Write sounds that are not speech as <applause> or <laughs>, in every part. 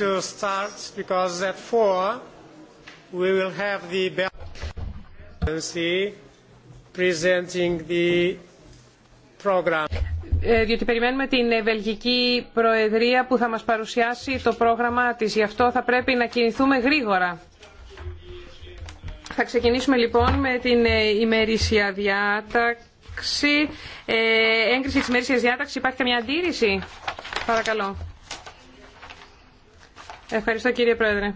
to start because at we will have the ε, Διότι περιμένουμε την Βελγική Προεδρία που θα μας παρουσιάσει το πρόγραμμά της. Γι' αυτό θα πρέπει να κινηθούμε γρήγορα. Θα ξεκινήσουμε λοιπόν με την ε, ημερήσια διάταξη. Ε, έγκριση της ημερήσιας διάταξης. Υπάρχει καμιά αντίρρηση. Παρακαλώ. Ευχαριστώ κύριε Πρόεδρε.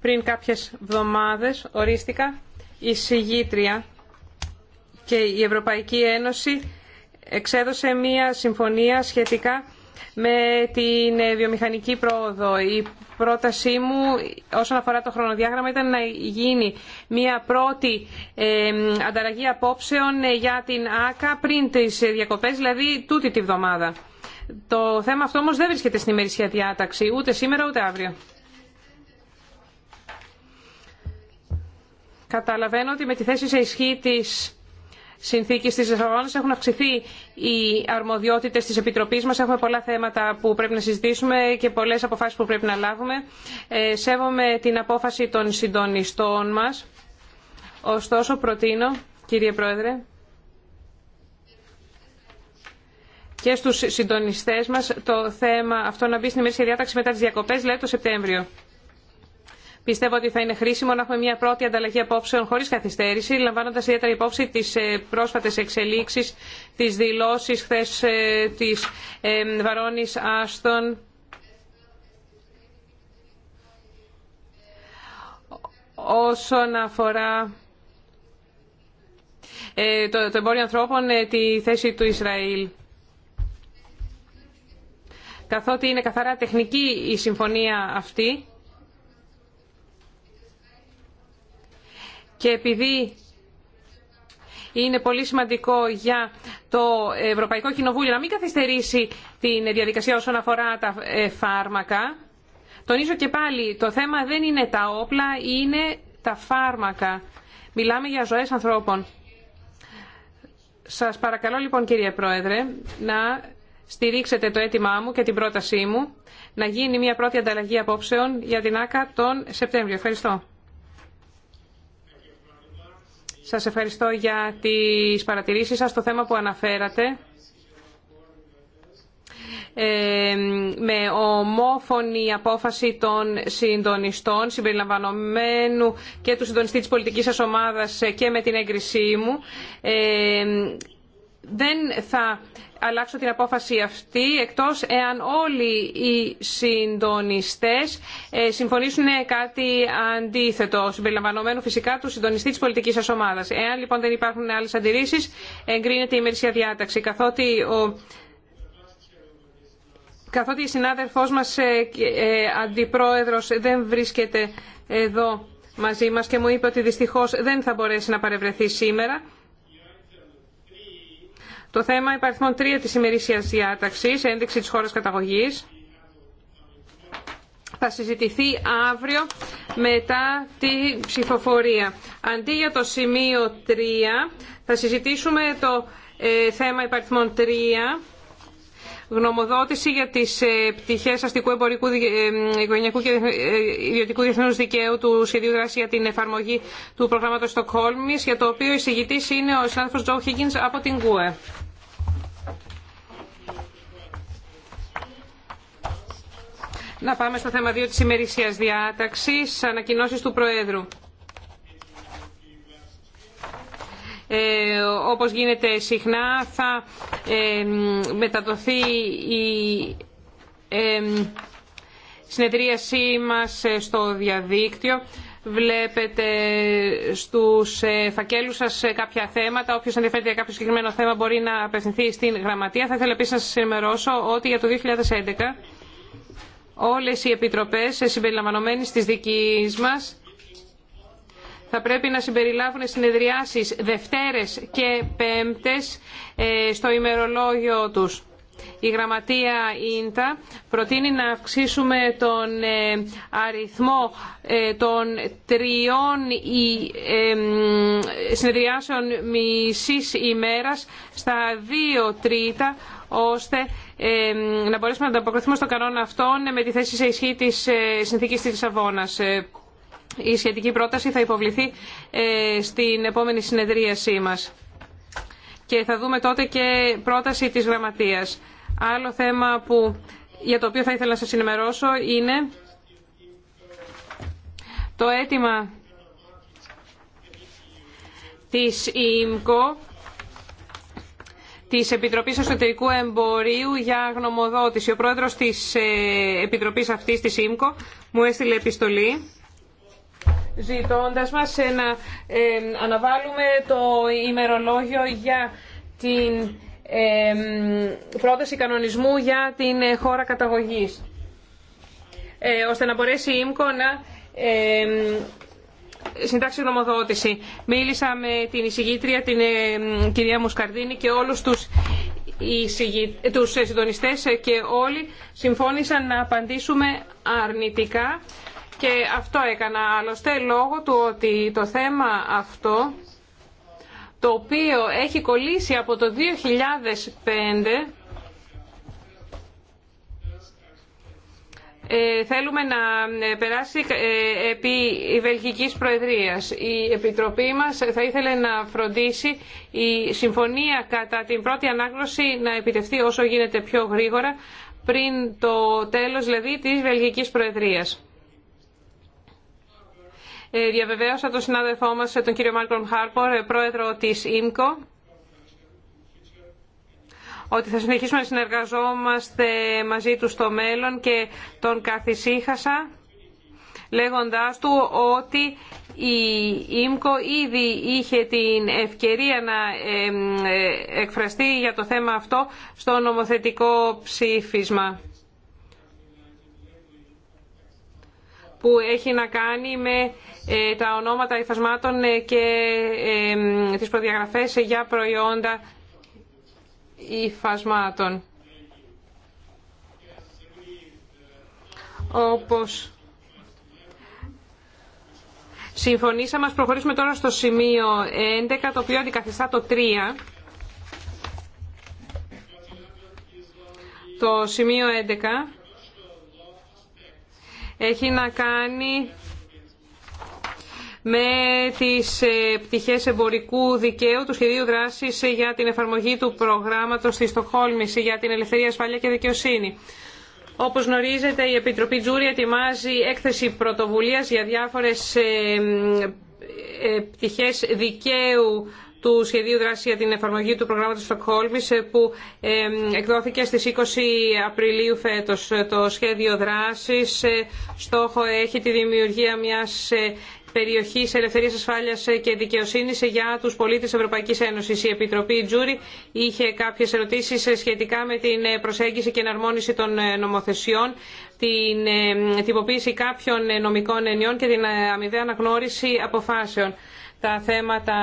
Πριν κάποιες εβδομάδες ορίστηκα η Συγήτρια και η Ευρωπαϊκή Ένωση εξέδωσε μία συμφωνία σχετικά με την ε, βιομηχανική πρόοδο. Η πρότασή μου όσον αφορά το χρονοδιάγραμμα ήταν να γίνει μία πρώτη ε, ανταλλαγή απόψεων ε, για την ΆΚΑ πριν τις διακοπές, δηλαδή τούτη τη βδομάδα. Το θέμα αυτό όμως δεν βρίσκεται στην ημερησία διάταξη, ούτε σήμερα ούτε αύριο. Καταλαβαίνω ότι με τη θέση σε ισχύ της συνθήκης της Λισαβόνας έχουν αυξηθεί οι αρμοδιότητες της Επιτροπής μας. Έχουμε πολλά θέματα που πρέπει να συζητήσουμε και πολλές αποφάσεις που πρέπει να λάβουμε. Ε, σέβομαι την απόφαση των συντονιστών μας. Ωστόσο προτείνω, κύριε Πρόεδρε, και στου συντονιστές μας το θέμα αυτό να μπει στην ημερήσια διάταξη μετά τις διακοπές, λέει το Σεπτέμβριο. Πιστεύω ότι θα είναι χρήσιμο να έχουμε μια πρώτη ανταλλαγή απόψεων χωρί καθυστέρηση, λαμβάνοντα ιδιαίτερα υπόψη τι ε, πρόσφατε εξελίξει, τι δηλώσει χθε ε, τη Βαρόνη Άστον. όσον αφορά ε, το εμπόριο ανθρώπων, τη θέση του Ισραήλ καθότι είναι καθαρά τεχνική η συμφωνία αυτή και επειδή είναι πολύ σημαντικό για το Ευρωπαϊκό Κοινοβούλιο να μην καθυστερήσει την διαδικασία όσον αφορά τα ε, φάρμακα. Τονίζω και πάλι, το θέμα δεν είναι τα όπλα, είναι τα φάρμακα. Μιλάμε για ζωές ανθρώπων. Σας παρακαλώ λοιπόν κύριε Πρόεδρε να στηρίξετε το αίτημά μου και την πρότασή μου να γίνει μια πρώτη ανταλλαγή απόψεων για την ΆΚΑ τον Σεπτέμβριο. Ευχαριστώ. Σας ευχαριστώ για τις παρατηρήσεις σας στο θέμα που αναφέρατε. Ε, με ομόφωνη απόφαση των συντονιστών συμπεριλαμβανομένου και του συντονιστή της πολιτικής σας ομάδας και με την έγκρισή μου ε, δεν θα αλλάξω την απόφαση αυτή, εκτός εάν όλοι οι συντονιστές ε, συμφωνήσουν κάτι αντίθετο, συμπεριλαμβανομένου φυσικά του συντονιστή της πολιτικής σας ομάδας. Εάν λοιπόν δεν υπάρχουν άλλες αντιρρήσεις, εγκρίνεται η ημερησία διάταξη, καθότι ο καθότι η συνάδελφός μας ε, ε, αντιπρόεδρος δεν βρίσκεται εδώ μαζί μας και μου είπε ότι δυστυχώς δεν θα μπορέσει να παρευρεθεί σήμερα. Το θέμα υπαριθμών 3 της ημερήσιας διάταξης, ένδειξη της χώρας καταγωγής, θα συζητηθεί αύριο μετά τη ψηφοφορία. Αντί για το σημείο 3, θα συζητήσουμε το ε, θέμα υπαριθμών 3, γνωμοδότηση για τις ε, πτυχές αστικού εμπορικού ε, οικογενειακού και ε, ιδιωτικού διεθνούς δικαίου του σχεδίου δράση για την εφαρμογή του προγράμματος Στοκχόλμης, για το οποίο η εισηγητής είναι ο συνάδελφος Τζο Higgins από την ΚΟΕ. Να πάμε στο θέμα 2 της ημερησίας διάταξης, ανακοινώσεις του Προέδρου. Ε, όπως γίνεται συχνά, θα ε, μεταδοθεί η ε, συνεδρίασή μας ε, στο διαδίκτυο. Βλέπετε στους φακέλους σας κάποια θέματα. Όποιος ενδιαφέρεται για κάποιο συγκεκριμένο θέμα μπορεί να απευθυνθεί στην γραμματεία. Θα ήθελα επίσης να σας ενημερώσω ότι για το 2011 όλες οι επιτροπές συμπεριλαμβανομένες της δικής μας θα πρέπει να συμπεριλάβουν συνεδριάσεις Δευτέρες και Πέμπτες ε, στο ημερολόγιο τους. Η γραμματεία Ίντα προτείνει να αυξήσουμε τον ε, αριθμό ε, των τριών συνεδριάσεων μισής ημέρας στα δύο τρίτα ώστε να μπορέσουμε να ανταποκριθούμε στον κανόνα αυτόν με τη θέση σε ισχύ της ε, συνθήκης της Λισαβόνας. Ε, η σχετική πρόταση θα υποβληθεί ε, στην επόμενη συνεδρίασή μας και θα δούμε τότε και πρόταση της Γραμματείας. Άλλο θέμα που, για το οποίο θα ήθελα να σας ενημερώσω είναι το αίτημα της ΙΜΚΟ της Επιτροπής Εσωτερικού Εμπορίου για γνωμοδότηση. Ο πρόεδρος της ε, Επιτροπής αυτής, της ΙΜΚΟ, μου έστειλε επιστολή ζητώντας μας ε, να ε, αναβάλουμε το ημερολόγιο για την πρόταση κανονισμού για την χώρα καταγωγής ώστε να μπορέσει η ΙΜΚΟ να συντάξει γνωμοδότηση. Μίλησα με την εισηγήτρια, την ε, κυρία Μουσκαρδίνη και όλους τους τους συντονιστές και όλοι συμφώνησαν να απαντήσουμε αρνητικά και αυτό έκανα άλλωστε λόγω του ότι το θέμα αυτό το οποίο έχει κολλήσει από το 2005 Ε, θέλουμε να ε, περάσει ε, επί Βελγικής Προεδρίας. Η Επιτροπή μας θα ήθελε να φροντίσει η συμφωνία κατά την πρώτη ανάγνωση να επιτευχθεί όσο γίνεται πιο γρήγορα πριν το τέλος δηλαδή της Βελγικής Προεδρίας. διαβεβαίωσα τον συνάδελφό μας, τον κύριο Μάρκον Χάρπορ, πρόεδρο της ΙΜΚΟ, ότι θα συνεχίσουμε να συνεργαζόμαστε μαζί του στο μέλλον και τον καθησύχασα λέγοντάς του ότι η ΙΜΚΟ ήδη είχε την ευκαιρία να ε, εκφραστεί για το θέμα αυτό στο νομοθετικό ψήφισμα που έχει να κάνει με ε, τα ονόματα υφασμάτων ε, και τις προδιαγραφές για προϊόντα υφασμάτων. Όπως συμφωνήσαμε, προχωρήσουμε τώρα στο σημείο 11, το οποίο αντικαθιστά το 3. Το σημείο 11 έχει να κάνει με τις ε, πτυχές εμπορικού δικαίου του σχεδίου δράσης ε, για την εφαρμογή του προγράμματος της Στοχόλμης ε, για την ελευθερία ασφάλεια και δικαιοσύνη. Όπως γνωρίζετε, η Επιτροπή Τζούρι ετοιμάζει έκθεση πρωτοβουλίας για διάφορες πτυχές δικαίου του σχεδίου δράση για την εφαρμογή του προγράμματος Στοκχόλμης που εκδόθηκε στις 20 Απριλίου φέτος. Το σχέδιο δράσης στόχο έχει τη δημιουργία μιας περιοχής ελευθερία ασφάλεια και δικαιοσύνη για τους πολίτες Ευρωπαϊκή Ένωση. Η Επιτροπή Τζούρι είχε κάποιε ερωτήσει σχετικά με την ε, προσέγγιση και εναρμόνιση των ε, νομοθεσιών, την ε, τυποποίηση κάποιων νομικών ενιών και την αμοιβαία αναγνώριση αποφάσεων. Τα θέματα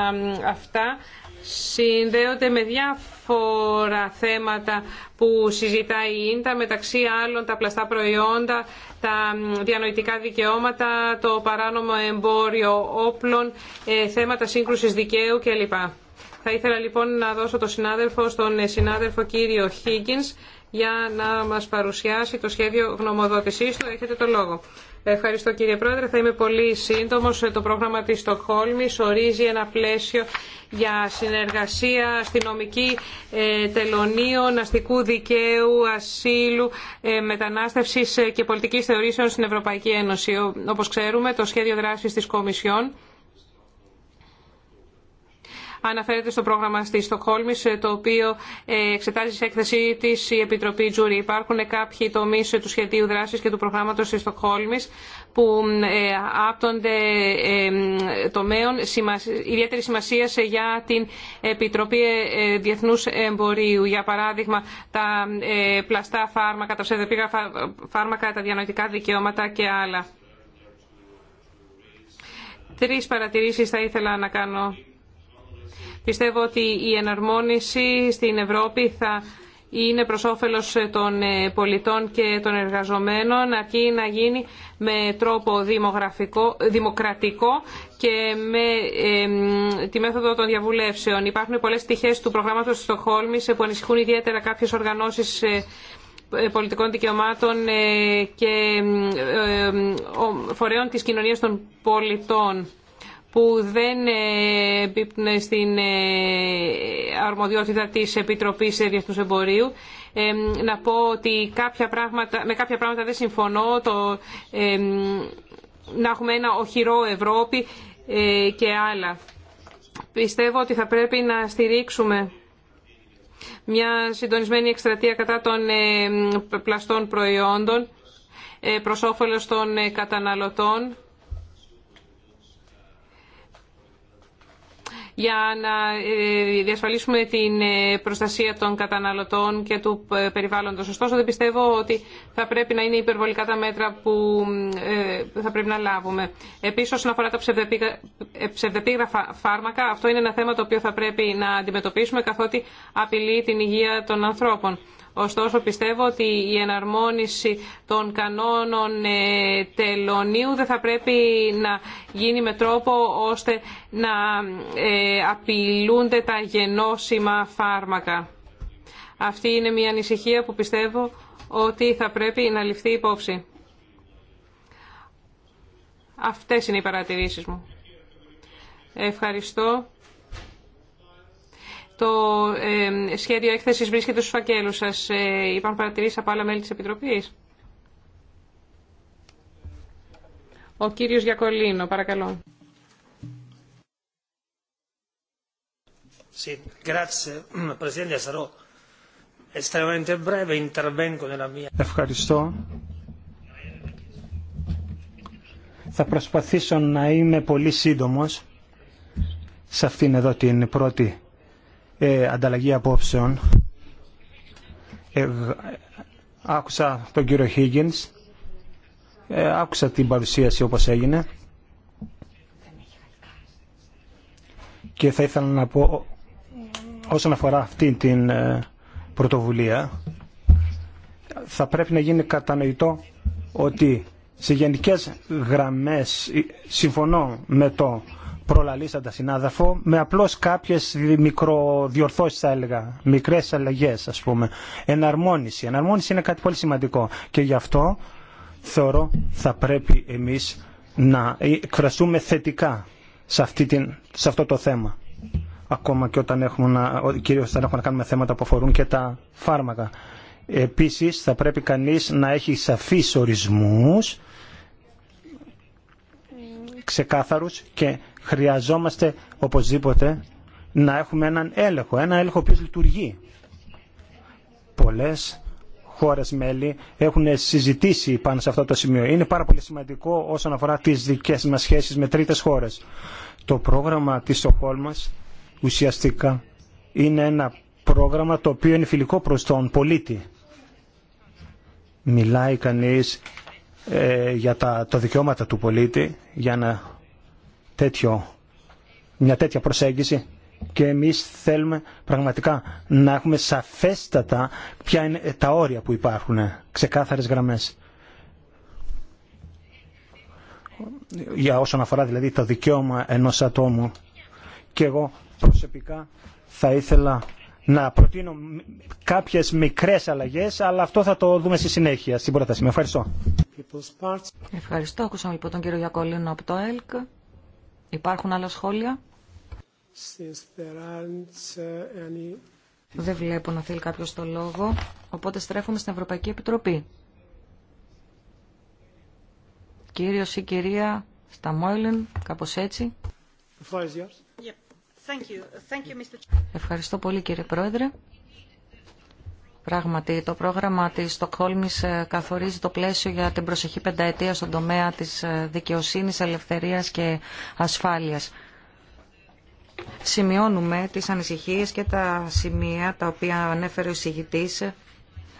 αυτά συνδέονται με διάφορα θέματα που συζητάει η ίντα, μεταξύ άλλων τα πλαστά προϊόντα, τα διανοητικά δικαιώματα, το παράνομο εμπόριο όπλων, ε, θέματα σύγκρουσης δικαίου κλπ. Θα ήθελα λοιπόν να δώσω το συνάδελφο στον συνάδελφο κύριο Χίγκινς για να μας παρουσιάσει το σχέδιο γνωμοδότησής του. Έχετε το λόγο. Ευχαριστώ κύριε Πρόεδρε. Θα είμαι πολύ σύντομος. Ε, το πρόγραμμα της Στοκχόλμη ορίζει ένα πλαίσιο για συνεργασία αστυνομική ε, τελωνίων, αστικού δικαίου, ασύλου, ε, μετανάστευση και πολιτική θεωρήσεων στην Ευρωπαϊκή Ένωση. Όπως ξέρουμε, το σχέδιο δράσης της Κομισιόν αναφέρεται στο πρόγραμμα στη Στοκχόλμη, το οποίο ε, εξετάζει σε έκθεσή τη η Επιτροπή Τζούρι. Υπάρχουν κάποιοι τομεί του σχεδίου δράση και του προγράμματο τη Στοκχόλμη που ε, άπτονται ε, τομέων ιδιαίτερη σημασία για την Επιτροπή Διεθνού Εμπορίου. Για παράδειγμα, τα πλαστά φάρμακα, τα ψευδεπίγραφα φάρμακα, τα διανοητικά δικαιώματα και άλλα. Τρεις παρατηρήσεις θα ήθελα να κάνω Πιστεύω ότι η εναρμόνιση στην Ευρώπη θα είναι προ όφελο των ε, πολιτών και των εργαζομένων, αρκεί να γίνει με τρόπο δημογραφικό, δημοκρατικό και με τη μέθοδο των διαβουλεύσεων. Υπάρχουν πολλέ πτυχέ του προγράμματο τη Στοχόλμη που ανησυχούν ιδιαίτερα κάποιε οργανώσει ε, ε, πολιτικών δικαιωμάτων και φορέων της κοινωνίας των πολιτών που δεν ε, πίπτουν στην ε, αρμοδιότητα της Επιτροπής Διεθνούς Εμπορίου. Ε, να πω ότι κάποια πράγματα, με κάποια πράγματα δεν συμφωνώ. Το, να έχουμε ένα οχυρό Ευρώπη και άλλα. Πιστεύω ότι θα πρέπει να στηρίξουμε μια συντονισμένη εκστρατεία κατά των ε, πλαστών προϊόντων προς όφελος των καταναλωτών για να ε, διασφαλίσουμε την ε, προστασία των καταναλωτών και του ε, περιβάλλοντος. Ωστόσο, δεν πιστεύω ότι θα πρέπει να είναι υπερβολικά τα μέτρα που θα πρέπει να λάβουμε. Επίσης, όσον αφορά τα ψευδεπίγραφα φάρμακα, αυτό είναι ένα θέμα το οποίο θα πρέπει να αντιμετωπίσουμε, καθότι απειλεί την υγεία των ανθρώπων. Ωστόσο πιστεύω ότι η εναρμόνιση των κανόνων ε, τελωνίου δεν θα πρέπει να γίνει με τρόπο ώστε να ε, απειλούνται τα γενώσιμα φάρμακα. Αυτή είναι μια ανησυχία που πιστεύω ότι θα πρέπει να ληφθεί υπόψη. Αυτές είναι οι παρατηρήσεις μου. Ευχαριστώ. Το σχέδιο έκθεσης βρίσκεται στους φακέλους σας. Ε, υπάρχουν παρατηρήσεις από άλλα μέλη της Επιτροπής. Ο κύριος Γιακολίνο, παρακαλώ. Ευχαριστώ. Θα προσπαθήσω να είμαι πολύ σύντομος σε αυτήν εδώ την πρώτη ε, ανταλλαγή απόψεων. Ε, άκουσα τον κύριο Higgins, ε, άκουσα την παρουσίαση όπως έγινε και θα ήθελα να πω όσον αφορά αυτή την ε, πρωτοβουλία θα πρέπει να γίνει κατανοητό ότι σε γενικές γραμμές ε, συμφωνώ με το προλαλήσαντα συνάδελφο με απλώς κάποιες μικροδιορθώσεις θα έλεγα, μικρές αλλαγέ, ας πούμε. Εναρμόνιση. Εναρμόνιση είναι κάτι πολύ σημαντικό και γι' αυτό θεωρώ θα πρέπει εμείς να εκφραστούμε θετικά σε, αυτή την, σε αυτό το θέμα. Ακόμα και όταν έχουμε να, κυρίως όταν έχουμε να κάνουμε θέματα που αφορούν και τα φάρμακα. Επίσης θα πρέπει κανείς να έχει σαφείς ορισμούς ξεκάθαρους και χρειαζόμαστε οπωσδήποτε να έχουμε έναν έλεγχο, ένα έλεγχο που λειτουργεί. Πολλές χώρες μέλη έχουν συζητήσει πάνω σε αυτό το σημείο. Είναι πάρα πολύ σημαντικό όσον αφορά τις δικές μας σχέσεις με τρίτες χώρες. Το πρόγραμμα της Στοχόλμας ουσιαστικά είναι ένα πρόγραμμα το οποίο είναι φιλικό προς τον πολίτη. Μιλάει κανείς ε, για τα, τα δικαιώματα του πολίτη για να τέτοιο, μια τέτοια προσέγγιση και εμείς θέλουμε πραγματικά να έχουμε σαφέστατα ποια είναι τα όρια που υπάρχουν, ξεκάθαρες γραμμές. Για όσον αφορά δηλαδή το δικαίωμα ενός ατόμου και εγώ προσωπικά θα ήθελα να προτείνω κάποιες μικρές αλλαγές, αλλά αυτό θα το δούμε στη συνέχεια, στην πρόταση. Με ευχαριστώ. Ευχαριστώ. Ακούσαμε λοιπόν τον κύριο Γιακολίνο από το ΕΛΚ. Υπάρχουν άλλα σχόλια. Δεν βλέπω να θέλει κάποιος το λόγο, οπότε στρέφουμε στην Ευρωπαϊκή Επιτροπή. Κύριος ή κυρία Σταμόιλεν, κάπως έτσι. Ευχαριστώ πολύ κύριε Πρόεδρε. Πράγματι, το πρόγραμμα της Στοκχόλμης ε, καθορίζει το πλαίσιο για την προσεχή πενταετία στον τομέα της ε, δικαιοσύνης, ελευθερίας και ασφάλειας. Σημειώνουμε τις ανησυχίες και τα σημεία τα οποία ανέφερε ο εισηγητής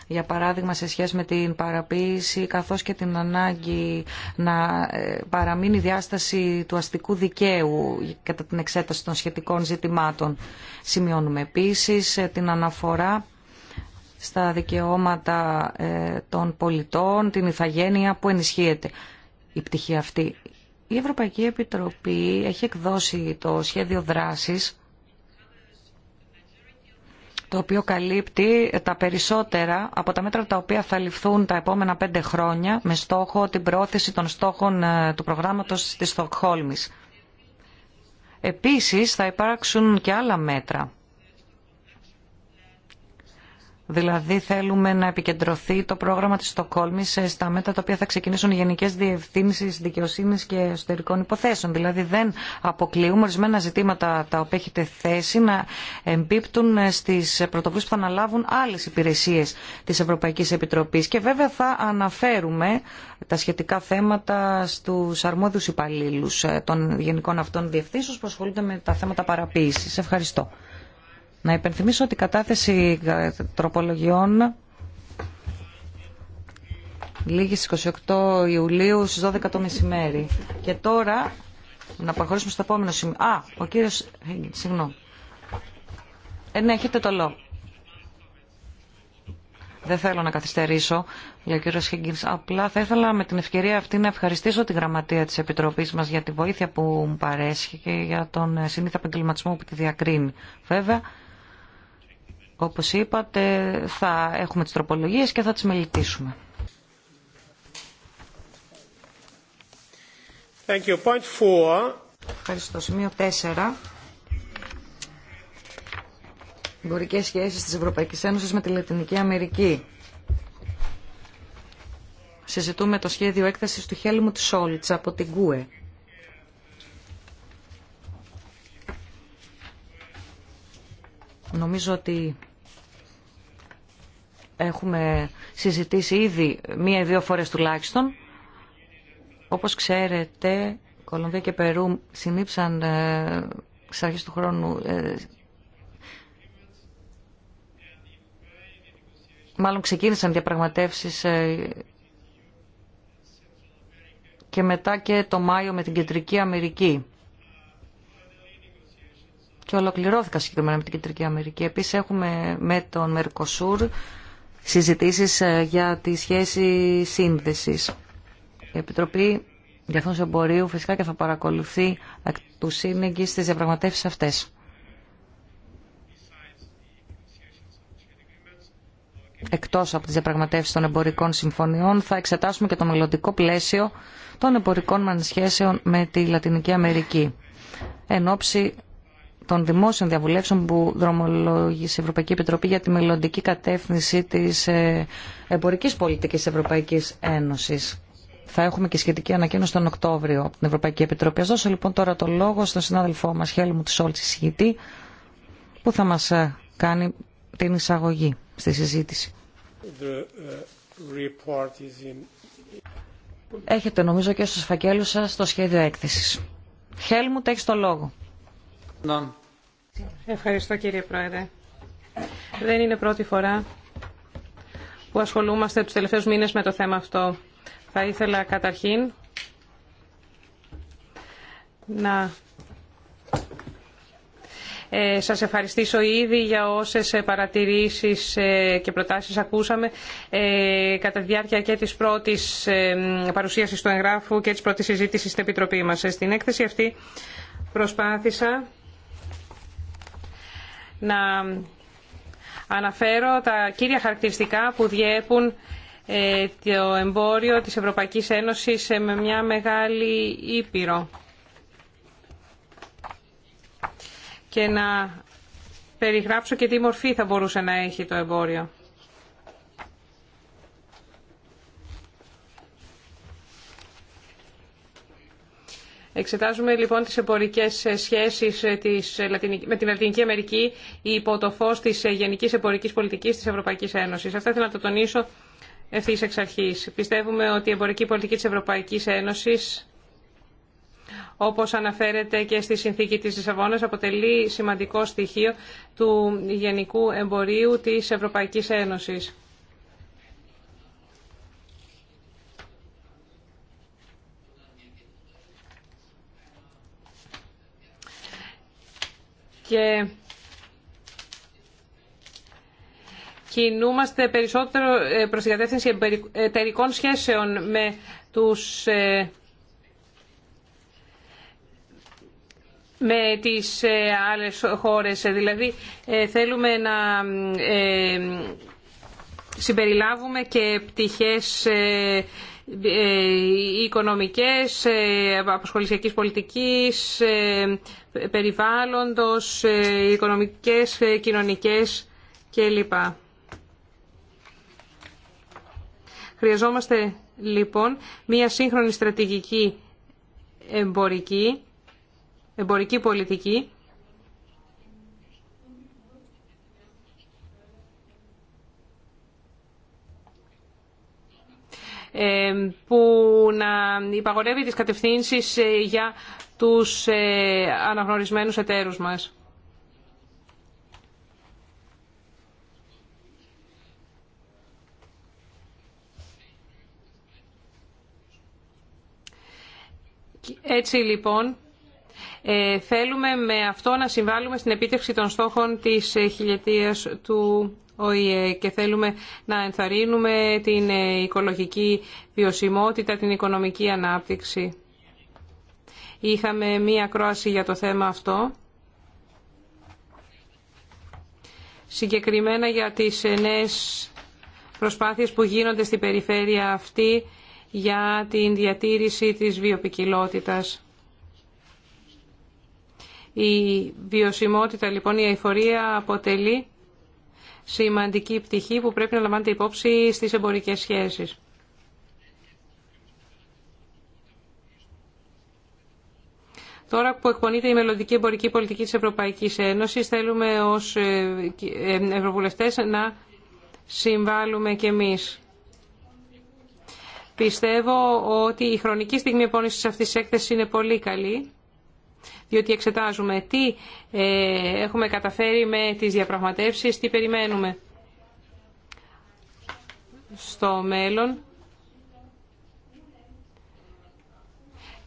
για παράδειγμα σε σχέση με την παραποίηση καθώς και την ανάγκη να ε, παραμείνει η διάσταση του αστικού δικαίου κατά την εξέταση των σχετικών ζητημάτων. Σημειώνουμε επίσης την αναφορά στα δικαιώματα ε, των πολιτών, την ηθαγένεια που ενισχύεται η πτυχή αυτή. Η Ευρωπαϊκή Επιτροπή έχει εκδώσει το σχέδιο δράσης το οποίο καλύπτει τα περισσότερα από τα μέτρα τα οποία θα ληφθούν τα επόμενα πέντε χρόνια με στόχο την πρόθεση των στόχων ε, του προγράμματος της Στοκχόλμης. Επίσης θα υπάρξουν και άλλα μέτρα Δηλαδή θέλουμε να επικεντρωθεί το πρόγραμμα της Στοκόλμης στα μέτρα τα οποία θα ξεκινήσουν οι Γενικές Διευθύνσεις Δικαιοσύνης και Εσωτερικών Υποθέσεων. Δηλαδή δεν αποκλείουμε ορισμένα ζητήματα τα οποία έχετε θέσει να εμπίπτουν στις πρωτοβουλίες που θα αναλάβουν άλλες υπηρεσίες της Ευρωπαϊκής Επιτροπής. Και βέβαια θα αναφέρουμε τα σχετικά θέματα στους αρμόδιους υπαλλήλους των Γενικών Αυτών Διευθύνσεων που ασχολούνται με τα θέματα παραποίησης. Ευχαριστώ. Να υπενθυμίσω ότι η κατάθεση ε, τροπολογιών λίγη 28 Ιουλίου στις 12 το μεσημέρι. Και τώρα να προχωρήσουμε στο επόμενο σημείο. Α, ο κύριος... Ε, συγγνώμη. Ε, ναι, έχετε το λόγο. Δεν θέλω να καθυστερήσω, για ο κύριο Χίγκιν. Απλά θα ήθελα με την ευκαιρία αυτή να ευχαριστήσω τη γραμματεία τη Επιτροπής μα για τη βοήθεια που μου παρέσχει και για τον ε, συνήθω επαγγελματισμό που τη διακρίνει. Βέβαια, όπως είπατε, θα έχουμε τις τροπολογίες και θα τις μελετήσουμε. Thank you. Point four. Ευχαριστώ. Σημείο 4. Εμπορικέ σχέσει τη Ευρωπαϊκή Ένωση με τη Λατινική Αμερική. Συζητούμε το σχέδιο έκταση του Χέλμουτ Σόλτ από την ΚΟΕ. Νομίζω ότι έχουμε συζητήσει ήδη μία ή δύο φορές τουλάχιστον. Όπως ξέρετε, Κολομβία και Περού συνήψαν ε, στις αρχές του χρόνου ε, μάλλον ξεκίνησαν διαπραγματεύσεις ε, και μετά και το Μάιο με την Κεντρική Αμερική και ολοκληρώθηκα συγκεκριμένα με την Κεντρική Αμερική. Επίση έχουμε με τον Μερκοσούρ συζητήσει ε, για τη σχέση σύνδεσης. Η Επιτροπή Διεθνού Εμπορίου φυσικά και θα παρακολουθεί του σύνεγγυ στις διαπραγματεύσει αυτέ. Εκτό από τι διαπραγματεύσει των εμπορικών συμφωνιών θα εξετάσουμε και το μελλοντικό πλαίσιο των εμπορικών μα σχέσεων με τη Λατινική Αμερική εν ώψη των δημόσιων διαβουλεύσεων που δρομολόγησε η Ευρωπαϊκή Επιτροπή για τη μελλοντική κατεύθυνση τη εμπορική πολιτική της ε, Ευρωπαϊκής Ένωσης. Θα έχουμε και σχετική ανακοίνωση τον Οκτώβριο από την Ευρωπαϊκή Επιτροπή. Α δώσω λοιπόν τώρα το λόγο στον συνάδελφό μας Χέλμου Τσόλτση Σιγητή που θα μα ε, κάνει την εισαγωγή στη συζήτηση. Uh, Έχετε νομίζω και στους φακέλους σας το σχέδιο έκθεσης. Χέλμουτ, έχει το λόγο. Ευχαριστώ κύριε Πρόεδρε. Δεν είναι πρώτη φορά που ασχολούμαστε τους τελευταίους μήνες με το θέμα αυτό. Θα ήθελα καταρχήν να ε, σας ευχαριστήσω ήδη για όσες ε, παρατηρήσεις ε, και προτάσεις ακούσαμε ε, κατά τη διάρκεια και της πρώτης παρουσίασης του εγγράφου και της πρώτης συζήτησης στην Επιτροπή μας. Στην έκθεση αυτή προσπάθησα να αναφέρω τα κύρια χαρακτηριστικά που διέπουν ε, το εμπόριο της Ευρωπαϊκής Ένωσης ε, με μια μεγάλη ήπειρο και να περιγράψω και τι μορφή θα μπορούσε να έχει το εμπόριο. Εξετάζουμε λοιπόν τις εμπορικές ε, σχέσεις ε, της ε, με την Λατινική Αμερική υπό το φως της γενικής εμπορικής πολιτικής της Ευρωπαϊκής Ένωσης. Αυτά θέλω να το τονίσω ευθύς εξ αρχής. Πιστεύουμε ότι η εμπορική πολιτική της Ευρωπαϊκής Ένωσης όπως αναφέρεται και στη συνθήκη της Λισαβόνας, αποτελεί σημαντικό στοιχείο του γενικού εμπορίου της Ευρωπαϊκής Ένωσης. και κινούμαστε περισσότερο ε, προς την κατεύθυνση εταιρικών σχέσεων με τους ε, με τις ε, άλλες χώρες. Δηλαδή θέλουμε να συμπεριλάβουμε και πτυχές ε, οικονομικές, ε, απασχολησιακής πολιτικής, ε, περιβάλλοντος, οικονομικές, κοινωνικές κλπ. Χρειαζόμαστε λοιπόν μία σύγχρονη στρατηγική εμπορική, εμπορική πολιτική Ε, που να υπαγορεύει τις κατευθύνσεις ε, για τους ε, αναγνωρισμένους εταίρους μας. Έτσι λοιπόν, ε, θέλουμε με αυτό να συμβάλλουμε στην επίτευξη των στόχων της ε, χιλιετίας του ΟΗΕ και θέλουμε να ενθαρρύνουμε την ε, οικολογική βιωσιμότητα, την οικονομική ανάπτυξη. Είχαμε μία κρόαση για το θέμα αυτό. Συγκεκριμένα για τις νέες προσπάθειες που γίνονται στην περιφέρεια αυτή για την διατήρηση της βιοπικιλότητας. Η βιωσιμότητα λοιπόν, η αηφορία αποτελεί σημαντική πτυχή που πρέπει να λαμβάνεται υπόψη στις εμπορικές σχέσεις. Τώρα που εκπονείται η μελλοντική εμπορική πολιτική της Ευρωπαϊκής Ένωσης, θέλουμε ως ε, ε, ευρωβουλευτές να συμβάλλουμε και εμείς. Πιστεύω ότι η χρονική στιγμή επόνησης αυτής της έκθεσης είναι πολύ καλή διότι εξετάζουμε τι ε, έχουμε καταφέρει με τις διαπραγματεύσεις, τι περιμένουμε στο μέλλον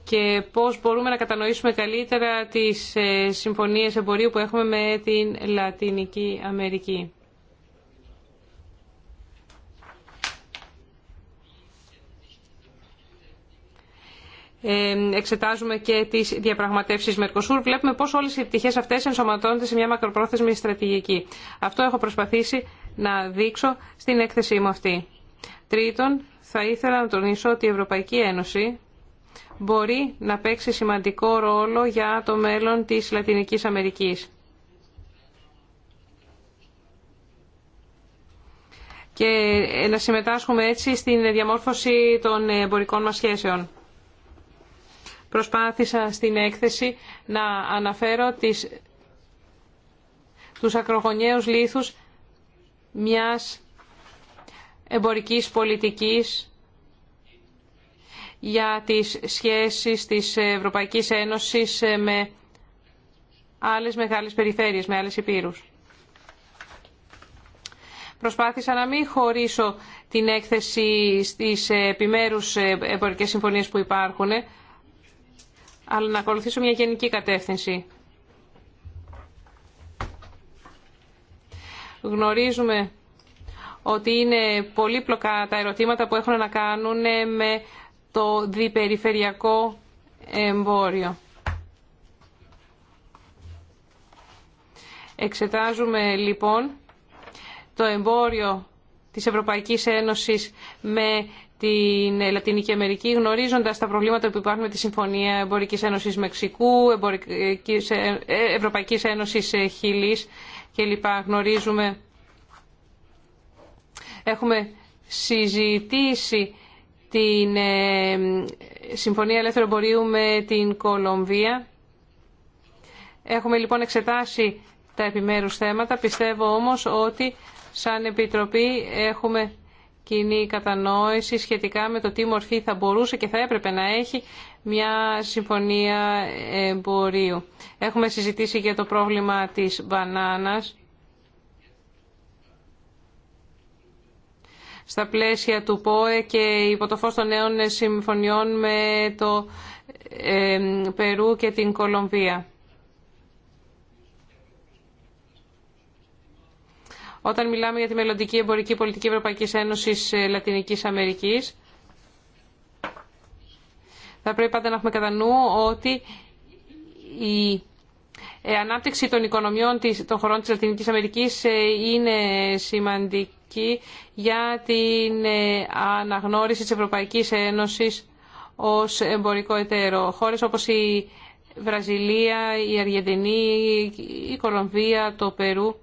και πώς μπορούμε να κατανοήσουμε καλύτερα τις ε, συμφωνίες εμπορίου που έχουμε με την Λατινική Αμερική. εξετάζουμε και τις διαπραγματεύσεις Μερκοσούρ, βλέπουμε πώ όλες οι επιτυχίες αυτές ενσωματώνται σε μια μακροπρόθεσμη στρατηγική. Αυτό έχω προσπαθήσει να δείξω στην έκθεσή μου αυτή. Τρίτον, θα ήθελα να τονίσω ότι η Ευρωπαϊκή Ένωση μπορεί να παίξει σημαντικό ρόλο για το μέλλον της Λατινικής Αμερικής. Και να συμμετάσχουμε έτσι στην διαμόρφωση των εμπορικών μας σχέσεων. Προσπάθησα στην έκθεση να αναφέρω τις, τους ακρογωνιαίους λήθους μιας εμπορικής πολιτικής για τις σχέσεις της Ευρωπαϊκής Ένωσης με άλλες μεγάλες περιφέρειες, με άλλες υπήρους. Προσπάθησα να μην χωρίσω την έκθεση στις επιμέρους εμπορικές συμφωνίες που υπάρχουν, αλλά να ακολουθήσω μια γενική κατεύθυνση. Γνωρίζουμε ότι είναι πολύπλοκα τα ερωτήματα που έχουν να κάνουν με το διπεριφερειακό εμπόριο. Εξετάζουμε λοιπόν το εμπόριο της Ευρωπαϊκής Ένωσης με την Λατινική Αμερική γνωρίζοντας τα προβλήματα που υπάρχουν με τη Συμφωνία Εμπορική Ένωσης Μεξικού, Ευρωπαϊκή ε, ε, Ευρωπαϊκής Ένωσης ε, κλπ. Γνωρίζουμε, έχουμε συζητήσει την Συμφωνία Ελεύθερου Εμπορίου με την Κολομβία. Έχουμε λοιπόν εξετάσει τα επιμέρους θέματα. Πιστεύω όμως ότι σαν Επιτροπή έχουμε κοινή κατανόηση σχετικά με το τι μορφή θα μπορούσε και θα έπρεπε να έχει μια συμφωνία εμπορίου. Έχουμε συζητήσει για το πρόβλημα της μπανάνας. στα πλαίσια του ΠΟΕ και υπό το φως των νέων συμφωνιών με το ε, Περού και την Κολομβία. Όταν μιλάμε για τη μελλοντική εμπορική πολιτική Ευρωπαϊκής Ένωσης ε, Λατινικής Αμερικής, θα πρέπει πάντα να έχουμε κατά νου ότι η ε, ανάπτυξη των οικονομιών των χωρών της Λατινικής Αμερικής ε, είναι σημαντική για την αναγνώριση της Ευρωπαϊκής Ένωσης ως εμπορικό εταίρο. Χώρες όπως η Βραζιλία, η Αργεντινή, η Κολομβία, το Περού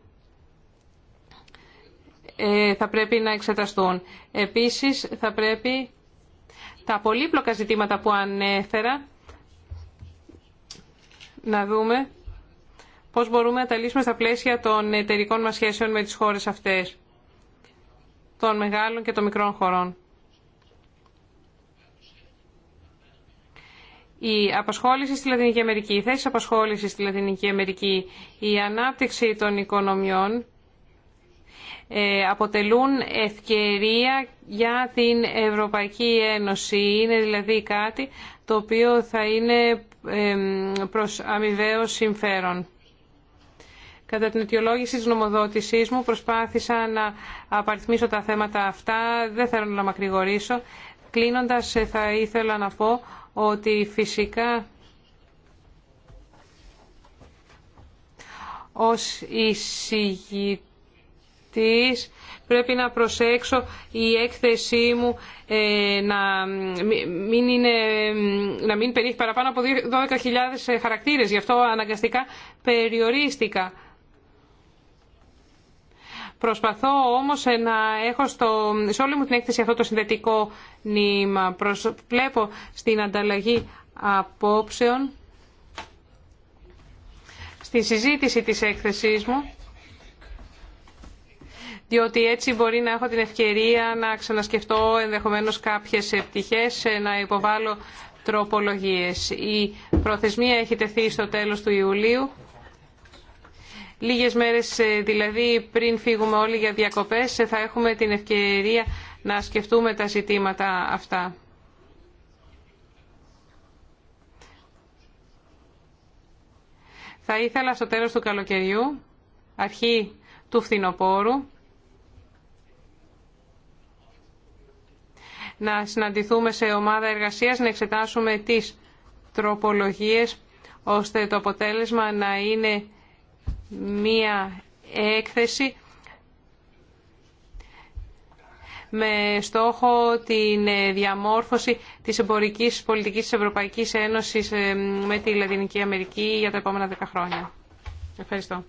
ε, θα πρέπει να εξεταστούν. Επίσης, θα πρέπει τα πολύπλοκα ζητήματα που ανέφερα να δούμε πώς μπορούμε να τα λύσουμε στα πλαίσια των εταιρικών μας σχέσεων με τις χώρες αυτές, των μεγάλων και των μικρών χωρών. η απασχόληση στη Λατινική Αμερική, η θέση απασχόληση στη Λατινική Αμερική, η ανάπτυξη των οικονομιών ε, αποτελούν ευκαιρία για την Ευρωπαϊκή Ένωση. Είναι δηλαδή κάτι το οποίο θα είναι προς αμοιβαίο συμφέρον. Κατά την αιτιολόγηση της νομοδότησής μου προσπάθησα να απαριθμίσω τα θέματα αυτά. Δεν θέλω να μακρηγορήσω. Κλείνοντας ε, θα ήθελα να πω ότι φυσικά ως εισηγητή πρέπει να προσέξω η έκθεσή μου ε, να, μην είναι, να μην περιέχει παραπάνω από 12.000 ε, χαρακτήρες. Γι' αυτό αναγκαστικά περιορίστηκα. Προσπαθώ όμως ε, να έχω στο, σε όλη μου την έκθεση αυτό το συνδετικό νήμα. Βλέπω στην ανταλλαγή απόψεων, στη συζήτηση της έκθεσής μου, διότι έτσι μπορεί να έχω την ευκαιρία να ξανασκεφτώ ενδεχομένως κάποιες πτυχές, ε, να υποβάλω τροπολογίες. Η προθεσμία έχει τεθεί στο τέλος του Ιουλίου. Λίγες μέρες ε, δηλαδή πριν φύγουμε όλοι για διακοπές ε, θα έχουμε την ευκαιρία να σκεφτούμε τα ζητήματα αυτά. Θα ήθελα στο τέλος του καλοκαιριού, αρχή του φθινοπόρου, να συναντηθούμε σε ομάδα εργασίας, να εξετάσουμε τις τροπολογίες, ώστε το αποτέλεσμα να είναι μία έκθεση με στόχο την διαμόρφωση της εμπορικής πολιτικής της Ευρωπαϊκής Ένωσης ε, με τη Λατινική Αμερική για τα επόμενα δέκα χρόνια. Ευχαριστώ.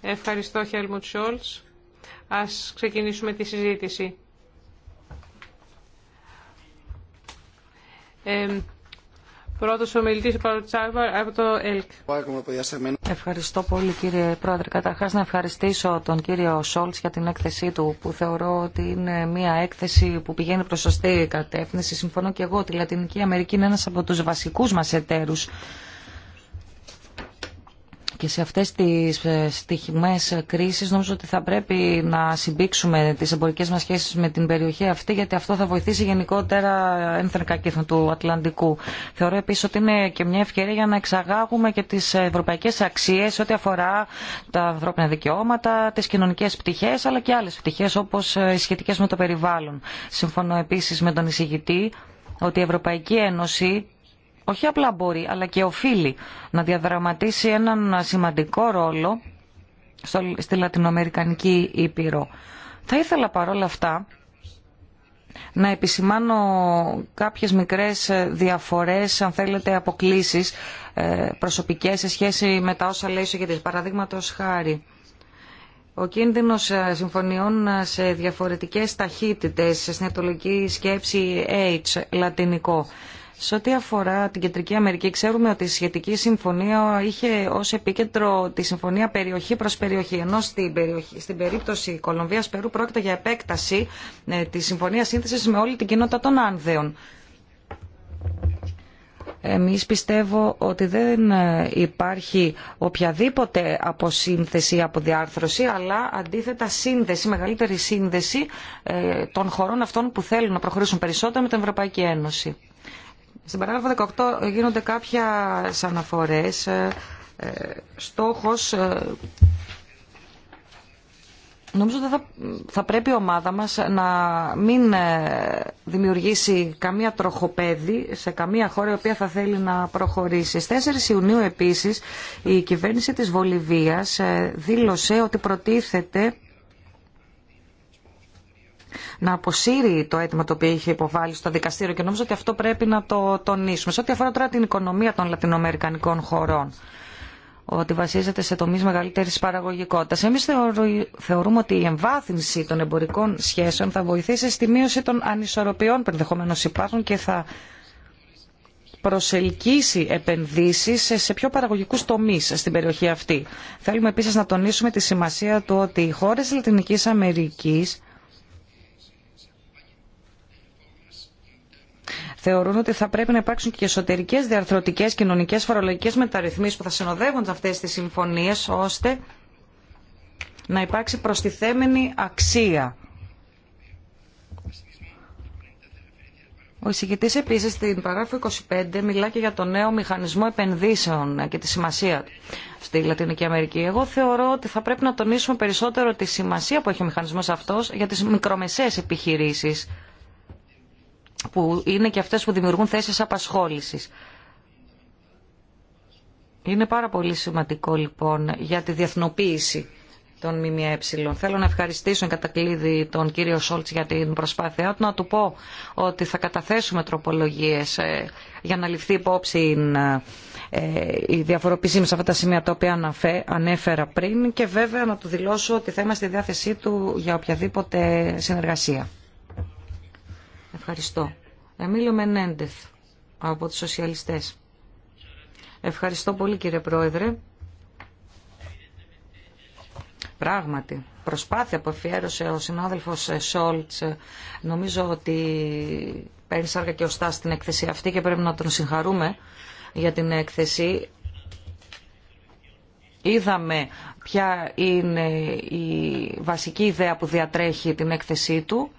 Ευχαριστώ, Χέλμουτ Σόλτς. Ας ξεκινήσουμε τη συζήτηση. ο από το ΕΛΚ. Ευχαριστώ πολύ κύριε Πρόεδρε. Καταρχά να ευχαριστήσω τον κύριο Σόλτ για την έκθεσή του που θεωρώ ότι είναι μια έκθεση που πηγαίνει προ σωστή κατεύθυνση. Συμφωνώ και εγώ ότι η Λατινική Αμερική είναι ένας από τους βασικούς μας εταίρους και σε αυτές τις ε, στιγμές κρίσης νομίζω ότι θα πρέπει να συμπήξουμε τις εμπορικές μας σχέσεις με την περιοχή αυτή γιατί αυτό θα βοηθήσει γενικότερα ένθερκα κύθνο του Ατλαντικού. Θεωρώ επίσης ότι είναι και μια ευκαιρία για να εξαγάγουμε και τις ευρωπαϊκές αξίες ό,τι αφορά τα ανθρώπινα δικαιώματα, τις κοινωνικές πτυχές αλλά και άλλες πτυχές όπως ε, οι σχετικές με το περιβάλλον. Συμφωνώ επίσης με τον εισηγητή ότι η Ευρωπαϊκή Ένωση όχι απλά μπορεί, αλλά και οφείλει να διαδραματίσει έναν σημαντικό ρόλο στη Λατινοαμερικανική Ήπειρο. Θα ήθελα παρόλα αυτά να επισημάνω κάποιες μικρές διαφορές, αν θέλετε αποκλήσεις ε, προσωπικές σε σχέση με τα όσα λέει ο ηγετής. Παραδείγματος χάρη. Ο κίνδυνος ε, συμφωνιών ε, σε διαφορετικές ταχύτητες, στην σκέψη H, λατινικό. Σε ό,τι αφορά την Κεντρική Αμερική, ξέρουμε ότι η σχετική συμφωνία είχε ω επίκεντρο τη συμφωνία περιοχή προ περιοχή. Ενώ στην, στην περίπτωση Κολομβία-Περού πρόκειται για επέκταση ε, τη συμφωνία σύνθεση με όλη την κοινότητα των Άνδεων. Εμείς πιστεύω ότι δεν ε, υπάρχει οποιαδήποτε αποσύνθεση ή αποδιάρθρωση, αλλά αντίθετα σύνδεση, μεγαλύτερη σύνδεση ε, των χωρών αυτών που θέλουν να προχωρήσουν περισσότερο με την Ευρωπαϊκή Ένωση. Στην παράγραφο 18 γίνονται κάποια αναφορές. Ε, ε, στόχος... Ε, νομίζω ότι θα, θα πρέπει η ομάδα μας να μην δημιουργήσει καμία τροχοπέδη σε καμία χώρα η οποία θα θέλει να προχωρήσει. Στις 4 Ιουνίου επίσης η κυβέρνηση της Βολιβίας δήλωσε ότι προτίθεται να αποσύρει το αίτημα το οποίο είχε υποβάλει στο δικαστήριο και νομίζω ότι αυτό πρέπει να το τονίσουμε. Σε ό,τι αφορά τώρα την οικονομία των λατινοαμερικανικών χωρών, ότι βασίζεται σε τομεί μεγαλύτερη παραγωγικότητα. Εμεί θεωρούμε ότι η εμβάθυνση των εμπορικών σχέσεων θα βοηθήσει στη μείωση των ανισορροπιών που ενδεχομένω υπάρχουν και θα προσελκύσει επενδύσει σε πιο παραγωγικού τομεί στην περιοχή αυτή. Θέλουμε επίση να τονίσουμε τη σημασία του ότι οι χώρε της Λατινικής θεωρούν ότι θα πρέπει να υπάρξουν και εσωτερικέ διαρθρωτικέ κοινωνικέ φορολογικέ μεταρρυθμίσει που θα συνοδεύουν αυτέ τι συμφωνίε ώστε να υπάρξει προστιθέμενη αξία. Ο εισηγητή επίση στην παράγραφο 25 μιλά και για το νέο μηχανισμό επενδύσεων και τη σημασία του στη Λατινική Αμερική. Εγώ θεωρώ ότι θα πρέπει να τονίσουμε περισσότερο τη σημασία που έχει ο μηχανισμό αυτό για τι μικρομεσαίε επιχειρήσει που είναι και αυτές που δημιουργούν θέσεις απασχόλησης. Είναι πάρα πολύ σημαντικό λοιπόν για τη διεθνοποίηση των ΜΜΕ. Θέλω να ευχαριστήσω κατά κλείδι τον κύριο Σόλτ για την προσπάθειά του να του πω ότι θα καταθέσουμε τροπολογίε ε, για να ληφθεί υπόψη ε, ε, η διαφοροποίησή μα σε αυτά τα σημεία τα οποία ανέφερα πριν και βέβαια να του δηλώσω ότι θα είμαστε στη διάθεσή του για οποιαδήποτε συνεργασία. Ευχαριστώ. Εμίλιο Μενέντεθ από τους Σοσιαλιστές. Ευχαριστώ πολύ κύριε Πρόεδρε. Πράγματι, προσπάθεια που εφιέρωσε ο συνάδελφος Σόλτς νομίζω ότι παίρνει σάρκα και οστά στην έκθεση αυτή και πρέπει να τον συγχαρούμε για την έκθεση. Είδαμε ποια είναι η βασική ιδέα που διατρέχει την έκθεσή του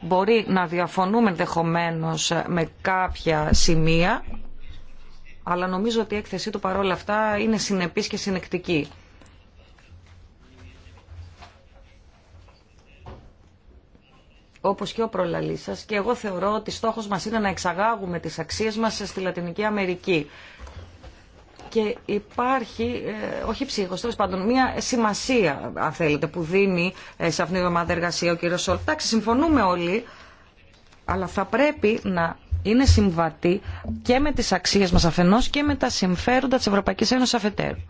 Μπορεί να διαφωνούμε ενδεχομένω με κάποια σημεία, αλλά νομίζω ότι η έκθεσή του παρόλα αυτά είναι συνεπής και συνεκτική. όπως και ο προλαλής σας, και εγώ θεωρώ ότι στόχος μας είναι να εξαγάγουμε τις αξίες μας στη Λατινική Αμερική και υπάρχει, ε, όχι ψύχο, τέλο πάντων, μια σημασία, αν θέλετε, που δίνει ε, σε αυτήν την ομάδα εργασία ο κύριο Σόλτ. Εντάξει, συμφωνούμε όλοι, αλλά θα πρέπει να είναι συμβατή και με τι αξίε μα αφενός και με τα συμφέροντα τη Ευρωπαϊκή Ένωση αφετέρου.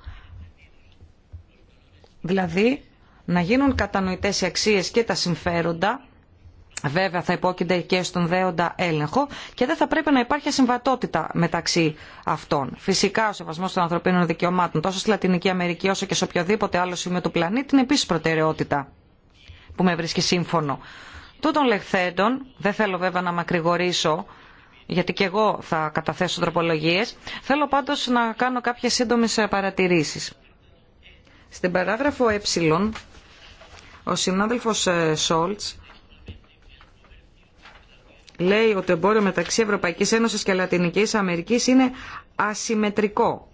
Δηλαδή, να γίνουν κατανοητές οι αξίες και τα συμφέροντα βέβαια θα υπόκεινται και στον δέοντα έλεγχο και δεν θα πρέπει να υπάρχει ασυμβατότητα μεταξύ αυτών. Φυσικά ο σεβασμό των ανθρωπίνων δικαιωμάτων τόσο στη Λατινική Αμερική όσο και σε οποιοδήποτε άλλο σημείο του πλανήτη είναι επίση προτεραιότητα που με βρίσκει σύμφωνο. Τούτων λεχθέντων, δεν θέλω βέβαια να μακρηγορήσω γιατί και εγώ θα καταθέσω τροπολογίε, θέλω πάντως να κάνω κάποιε σύντομε παρατηρήσει. Στην παράγραφο ε, ο συνάδελφος ε, Σόλτ, λέει ότι το εμπόριο μεταξύ Ευρωπαϊκής Ένωσης και Λατινικής Αμερικής είναι ασυμμετρικό.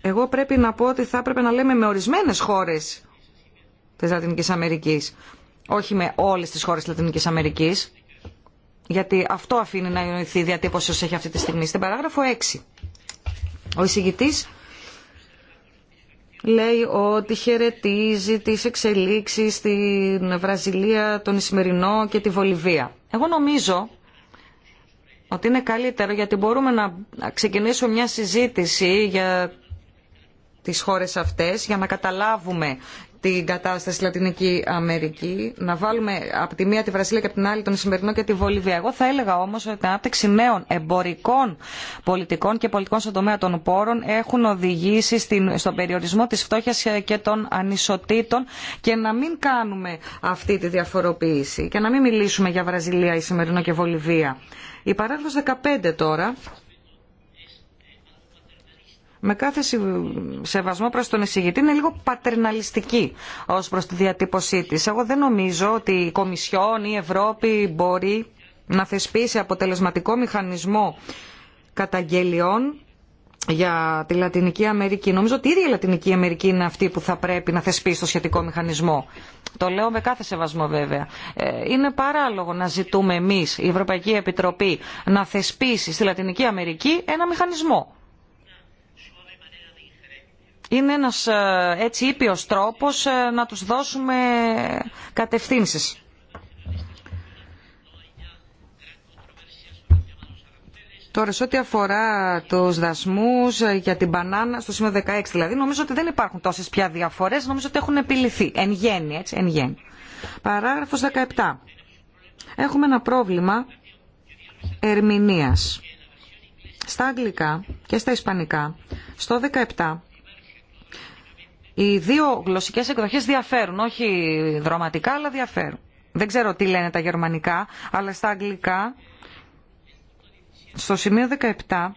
Εγώ πρέπει να πω ότι θα έπρεπε να λέμε με ορισμένες χώρες της Λατινικής Αμερικής, όχι με όλες τις χώρες της Λατινικής Αμερικής, γιατί αυτό αφήνει να ιονιθεί η διατύπωση όσο έχει αυτή τη στιγμή. Στην παράγραφο 6, ο εισηγητής λέει ότι χαιρετίζει τις εξελίξεις στην Βραζιλία, τον Ισημερινό και τη Βολιβία. Εγώ νομίζω ότι είναι καλύτερο γιατί μπορούμε να ξεκινήσουμε μια συζήτηση για τις χώρες αυτές για να καταλάβουμε την κατάσταση στη Λατινική Αμερική, να βάλουμε από τη μία τη Βραζιλία και από την άλλη τον Ισημερινό και τη Βολιβία. Εγώ θα έλεγα όμω ότι την ανάπτυξη νέων εμπορικών πολιτικών και πολιτικών στον τομέα των πόρων έχουν οδηγήσει στην, στον περιορισμό τη φτώχεια και των ανισοτήτων και να μην κάνουμε αυτή τη διαφοροποίηση και να μην μιλήσουμε για Βραζιλία, Ισημερινό και Βολιβία. Η παράγραφος 15 τώρα με κάθε σεβασμό προς τον εισηγητή είναι λίγο πατερναλιστική ως προς τη διατύπωσή της. Εγώ δεν νομίζω ότι η Κομισιόν ή η Ευρώπη μπορεί να θεσπίσει αποτελεσματικό μηχανισμό καταγγελιών για τη Λατινική Αμερική. Νομίζω ότι η ίδια η Λατινική Αμερική είναι αυτή που θα πρέπει να θεσπίσει το σχετικό μηχανισμό. Το λέω με κάθε σεβασμό βέβαια. Ε, είναι παράλογο να ζητούμε εμείς, η Ευρωπαϊκή Επιτροπή, να θεσπίσει στη Λατινική Αμερική ένα μηχανισμό είναι ένας ε, έτσι ήπιος τρόπος ε, να τους δώσουμε κατευθύνσεις. Τώρα, σε ό,τι αφορά του δασμού ε, για την μπανάνα, στο σημείο 16 δηλαδή, νομίζω ότι δεν υπάρχουν τόσε πια διαφορέ, νομίζω ότι έχουν επιληθεί. Εν γέννη, έτσι, εν γέννη. Παράγραφο 17. Έχουμε ένα πρόβλημα ερμηνεία. Στα αγγλικά και στα ισπανικά, στο 17 οι δύο γλωσσικές εκδοχές διαφέρουν, όχι δραματικά, αλλά διαφέρουν. Δεν ξέρω τι λένε τα γερμανικά, αλλά στα αγγλικά, στο σημείο 17,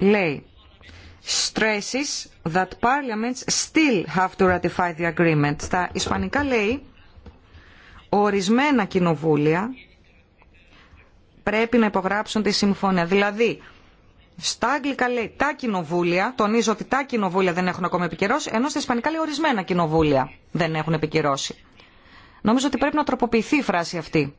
λέει stresses that parliaments still have to ratify the agreement. Στα ισπανικά λέει ορισμένα κοινοβούλια πρέπει να υπογράψουν τη συμφωνία. Δηλαδή, στα αγγλικά λέει τα κοινοβούλια, τονίζω ότι τα κοινοβούλια δεν έχουν ακόμα επικυρώσει, ενώ στα ισπανικά λέει ορισμένα κοινοβούλια δεν έχουν επικυρώσει. Νομίζω ότι πρέπει να τροποποιηθεί η φράση αυτή.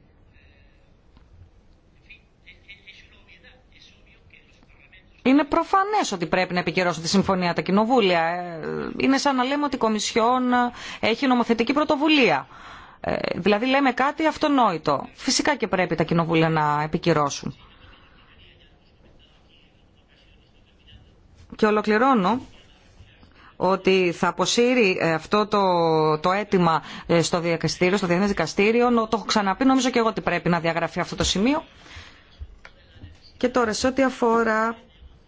Είναι προφανέ ότι πρέπει να επικυρώσουν τη συμφωνία τα κοινοβούλια. Ε, είναι σαν να λέμε ότι η Κομισιόν έχει νομοθετική πρωτοβουλία. Ε, δηλαδή λέμε κάτι αυτονόητο. Φυσικά και πρέπει τα κοινοβούλια να επικυρώσουν. Και ολοκληρώνω ότι θα αποσύρει ε, αυτό το, το αίτημα ε, στο δικαστήριο, στο Διεθνές Δικαστήριο. Το έχω ξαναπεί, νομίζω και εγώ ότι πρέπει να διαγραφεί αυτό το σημείο. Και τώρα, σε ό,τι αφορά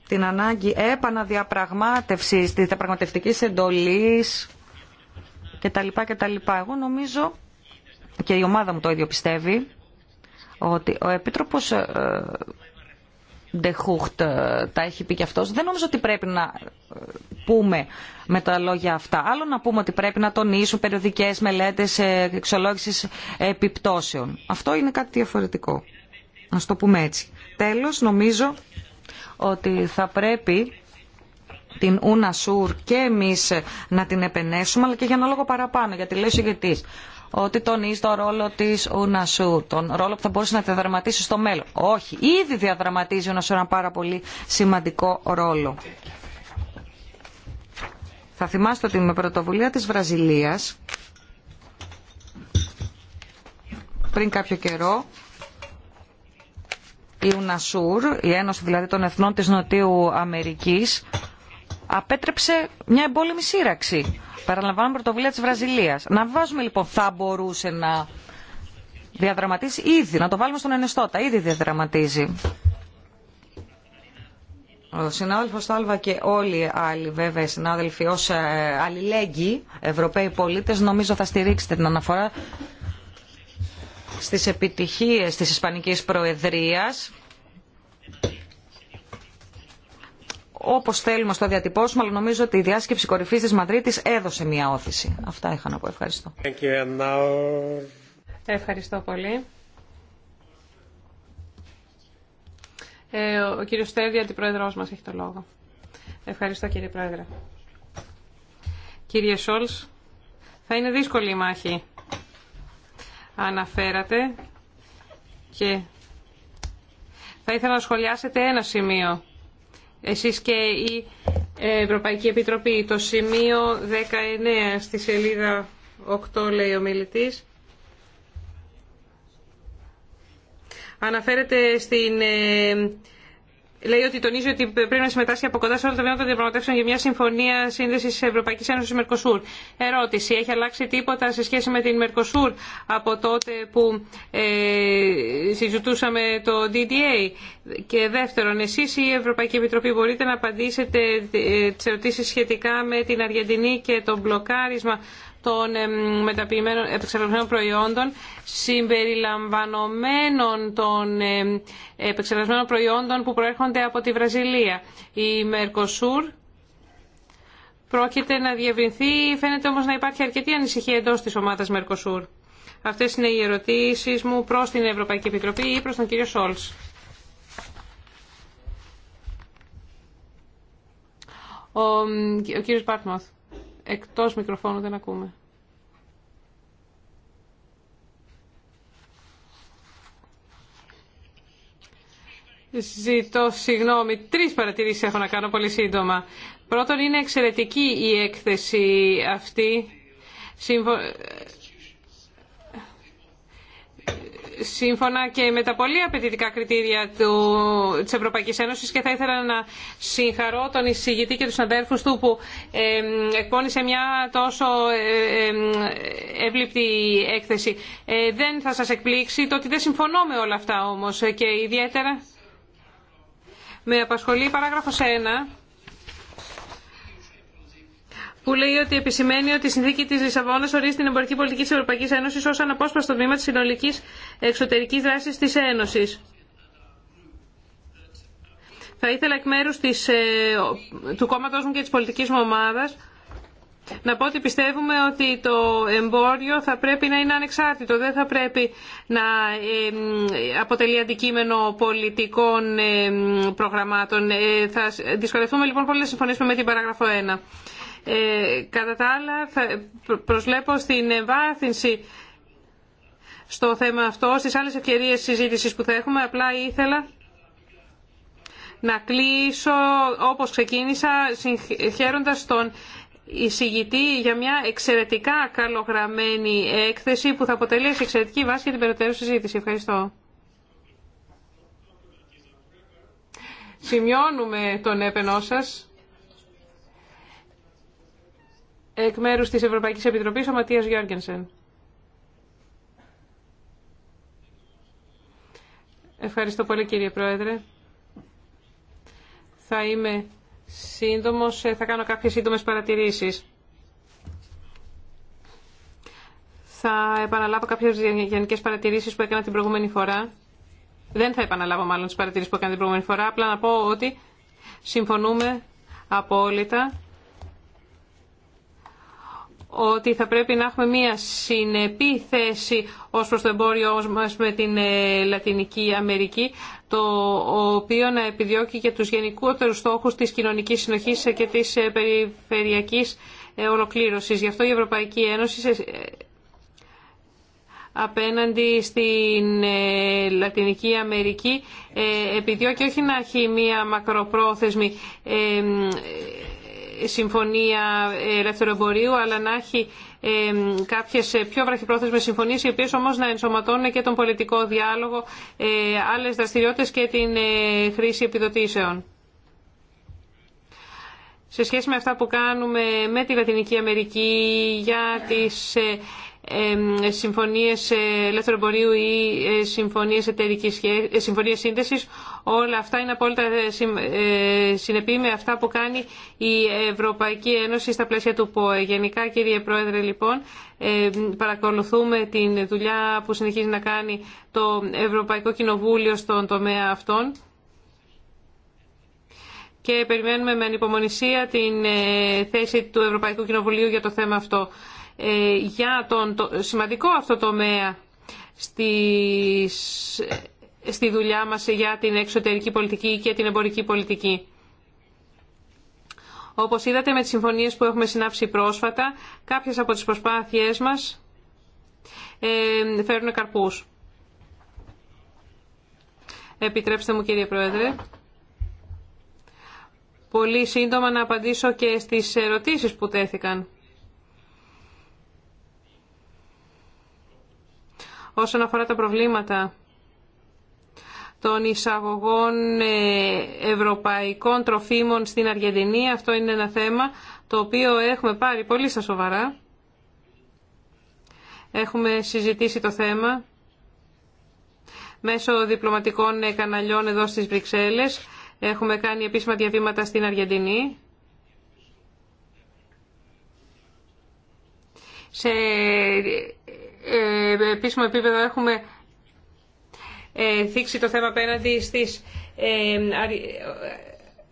την ανάγκη επαναδιαπραγμάτευσης τη διαπραγματευτικής εντολής κτλ. κτλ. Εγώ νομίζω, και η ομάδα μου το ίδιο πιστεύει, ότι ο Επίτροπος ε, Ντεχούχτ τα έχει πει και αυτός. Δεν νομίζω ότι πρέπει να ε, πούμε με τα λόγια αυτά. Άλλο να πούμε ότι πρέπει να τονίσουν περιοδικές μελέτες ε, εξολόγησης επιπτώσεων. Αυτό είναι κάτι διαφορετικό. Να το πούμε έτσι. Τέλος, νομίζω ότι θα πρέπει την Σουρ και εμείς να την επενέσουμε, αλλά και για ένα λόγο παραπάνω, γιατί λέει ο ότι τονίζει το ρόλο τη Ουνασούρ, τον ρόλο που θα μπορούσε να διαδραματίσει στο μέλλον. Όχι, ήδη διαδραματίζει ο UNASUR ένα πάρα πολύ σημαντικό ρόλο. Θα θυμάστε ότι με πρωτοβουλία της Βραζιλίας, πριν κάποιο καιρό, η UNASUR, η Ένωση δηλαδή των Εθνών της Νοτιού Αμερικής, απέτρεψε μια εμπόλεμη σύραξη. Παραλαμβάνω πρωτοβουλία της Βραζιλία. Να βάζουμε λοιπόν θα μπορούσε να διαδραματίσει ήδη, να το βάλουμε στον ενεστώτα, ήδη διαδραματίζει. Ο συνάδελφος Στάλβα και όλοι οι άλλοι βέβαια συνάδελφοι ως ε, αλληλέγγυοι Ευρωπαίοι πολίτες νομίζω θα στηρίξετε την αναφορά στις επιτυχίε τη Ισπανική Προεδρία όπως θέλουμε στο διατυπώσουμε, αλλά νομίζω ότι η διάσκεψη κορυφής της Μαδρίτης έδωσε μια όθηση. Αυτά είχα να πω. Ευχαριστώ. Ευχαριστώ πολύ. Ε, ο κύριος Στέβη, αντιπρόεδρός μας, έχει το λόγο. Ευχαριστώ κύριε Πρόεδρε. Κύριε Σόλς, θα είναι δύσκολη η μάχη. Αναφέρατε και θα ήθελα να σχολιάσετε ένα σημείο εσείς και η Ευρωπαϊκή Επιτροπή. Το σημείο 19 στη σελίδα 8 λέει ο μιλητής. Αναφέρεται στην ε, Λέει ότι τονίζει ότι πρέπει να συμμετάσχει από κοντά σε όλα τα βήματα των διαπραγματεύσεων για μια συμφωνία σύνδεση Ευρωπαϊκή Ένωση Μερκοσούρ. Ερώτηση. Έχει αλλάξει τίποτα σε σχέση με την Μερκοσούρ από τότε που ε, συζητούσαμε το DDA. Και δεύτερον, εσεί η Ευρωπαϊκή Επιτροπή μπορείτε να απαντήσετε ε, τι ερωτήσει σχετικά με την Αργεντινή και το μπλοκάρισμα των μεταποιημένων επεξεργασμένων προϊόντων συμπεριλαμβανομένων των επεξεργασμένων προϊόντων που προέρχονται από τη Βραζιλία. Η Mercosur πρόκειται να διευρυνθεί, φαίνεται όμως να υπάρχει αρκετή ανησυχία εντός της ομάδας Mercosur. Αυτές είναι οι ερωτήσεις μου προς την Ευρωπαϊκή Επιτροπή ή προς τον κύριο Σόλς. Ο, ο κύριος Πάρτμοθ. Εκτός μικροφώνου δεν ακούμε. Ζητώ συγγνώμη. Τρεις παρατηρήσεις έχω να κάνω πολύ σύντομα. Πρώτον, είναι εξαιρετική η έκθεση αυτή. σύμφωνα και με τα πολύ απαιτητικά κριτήρια του, της Ευρωπαϊκής και θα ήθελα να συγχαρώ τον εισηγητή και τους αδέρφους του που εκπώνησε μια τόσο ε, εύληπτη έκθεση. Ε, δεν θα σας εκπλήξει το ότι δεν συμφωνώ με όλα αυτά όμως και ιδιαίτερα με απασχολεί η παράγραφος 1 που λέει ότι επισημαίνει ότι η συνθήκη τη Λισαβόνα ορίζει την εμπορική πολιτική τη Ευρωπαϊκή Ένωση ω αναπόσπαστο τμήμα τη συνολική εξωτερική δράση τη Ένωση. Θα ήθελα εκ μέρου ε, του κόμματό μου και τη πολιτική μου ομάδα να πω ότι πιστεύουμε ότι το εμπόριο θα πρέπει να είναι ανεξάρτητο, δεν θα πρέπει να ε, αποτελεί αντικείμενο πολιτικών ε, προγραμμάτων. Θα δυσκολευτούμε λοιπόν πολύ να συμφωνήσουμε με την παράγραφο 1. Ε, κατά τα άλλα προσλέπω στην εμβάθυνση στο θέμα αυτό, στις άλλες ευκαιρίες συζήτησης που θα έχουμε. Απλά ήθελα να κλείσω όπως ξεκίνησα συγχαίροντας τον εισηγητή για μια εξαιρετικά καλογραμμένη έκθεση που θα αποτελέσει εξαιρετική βάση για την περαιτέρω συζήτηση. Ευχαριστώ. Σημειώνουμε τον έπαινό σας. Εκ μέρους της Ευρωπαϊκής Επιτροπής, ο Ματίας Γιώργενσεν. Ευχαριστώ πολύ κύριε Πρόεδρε. Θα είμαι σύντομος, ε, θα κάνω κάποιες σύντομες παρατηρήσεις. Θα επαναλάβω κάποιες γενικές παρατηρήσεις που έκανα την προηγούμενη φορά. Δεν θα επαναλάβω μάλλον τις παρατηρήσεις που έκανα την προηγούμενη φορά, απλά να πω ότι συμφωνούμε απόλυτα ότι θα πρέπει να έχουμε μία συνεπή θέση ως προς το εμπόριο μας με την ε, Λατινική Αμερική, το οποίο να επιδιώκει και τους γενικότερους στόχους της κοινωνικής συνοχής και της ε, περιφερειακής ε, ολοκλήρωσης. Γι' αυτό η Ευρωπαϊκή Ένωση απέναντι στην Λατινική Αμερική επιδιώκει όχι να έχει μία μακροπρόθεσμη συμφωνία ελεύθερου εμπορίου, αλλά να έχει κάποιες πιο βραχυπρόθεσμες συμφωνίες, οι οποίες όμως να ενσωματώνουν και τον πολιτικό διάλογο, ε, άλλε δραστηριότητες και την ε, χρήση επιδοτήσεων. Σε σχέση με αυτά που κάνουμε με τη Λατινική Αμερική για τις ε, συμφωνίες ελεύθερου εμπορίου ή συμφωνίες, συμφωνίες σύνδεσης, Όλα αυτά είναι απόλυτα ε, ε, συνεπή με αυτά που κάνει η Ευρωπαϊκή Ένωση στα πλαίσια του ΠΟΕ. Γενικά, κύριε Πρόεδρε, λοιπόν, ε, παρακολουθούμε την δουλειά που συνεχίζει να κάνει το Ευρωπαϊκό Κοινοβούλιο στον τομέα αυτών και περιμένουμε με ανυπομονησία την θέση του Ευρωπαϊκού Κοινοβουλίου για το θέμα αυτό. Για τον σημαντικό αυτό τομέα στις στη δουλειά μας για την εξωτερική πολιτική και την εμπορική πολιτική. Όπως είδατε με τις συμφωνίες που έχουμε συνάψει πρόσφατα, κάποιες από τις προσπάθειές μας ε, φέρουν καρπούς. Επιτρέψτε μου κύριε Πρόεδρε, πολύ σύντομα να απαντήσω και στις ερωτήσεις που τέθηκαν. Όσον αφορά τα προβλήματα των εισαγωγών ε, ευρωπαϊκών τροφίμων στην Αργεντινή. Αυτό είναι ένα θέμα το οποίο έχουμε πάρει πολύ στα σοβαρά. Έχουμε συζητήσει το θέμα μέσω διπλωματικών καναλιών εδώ στις Βρυξέλλες. Έχουμε κάνει επίσημα διαβήματα στην Αργεντινή. Σε ε, επίσημο επίπεδο έχουμε ε, θίξει το θέμα απέναντι στις, ε,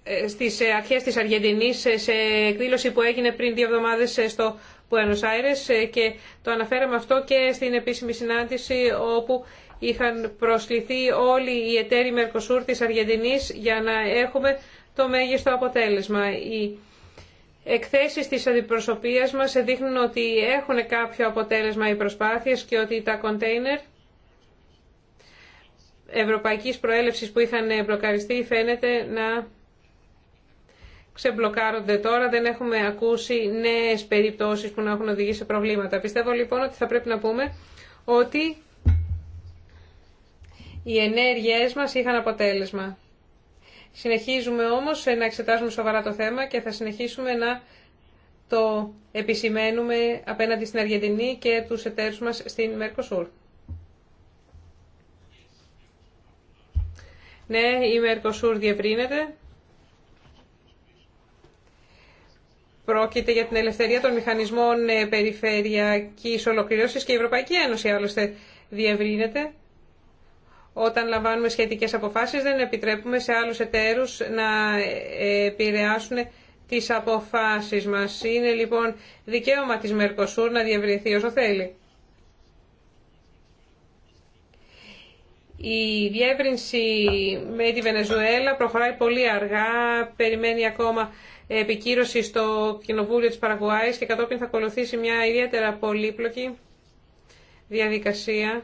ε, στις αρχές της Αργεντινής σε εκδήλωση που έγινε πριν δύο εβδομάδες στο Buenos Aires και το αναφέραμε αυτό και στην επίσημη συνάντηση όπου είχαν προσληθεί όλοι οι εταίροι Μερκοσούρ της Αργεντινής για να έχουμε το μέγιστο αποτέλεσμα. Οι εκθέσεις της αντιπροσωπείας μας δείχνουν ότι έχουν κάποιο αποτέλεσμα οι προσπάθειες και ότι τα κοντέινερ ευρωπαϊκής προέλευσης που είχαν μπλοκαριστεί φαίνεται να ξεμπλοκάρονται τώρα. Δεν έχουμε ακούσει νέες περιπτώσεις που να έχουν οδηγήσει σε προβλήματα. Πιστεύω λοιπόν ότι θα πρέπει να πούμε ότι οι ενέργειές μας είχαν αποτέλεσμα. Συνεχίζουμε όμως να εξετάζουμε σοβαρά το θέμα και θα συνεχίσουμε να το επισημαίνουμε απέναντι στην Αργεντινή και τους εταίρους μας στην Mercosur. Ναι, η Μερκοσούρ διευρύνεται. Πρόκειται για την ελευθερία των μηχανισμών ε, περιφερειακή ολοκλήρωση και η Ευρωπαϊκή Ένωση άλλωστε διευρύνεται. Όταν λαμβάνουμε σχετικέ αποφάσει, δεν επιτρέπουμε σε άλλου εταίρους να ε, επηρεάσουν τι αποφάσει μα. Είναι λοιπόν δικαίωμα της Μερκοσούρ να διευρυνθεί όσο θέλει. Η διεύρυνση με τη Βενεζουέλα προχωράει πολύ αργά, περιμένει ακόμα επικύρωση στο Κοινοβούλιο της Παραγουάης και κατόπιν θα ακολουθήσει μια ιδιαίτερα πολύπλοκη διαδικασία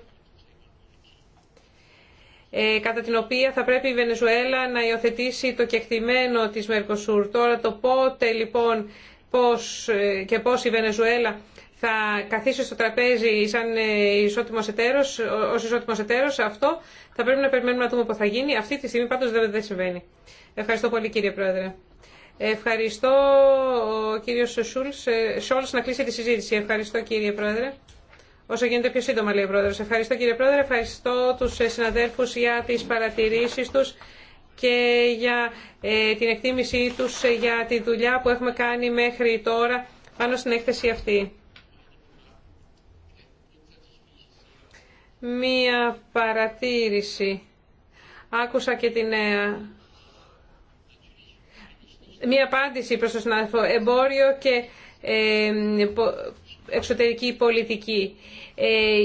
ε, κατά την οποία θα πρέπει η Βενεζουέλα να υιοθετήσει το κεκτημένο της Μερκοσούρ. Τώρα το πότε λοιπόν πώς, ε, και πώς η Βενεζουέλα θα καθίσει στο τραπέζι σαν ε, ισότιμος εταίρος, ως ισότιμος εταίρος, αυτό θα πρέπει να περιμένουμε να δούμε πώς θα γίνει. Αυτή τη στιγμή πάντως δεν, συμβαίνει. Ευχαριστώ πολύ κύριε Πρόεδρε. Ευχαριστώ ο κύριος Σούλς, ε, Σόλς να κλείσει τη συζήτηση. Ευχαριστώ κύριε Πρόεδρε. Όσο γίνεται πιο σύντομα, λέει ο Πρόεδρος. Ευχαριστώ κύριε Πρόεδρε, ευχαριστώ τους ε, συναδέλφους για τις παρατηρήσεις τους και για την εκτίμησή τους για τη δουλειά που έχουμε κάνει μέχρι τώρα πάνω στην έκθεση αυτή. μία παρατήρηση. Άκουσα και την νέα. Ε, μία απάντηση προς τον συνάδελφο. Εμπόριο και ε, εξωτερική πολιτική. Ε,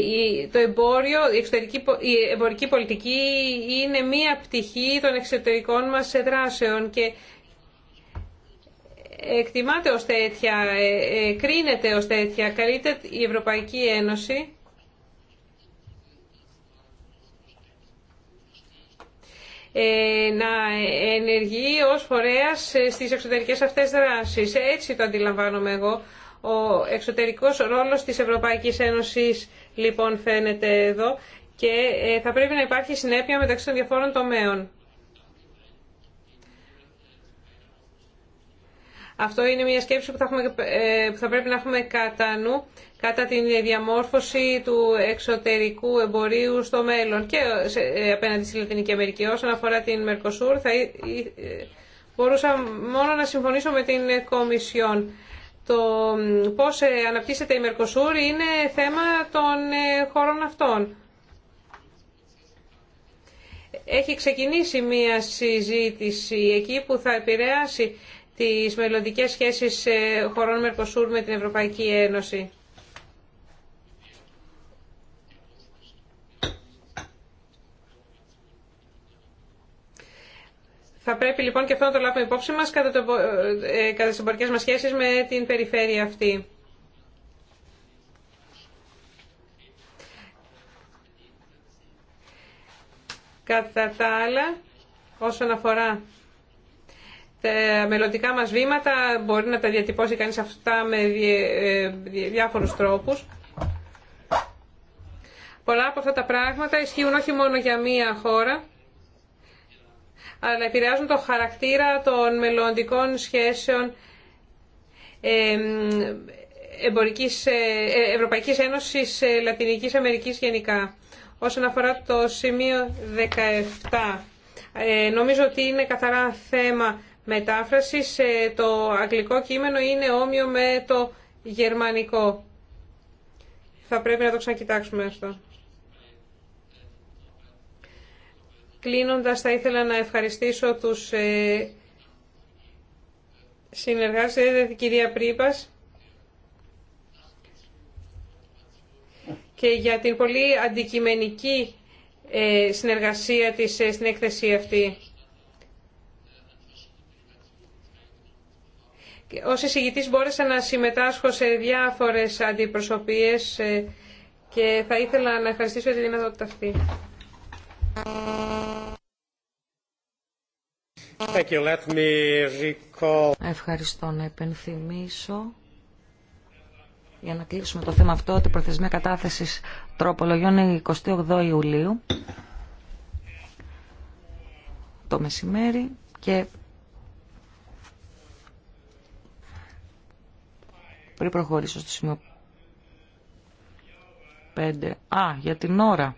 το εμπόριο, η, εξωτερική, η εμπορική πολιτική είναι μία πτυχή των εξωτερικών μας δράσεων και εκτιμάται ως τέτοια, κρίνεται ως τέτοια, καλείται η Ευρωπαϊκή Ένωση Ε, να ενεργεί ως φορέας ε, στις εξωτερικές αυτές δράσεις. Έτσι το αντιλαμβάνομαι εγώ. Ο εξωτερικός ρόλος της Ευρωπαϊκής Ένωσης λοιπόν φαίνεται εδώ και ε, θα πρέπει να υπάρχει συνέπεια μεταξύ των διαφόρων τομέων. Αυτό είναι μια σκέψη ε, που θα, πρέπει να έχουμε κατά νου κατά την διαμόρφωση του εξωτερικού εμπορίου στο μέλλον και ε, απέναντι στη Λατινική Αμερική. Όσον αφορά την Μερκοσούρ, θα ε, μπορούσα μόνο να συμφωνήσω με την Κομισιόν. Το πώς αναπτύσσεται η Μερκοσούρ είναι θέμα των χωρών αυτών. Έχει ξεκινήσει μια συζήτηση εκεί που θα επηρεάσει τις μελλοντικέ σχέσεις ε, χωρών Μερκοσούρ με την Ευρωπαϊκή Ένωση. Θα πρέπει λοιπόν και αυτό να το λάβουμε υπόψη μας κατά, το, ε, ε κατά τις εμπορικές μας σχέσεις με την περιφέρεια αυτή. Κατά τα άλλα, όσον αφορά τα μελλοντικά μας βήματα μπορεί να τα διατυπώσει κανείς αυτά με ε, διάφορους τρόπους. Πολλά από αυτά τα πράγματα ισχύουν όχι μόνο για μία χώρα, αλλά επηρεάζουν το χαρακτήρα των μελλοντικών σχέσεων εμπορικής, ε, ε, Ευρωπαϊκής Ένωσης Λατινικής Αμερικής γενικά. Όσον αφορά το σημείο 17, νομίζω ότι είναι καθαρά θέμα σε το αγγλικό κείμενο είναι όμοιο με το γερμανικό. Θα πρέπει να το ξανακοιτάξουμε αυτό. Κλείνοντας, θα ήθελα να ευχαριστήσω τους ε, συνεργάς την ε, κυρία Πρίπας και για την πολύ αντικειμενική ε, συνεργασία της στην έκθεση αυτή. ως εισηγητής μπόρεσα να συμμετάσχω σε διάφορες αντιπροσωπείες ε, και θα ήθελα να ευχαριστήσω για τη δυνατότητα αυτή. Ευχαριστώ να επενθυμίσω για να κλείσουμε το θέμα αυτό ότι η προθεσμία κατάθεσης τροπολογιών είναι 28 Ιουλίου το μεσημέρι και Πριν προχωρήσω στο σημείο 5. Α, για την ώρα.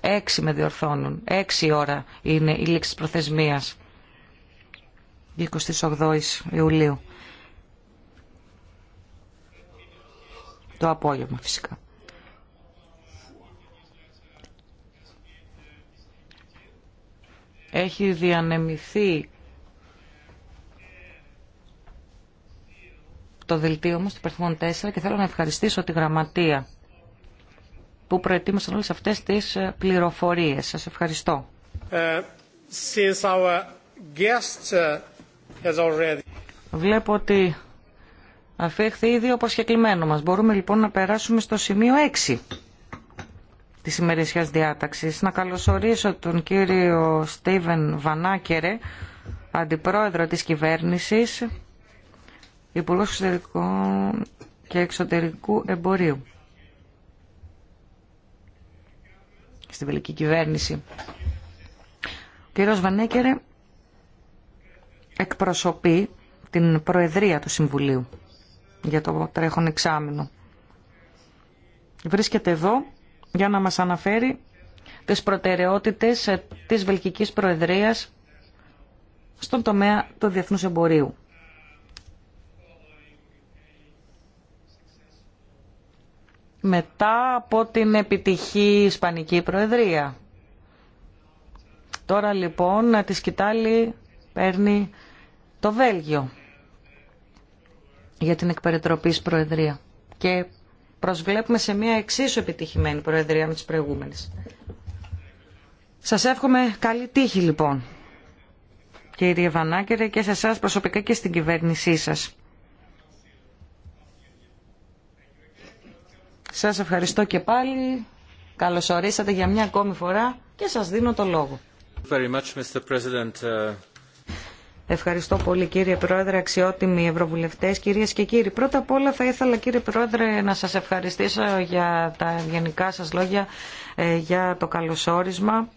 6 με διορθώνουν. 6 ώρα είναι η λήξη προθεσμίας. 28 Ιουλίου. Το απόγευμα φυσικά. Έχει διανεμηθεί το δελτίο μου στο Περθμόν 4 και θέλω να ευχαριστήσω τη γραμματεία που προετοίμασαν όλες αυτές τις ε, πληροφορίες. Σας ευχαριστώ. Ε, ε, Βλέπω ότι αφήχθη ήδη ο προσκεκλημένο μας. Μπορούμε λοιπόν να περάσουμε στο σημείο 6 της ημερησιάς διάταξης. Να καλωσορίσω τον κύριο Στίβεν Βανάκερε, αντιπρόεδρο της κυβέρνησης Υπουργό Εξωτερικών και Εξωτερικού Εμπορίου στην βελική κυβέρνηση. Ο κύριος Βανέκερε εκπροσωπεί την Προεδρία του Συμβουλίου για το τρέχον εξάμεινο. Βρίσκεται εδώ για να μας αναφέρει τις προτεραιότητες της Βελγικής Προεδρίας στον τομέα του διεθνούς εμπορίου. μετά από την επιτυχή Ισπανική Προεδρία. Τώρα λοιπόν να τη σκητάλη παίρνει το Βέλγιο για την εκπεριτροπής Προεδρία και προσβλέπουμε σε μια εξίσου επιτυχημένη Προεδρία με τις προηγούμενες. Σας εύχομαι καλή τύχη λοιπόν κύριε Βανάκερε και σε εσά προσωπικά και στην κυβέρνησή σας. Σας ευχαριστώ και πάλι. Καλώς ορίσατε για μια ακόμη φορά και σας δίνω το λόγο. Ευχαριστώ πολύ κύριε Πρόεδρε, αξιότιμοι Ευρωβουλευτές, κυρίες και κύριοι. Πρώτα απ' όλα θα ήθελα κύριε Πρόεδρε να σας ευχαριστήσω για τα γενικά σας λόγια, ε, για το καλωσόρισμα.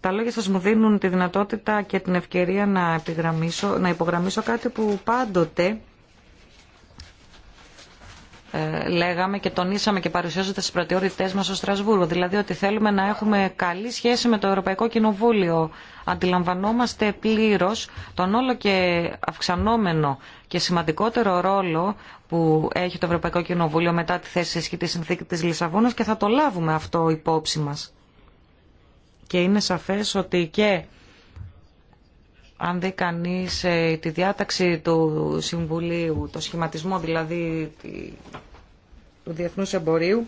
Τα λόγια σας μου δίνουν τη δυνατότητα και την ευκαιρία να, να υπογραμμίσω κάτι που πάντοτε ε, λέγαμε και τονίσαμε και παρουσιάζοντα τι προτεραιότητέ μα στο Στρασβούργο. Δηλαδή ότι θέλουμε να έχουμε καλή σχέση με το Ευρωπαϊκό Κοινοβούλιο. Αντιλαμβανόμαστε πλήρω τον όλο και αυξανόμενο και σημαντικότερο ρόλο που έχει το Ευρωπαϊκό Κοινοβούλιο μετά τη θέση και τη συνθήκη τη Λισαβόνα και θα το λάβουμε αυτό υπόψη μα. Και είναι σαφέ ότι και αν δει κανεί ε, τη διάταξη του Συμβουλίου, το σχηματισμό δηλαδή του Διεθνούς Εμπορίου,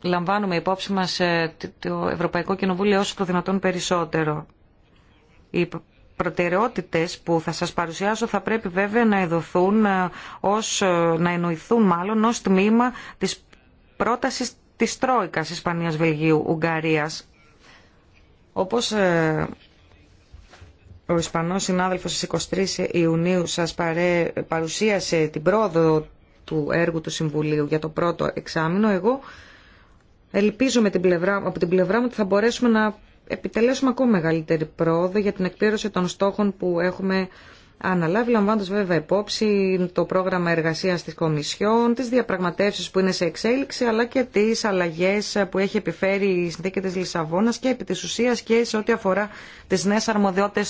λαμβάνουμε υπόψη μας ε, το Ευρωπαϊκό Κοινοβούλιο όσο το δυνατόν περισσότερο. Οι προτεραιότητες που θα σας παρουσιάσω θα πρέπει βέβαια να εδωθούν, ε, ως, να εννοηθούν μάλλον ως τμήμα της πρότασης της Τρόικας Ισπανίας, Βελγίου, Ουγγαρίας όπως ε, ο Ισπανός συνάδελφος στις 23 Ιουνίου σας παρέ, παρουσίασε την πρόοδο του έργου του Συμβουλίου για το πρώτο εξάμεινο, εγώ ελπίζω με την πλευρά, από την πλευρά μου ότι θα μπορέσουμε να επιτελέσουμε ακόμα μεγαλύτερη πρόοδο για την εκπλήρωση των στόχων που έχουμε αναλάβει λαμβάνοντα βέβαια υπόψη το πρόγραμμα εργασία τη Κομισιόν, τι διαπραγματεύσει που είναι σε εξέλιξη αλλά και τι αλλαγέ που έχει επιφέρει η συνθήκη τη Λισαβόνα και επί τη ουσία και σε ό,τι αφορά τι νέε αρμοδιότητε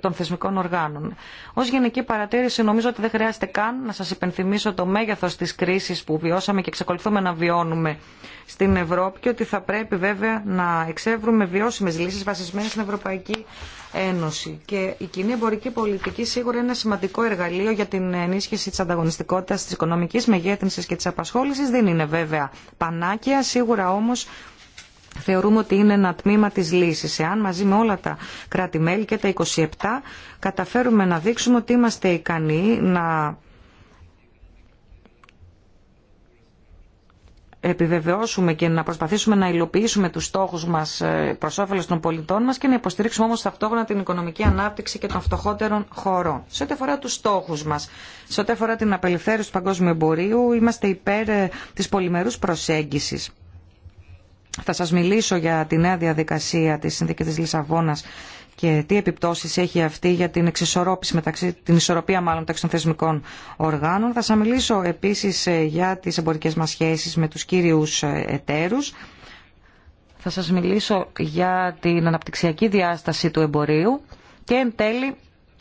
των, θεσμικών οργάνων. Ω γενική παρατήρηση νομίζω ότι δεν χρειάζεται καν να σα υπενθυμίσω το μέγεθο τη κρίση που βιώσαμε και εξακολουθούμε να βιώνουμε στην Ευρώπη και ότι θα πρέπει βέβαια να εξεύρουμε βιώσιμε λύσει βασισμένε στην ευρωπαϊκή Ένωση. Και η κοινή εμπορική πολιτική σίγουρα είναι ένα σημαντικό εργαλείο για την ενίσχυση τη ανταγωνιστικότητα τη οικονομική μεγέθυνση και τη απασχόληση. Δεν είναι βέβαια πανάκια, σίγουρα όμω θεωρούμε ότι είναι ένα τμήμα της λύσης. Εάν μαζί με όλα τα κράτη-μέλη και τα 27 καταφέρουμε να δείξουμε ότι είμαστε ικανοί να επιβεβαιώσουμε και να προσπαθήσουμε να υλοποιήσουμε τους στόχους μας ε, προς όφελος των πολιτών μας και να υποστηρίξουμε όμως ταυτόχρονα την οικονομική ανάπτυξη και των φτωχότερων χωρών. Σε ό,τι αφορά τους στόχους μας, σε ό,τι αφορά την απελευθέρωση του παγκόσμιου εμπορίου, είμαστε υπέρ ε, της πολυμερούς προσέγγιση Θα σας μιλήσω για τη νέα διαδικασία της Συνθήκης τη Λισαβόνας και τι επιπτώσεις έχει αυτή για την εξισορρόπηση μεταξύ, την ισορροπία μάλλον μεταξύ των θεσμικών οργάνων. Θα σας μιλήσω επίσης ε, για τις εμπορικές μας σχέσεις με τους κύριους ε, εταίρους. Θα σας μιλήσω για την αναπτυξιακή διάσταση του εμπορίου και εν τέλει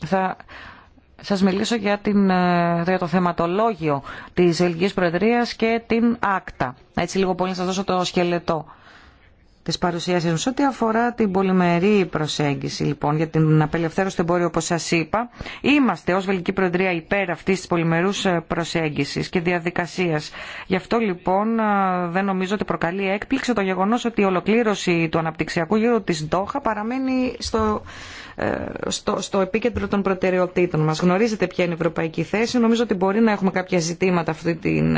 θα σας μιλήσω για, την, ε, το θεματολόγιο της Ελληνικής Προεδρίας και την ΑΚΤΑ. Έτσι λίγο πολύ να σας δώσω το σκελετό της παρουσίασης μου. ό,τι αφορά την πολυμερή προσέγγιση λοιπόν για την απελευθέρωση του εμπόριου όπως σας είπα, είμαστε ως Βελική Προεδρία υπέρ αυτής της πολυμερούς ε, προσέγγισης και διαδικασίας. Γι' αυτό λοιπόν ε, δεν νομίζω ότι προκαλεί έκπληξη το γεγονός ότι η ολοκλήρωση του αναπτυξιακού γύρου της Ντόχα παραμένει στο, ε, στο, στο επίκεντρο των προτεραιοτήτων μας. Γνωρίζετε ποια είναι η ευρωπαϊκή θέση. Νομίζω ότι μπορεί να έχουμε κάποια ζητήματα αυτή την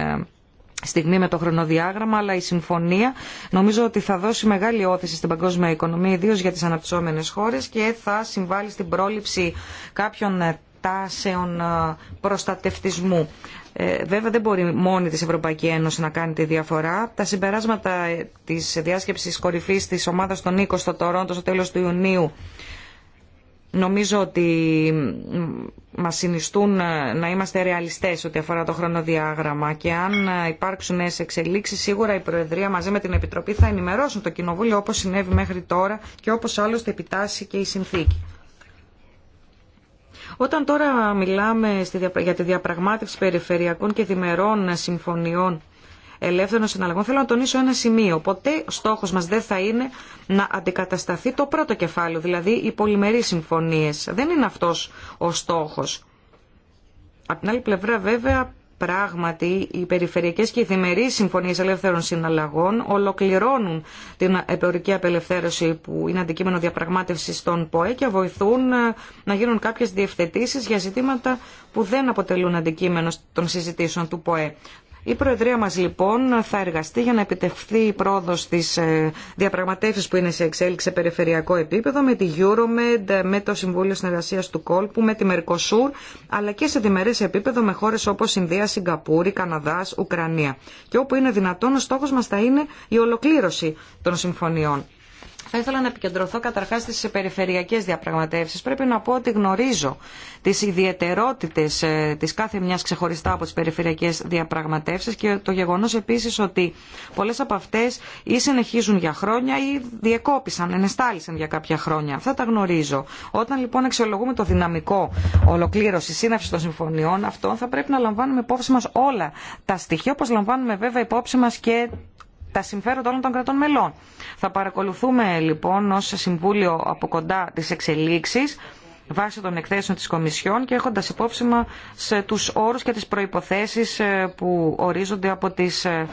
στιγμή με το χρονοδιάγραμμα, αλλά η συμφωνία νομίζω ότι θα δώσει μεγάλη όθηση στην παγκόσμια οικονομία, ιδίω για τι αναπτυσσόμενες χώρε και θα συμβάλλει στην πρόληψη κάποιων ε, τάσεων ε, προστατευτισμού. Ε, βέβαια δεν μπορεί μόνη της Ευρωπαϊκή Ένωση να κάνει τη διαφορά. Τα συμπεράσματα της διάσκεψης κορυφής της ομάδας των 20 στο Τωρόντο στο τέλος του Ιουνίου νομίζω ότι μας συνιστούν να είμαστε ρεαλιστές ό,τι αφορά το χρονοδιάγραμμα και αν υπάρξουν νέε εξελίξεις σίγουρα η Προεδρία μαζί με την Επιτροπή θα ενημερώσουν το Κοινοβούλιο όπω συνέβη μέχρι τώρα και όπως άλλωστε επιτάσσει και η συνθήκη. Όταν τώρα μιλάμε για τη διαπραγμάτευση περιφερειακών και δημερών συμφωνιών ελεύθερων συναλλαγών. Θέλω να τονίσω ένα σημείο. Ποτέ στόχο μα δεν θα είναι να αντικατασταθεί το πρώτο κεφάλαιο, δηλαδή οι πολυμερεί συμφωνίε. Δεν είναι αυτό ο στόχο. Απ' την άλλη πλευρά, βέβαια, πράγματι οι περιφερειακές και οι διμερείς συμφωνίες ελεύθερων συναλλαγών ολοκληρώνουν την επεωρική απελευθέρωση που είναι αντικείμενο διαπραγμάτευσης των ΠΟΕ και βοηθούν ε, να γίνουν κάποιες διευθετήσεις για ζητήματα που δεν αποτελούν αντικείμενο των συζητήσεων του ΠΟΕ. Η Προεδρία μας λοιπόν θα εργαστεί για να επιτευχθεί η πρόοδος της ε, διαπραγματεύσεις που είναι σε εξέλιξη σε περιφερειακό επίπεδο με τη Euromed, με το Συμβούλιο Συνεργασίας του Κόλπου, με τη Mercosur, αλλά και σε διμερές επίπεδο με χώρες όπως Ινδία, Σιγκαπούρη, Καναδάς, Ουκρανία. Και όπου είναι δυνατόν ο στόχος μας θα είναι η ολοκλήρωση των συμφωνιών. Θα ήθελα να επικεντρωθώ καταρχά στι περιφερειακέ διαπραγματεύσει. Πρέπει να πω ότι γνωρίζω τις ιδιαίτερότητε ε, τη κάθε μια ξεχωριστά από τι περιφερειακέ διαπραγματεύσει. και το γεγονό επίση ότι πολλέ από αυτέ ή συνεχίζουν για χρόνια ή διεκόπησαν, ενεστάλησαν για κάποια χρόνια. Αυτά τα γνωρίζω. Όταν λοιπόν αξιολογούμε το δυναμικό ολοκλήρωση σύναυση των συμφωνιών αυτών θα πρέπει να λαμβάνουμε υπόψη μα όλα τα στοιχεία όπω λαμβάνουμε βέβαια υπόψη μα και τα συμφέροντα όλων των κρατών μελών. Θα παρακολουθούμε λοιπόν ως Συμβούλιο από κοντά τις εξελίξεις βάσει των εκθέσεων της Κομισιόν και έχοντας υπόψη μας ε, τους όρους και τις προϋποθέσεις ε, που ορίζονται από τις ε,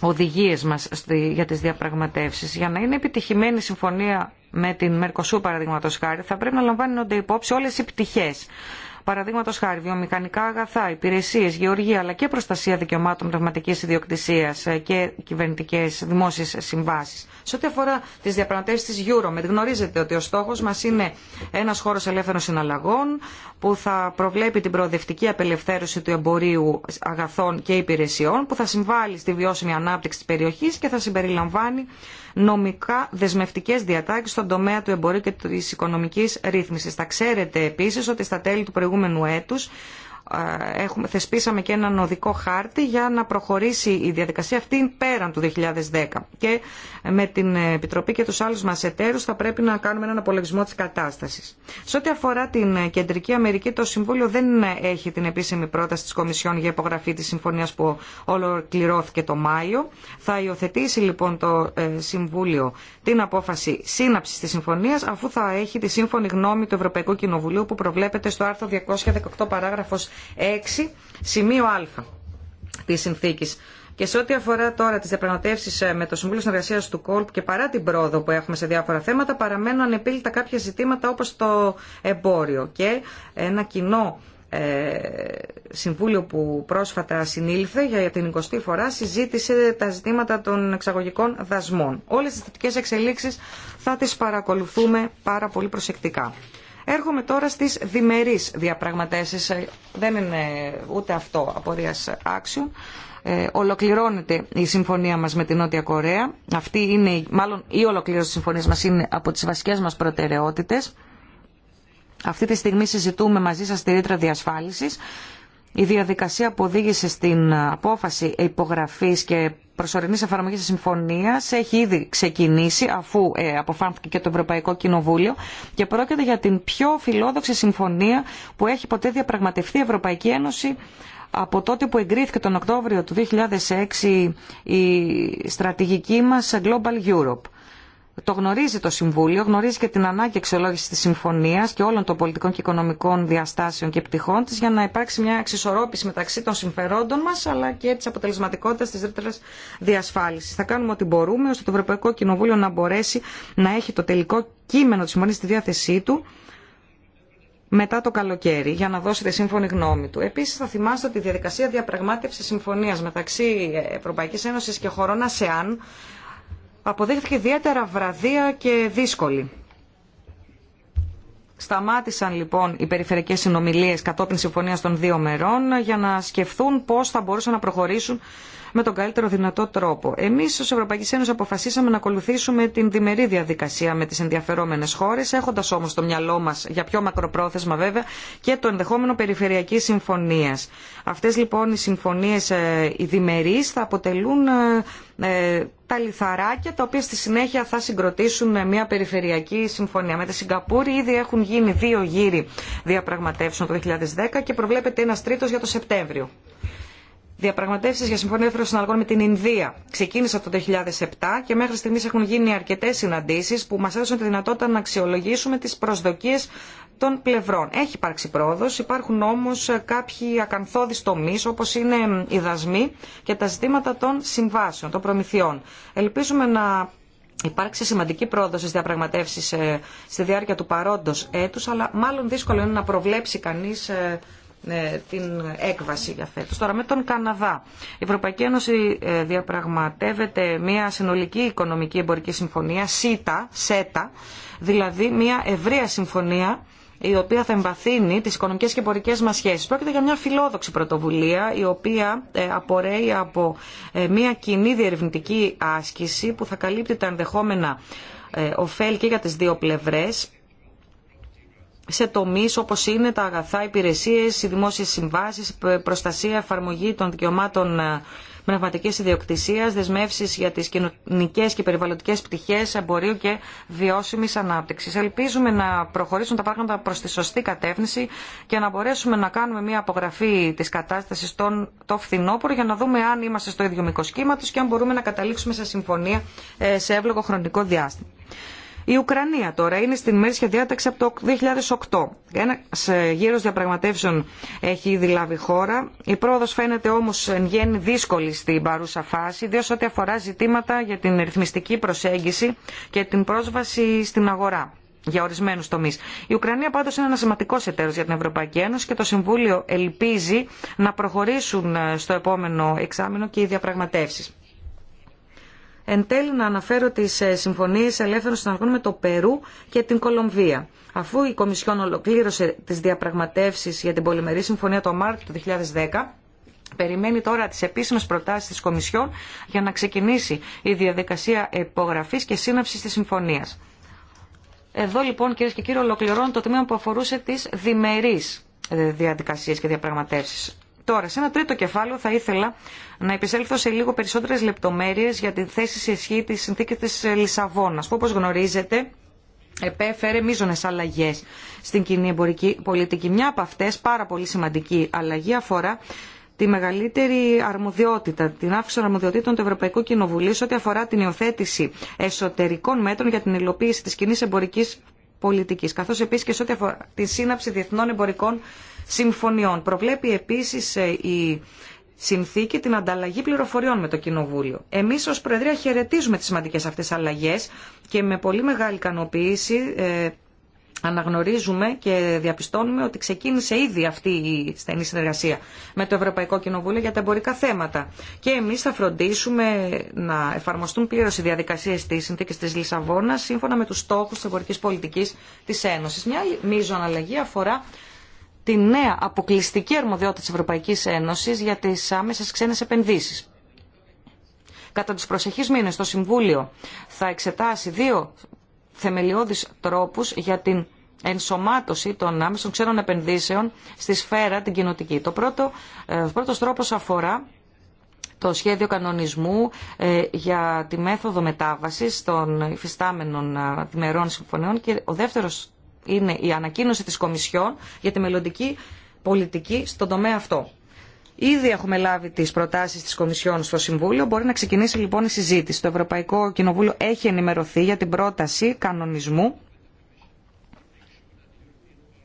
οδηγίες μας για τις διαπραγματεύσεις. Για να είναι επιτυχημένη η συμφωνία με την Μερκοσού παραδείγματο χάρη θα πρέπει να λαμβάνονται υπόψη όλες οι πτυχές Παραδείγματο χάρη, βιομηχανικά αγαθά, υπηρεσίε, γεωργία αλλά και προστασία δικαιωμάτων πνευματική ιδιοκτησία ε, και κυβερνητικέ δημόσιε συμβάσει. Σε ό,τι αφορά τι διαπραγματεύσει τη Euromed, γνωρίζετε ότι ο στόχο μα είναι ένα χώρο ελεύθερων συναλλαγών που θα προβλέπει την προοδευτική απελευθέρωση του εμπορίου αγαθών και υπηρεσιών, που θα συμβάλλει στη βιώσιμη ανάπτυξη τη περιοχή και θα συμπεριλαμβάνει νομικά δεσμευτικέ διατάξει στον τομέα του εμπορίου και τη οικονομική ρύθμιση. Θα ξέρετε επίση ότι στα τέλη του προηγούμενου έτου θεσπίσαμε και έναν οδικό χάρτη για να προχωρήσει η διαδικασία αυτή πέραν του 2010. Και με την Επιτροπή και τους άλλους μας εταίρους θα πρέπει να κάνουμε έναν απολογισμό της κατάστασης. Σε ό,τι αφορά την Κεντρική Αμερική, το Συμβούλιο δεν έχει την επίσημη πρόταση της Κομισιόν για υπογραφή της συμφωνίας που ολοκληρώθηκε το Μάιο. Θα υιοθετήσει λοιπόν το ε, Συμβούλιο την απόφαση σύναψης της συμφωνίας αφού θα έχει τη σύμφωνη γνώμη του Ευρωπαϊκού Κοινοβουλίου που προβλέπεται στο άρθρο 218 παράγραφος 6, σημείο α της συνθήκης. Και σε ό,τι αφορά τώρα τι διαπραγματεύσει ε, με το Συμβούλιο Συνεργασία του Κόλπ και παρά την πρόοδο που έχουμε σε διάφορα θέματα, παραμένουν ανεπίλητα κάποια ζητήματα όπω το εμπόριο. Και ένα κοινό ε, συμβούλιο που πρόσφατα συνήλθε για την 20η φορά συζήτησε τα ζητήματα των εξαγωγικών δασμών. Όλες τις θετικές εξελίξεις θα τις παρακολουθούμε πάρα πολύ προσεκτικά. Έρχομαι τώρα στις διμερείς διαπραγματεύσεις. Ε, δεν είναι ούτε αυτό απορίας άξιων. Ε, ολοκληρώνεται η συμφωνία μας με την Νότια Κορέα. Αυτή είναι, μάλλον η ολοκλήρωση της συμφωνίας μας είναι από τις βασικές μας προτεραιότητες. Αυτή τη στιγμή συζητούμε μαζί σας τη ρήτρα διασφάλισης. Η διαδικασία που οδήγησε στην απόφαση υπογραφής και προσωρινή εφαρμογή τη συμφωνία έχει ήδη ξεκινήσει αφού ε, αποφάνθηκε και το Ευρωπαϊκό Κοινοβούλιο και πρόκειται για την πιο φιλόδοξη συμφωνία που έχει ποτέ διαπραγματευτεί η Ευρωπαϊκή Ένωση από τότε που εγκρίθηκε τον Οκτώβριο του 2006 η στρατηγική μας Global Europe το γνωρίζει το Συμβούλιο, γνωρίζει και την ανάγκη εξολόγηση τη συμφωνία και όλων των πολιτικών και οικονομικών διαστάσεων και πτυχών τη για να υπάρξει μια εξισορρόπηση μεταξύ των συμφερόντων μα αλλά και τη αποτελεσματικότητα τη ρήτρα διασφάλιση. Θα κάνουμε ό,τι μπορούμε ώστε το Ευρωπαϊκό Κοινοβούλιο να μπορέσει να έχει το τελικό κείμενο τη συμφωνία στη διάθεσή του μετά το καλοκαίρι για να δώσει τη σύμφωνη γνώμη του. Επίση, θα θυμάστε ότι η διαδικασία διαπραγμάτευση συμφωνία μεταξύ Ευρωπαϊκή Ένωση και χωρών ΑΣΕΑΝ αποδείχθηκε ιδιαίτερα βραδία και δύσκολη. Σταμάτησαν λοιπόν οι περιφερειακές συνομιλίες κατόπιν συμφωνίας των δύο μερών για να σκεφτούν πώς θα μπορούσαν να προχωρήσουν με τον καλύτερο δυνατό τρόπο. Εμείς ως Ευρωπαϊκή Ένωση αποφασίσαμε να ακολουθήσουμε την διμερή διαδικασία με τις ενδιαφερόμενες χώρες, έχοντας όμως στο μυαλό μας για πιο μακροπρόθεσμα βέβαια και το ενδεχόμενο περιφερειακή συμφωνία. Αυτές λοιπόν οι συμφωνίες ε, οι διμερείς θα αποτελούν ε, ε, τα λιθαράκια τα οποία στη συνέχεια θα συγκροτήσουν με μια περιφερειακή συμφωνία. Με τη Σιγκαπούρη ήδη έχουν γίνει δύο γύροι διαπραγματεύσεων το 2010 και προβλέπεται ένας τρίτος για το Σεπτέμβριο διαπραγματεύσεις για συμφωνία ελεύθερων συναλλαγών με την Ινδία ξεκίνησαν το 2007 και μέχρι στιγμής έχουν γίνει αρκετές συναντήσεις που μας έδωσαν τη δυνατότητα να αξιολογήσουμε τις προσδοκίες των πλευρών. Έχει υπάρξει πρόοδο, υπάρχουν όμω κάποιοι ακαθόδει τομεί όπω είναι οι δασμοί και τα ζητήματα των συμβάσεων, των προμηθειών. Ελπίζουμε να υπάρξει σημαντική πρόοδο στι διαπραγματεύσει ε, στη διάρκεια του παρόντο έτου, αλλά μάλλον δύσκολο είναι να προβλέψει κανεί ε, ε, την έκβαση για φέτος. Τώρα με τον Καναδά. Η Ευρωπαϊκή Ένωση ε, διαπραγματεύεται μια συνολική οικονομική εμπορική συμφωνία, ΣΥΤΑ, ΣΕΤΑ, δηλαδή μια ευρεία συμφωνία η οποία θα εμβαθύνει τις οικονομικές και εμπορικές μας σχέσεις. Πρόκειται για μια φιλόδοξη πρωτοβουλία, η οποία ε, απορρέει από μια κοινή διερευνητική άσκηση που θα καλύπτει τα ενδεχόμενα ωφέλη και για τις δύο πλευρές σε τομεί όπω είναι τα αγαθά, υπηρεσίε, οι δημόσιες συμβάσεις, προστασία, εφαρμογή των δικαιωμάτων ε, πνευματική ιδιοκτησία, δεσμεύσει για τι κοινωνικέ και περιβαλλοντικέ πτυχέ, εμπορίου και βιώσιμη ανάπτυξη. Ελπίζουμε να προχωρήσουν τα πράγματα προ τη σωστή κατεύθυνση και να μπορέσουμε να κάνουμε μια απογραφή τη κατάσταση των το φθινόπωρο για να δούμε αν είμαστε στο ίδιο μήκος και αν μπορούμε να καταλήξουμε σε συμφωνία ε, σε εύλογο χρονικό διάστημα. Η Ουκρανία τώρα είναι στην μέρη διάταξη από το 2008. Ένα γύρο διαπραγματεύσεων έχει ήδη λάβει χώρα. Η πρόοδο φαίνεται όμω εν γέννη δύσκολη στην παρούσα φάση, ιδίω ό,τι αφορά ζητήματα για την ρυθμιστική προσέγγιση και την πρόσβαση στην αγορά για ορισμένου τομεί. Η Ουκρανία πάντω είναι ένα σημαντικό εταίρο για την Ευρωπαϊκή Ένωση και το Συμβούλιο ελπίζει να προχωρήσουν στο επόμενο εξάμεινο και οι διαπραγματεύσει. Εν τέλει να αναφέρω τις ε, συμφωνίες ελεύθερων συναλλαγών με το Περού και την Κολομβία. Αφού η Κομισιόν ολοκλήρωσε τις διαπραγματεύσεις για την πολυμερή συμφωνία το Μάρτιο του 2010, Περιμένει τώρα τις επίσημες προτάσεις της Κομισιόν για να ξεκινήσει η διαδικασία υπογραφής και σύναψης της συμφωνίας. Εδώ λοιπόν κυρίες και κύριοι ολοκληρώνω το τμήμα που αφορούσε τις διμερείς ε, διαδικασίες και διαπραγματεύσεις. Τώρα, σε ένα τρίτο κεφάλαιο θα ήθελα να επισέλθω σε λίγο περισσότερες λεπτομέρειες για την θέση σε ισχύ της συνθήκης της Λισαβόνας, που όπως γνωρίζετε επέφερε μείζονε αλλαγές στην κοινή εμπορική πολιτική. Μια από αυτές, πάρα πολύ σημαντική αλλαγή, αφορά τη μεγαλύτερη αρμοδιότητα, την αύξηση των αρμοδιοτήτων του Ευρωπαϊκού Κοινοβουλίου σε ό,τι αφορά την υιοθέτηση εσωτερικών μέτρων για την υλοποίηση της κοινή εμπορικής πολιτικής, καθώς επίσης και σε ό,τι αφορά τη σύναψη διεθνών εμπορικών συμφωνιών. Προβλέπει επίσης ε, η συνθήκη την ανταλλαγή πληροφοριών με το Κοινοβούλιο. Εμείς ως Προεδρία χαιρετίζουμε τις σημαντικές αυτές αλλαγές και με πολύ μεγάλη ικανοποίηση ε, αναγνωρίζουμε και διαπιστώνουμε ότι ξεκίνησε ήδη αυτή η στενή συνεργασία με το Ευρωπαϊκό Κοινοβούλιο για τα εμπορικά θέματα. Και εμεί θα φροντίσουμε να εφαρμοστούν πλήρω οι διαδικασίε τη συνθήκη τη Λισαβόνα σύμφωνα με του στόχου τη εμπορική πολιτική τη Ένωση. Μια μείζων αλλαγή αφορά τη νέα αποκλειστική αρμοδιότητα της Ευρωπαϊκής Ένωσης για τις άμεσες ξένες επενδύσεις. Κατά τους προσεχείς μήνες το Συμβούλιο θα εξετάσει δύο θεμελιώδεις τρόπους για την ενσωμάτωση των άμεσων ξένων επενδύσεων στη σφαίρα την κοινοτική. Το πρώτο, ε, ο πρώτος τρόπος αφορά το σχέδιο κανονισμού ε, για τη μέθοδο μετάβασης των υφιστάμενων ε, διμερών συμφωνιών και ο δεύτερος είναι η ανακοίνωση της Κομισιόν για τη μελλοντική πολιτική στον τομέα αυτό. Ήδη έχουμε λάβει τι προτάσει τη Κομισιόν στο Συμβούλιο. Μπορεί να ξεκινήσει λοιπόν η συζήτηση. Το Ευρωπαϊκό Κοινοβούλιο έχει ενημερωθεί για την πρόταση κανονισμού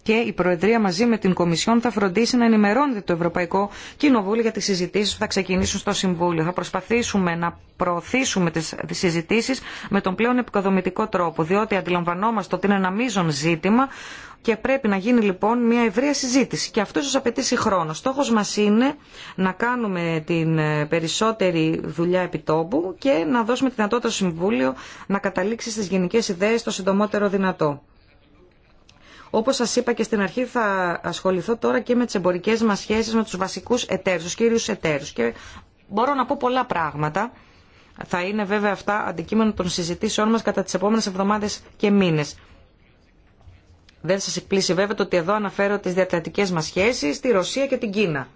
και η Προεδρία μαζί με την Κομισιόν θα φροντίσει να ενημερώνεται το Ευρωπαϊκό Κοινοβούλιο για τι συζητήσει που θα ξεκινήσουν στο Συμβούλιο. Θα προσπαθήσουμε να προωθήσουμε τι συζητήσει με τον πλέον επικοδομητικό τρόπο, διότι αντιλαμβανόμαστε ότι είναι ένα μείζον ζήτημα και πρέπει να γίνει λοιπόν μια ευρεία συζήτηση και αυτό ίσω απαιτήσει χρόνο. Στόχο μα είναι να κάνουμε την ε, περισσότερη δουλειά επιτόπου και να δώσουμε τη δυνατότητα στο Συμβούλιο να καταλήξει στι γενικέ ιδέε το συντομότερο δυνατό. Όπω σας είπα και στην αρχή θα ασχοληθώ τώρα και με τις εμπορικές μα σχέσει, με τους βασικούς εταίρους, του κύριου εταίρους. Και μπορώ να πω πολλά πράγματα. Θα είναι βέβαια αυτά αντικείμενο των συζητήσεών μα κατά τις επόμενες εβδομάδες και μήνες. Δεν σας εκπλήσει βέβαια το ότι εδώ αναφέρω τι διατρατικέ μα σχέσει τη Ρωσία και την Κίνα.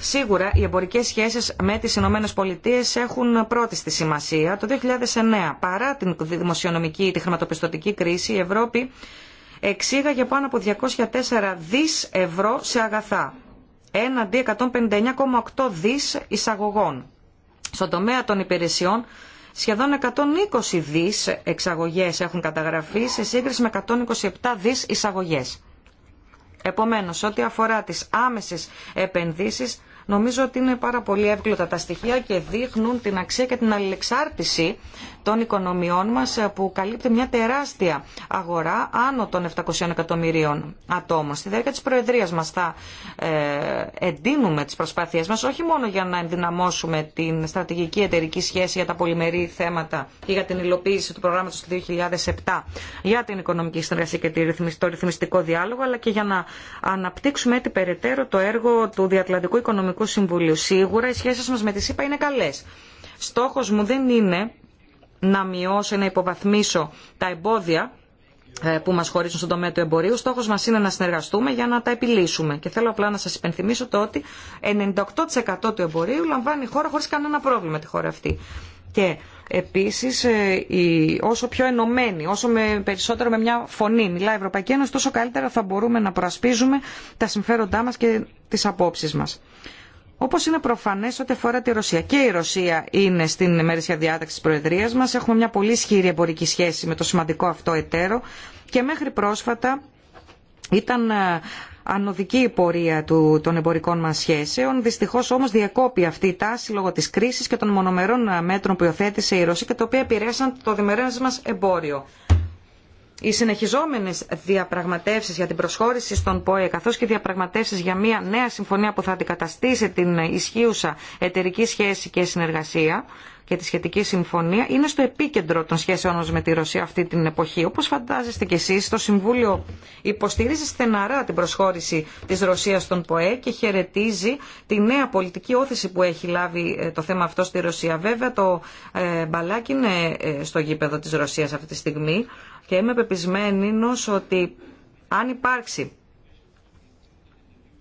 Σίγουρα οι εμπορικές σχέσεις με τις Ηνωμένες έχουν πρώτη στη σημασία. Το 2009, παρά την δημοσιονομική τη χρηματοπιστωτική κρίση, η Ευρώπη εξήγαγε πάνω από 204 δις ευρώ σε αγαθά, έναντι 159,8 δις εισαγωγών. Στον τομέα των υπηρεσιών, σχεδόν 120 δις εξαγωγές έχουν καταγραφεί σε σύγκριση με 127 δις εισαγωγές. Επομένως, ό,τι αφορά τις άμεσες επενδύσεις, Νομίζω ότι είναι πάρα πολύ εύκολα τα στοιχεία και δείχνουν την αξία και την αλληλεξάρτηση των οικονομιών μας ε, που καλύπτει μια τεράστια αγορά άνω των 700 εκατομμυρίων ατόμων. Στη διάρκεια της Προεδρίας μας θα ε, εντείνουμε τις προσπάθειές μας όχι μόνο για να ενδυναμώσουμε την στρατηγική εταιρική σχέση για τα πολυμερή θέματα και για την υλοποίηση του προγράμματος του 2007 για την οικονομική συνεργασία και το ρυθμιστικό διάλογο αλλά και για να αναπτύξουμε έτσι περαιτέρω το έργο του Διατλαντικού Οικονομικού Συμβουλίου. Σίγουρα οι σχέσεις μας με τη ΣΥΠΑ είναι καλές. Στόχος μου δεν είναι να μειώσω ή να υποβαθμίσω τα εμπόδια ε, που μας χωρίζουν στον τομέα του εμπορίου. Στόχος μας είναι να συνεργαστούμε για να τα επιλύσουμε. Και θέλω απλά να σας υπενθυμίσω το ότι 98% του εμπορίου λαμβάνει η χώρα χωρίς κανένα πρόβλημα τη χώρα αυτή. Και επίσης ε, όσο πιο ενωμένοι, όσο με, περισσότερο με μια φωνή μιλά η Ευρωπαϊκή Ένωση, τόσο καλύτερα θα μπορούμε να προασπίζουμε τα συμφέροντά μας και τις απόψεις μας. Όπως είναι προφανές ό,τι αφορά τη Ρωσία. Και η Ρωσία είναι στην ημερήσια διάταξη της Προεδρίας μας. Έχουμε μια πολύ ισχυρή εμπορική σχέση με το σημαντικό αυτό εταίρο και μέχρι πρόσφατα ήταν ε, ανωδική η πορεία του, των εμπορικών μας σχέσεων. Δυστυχώς όμως διακόπη αυτή η τάση λόγω της κρίσης και των μονομερών ε, μέτρων που υιοθέτησε η Ρωσία και τα οποία επηρέασαν το διμερές μας εμπόριο οι συνεχιζόμενες διαπραγματεύσεις για την προσχώρηση στον ΠΟΕ καθώς και διαπραγματεύσεις για μια νέα συμφωνία που θα αντικαταστήσει την ισχύουσα εταιρική σχέση και συνεργασία και τη σχετική συμφωνία είναι στο επίκεντρο των σχέσεων μας με τη Ρωσία αυτή την εποχή. Όπως φαντάζεστε και εσείς, το Συμβούλιο υποστηρίζει στεναρά την προσχώρηση της Ρωσίας στον ΠΟΕ και χαιρετίζει τη νέα πολιτική όθηση που έχει λάβει ε, το θέμα αυτό στη Ρωσία. Βέβαια το ε, μπαλάκι είναι ε, στο γήπεδο της Ρωσίας αυτή τη στιγμή και είμαι πεπισμένη ότι αν υπάρξει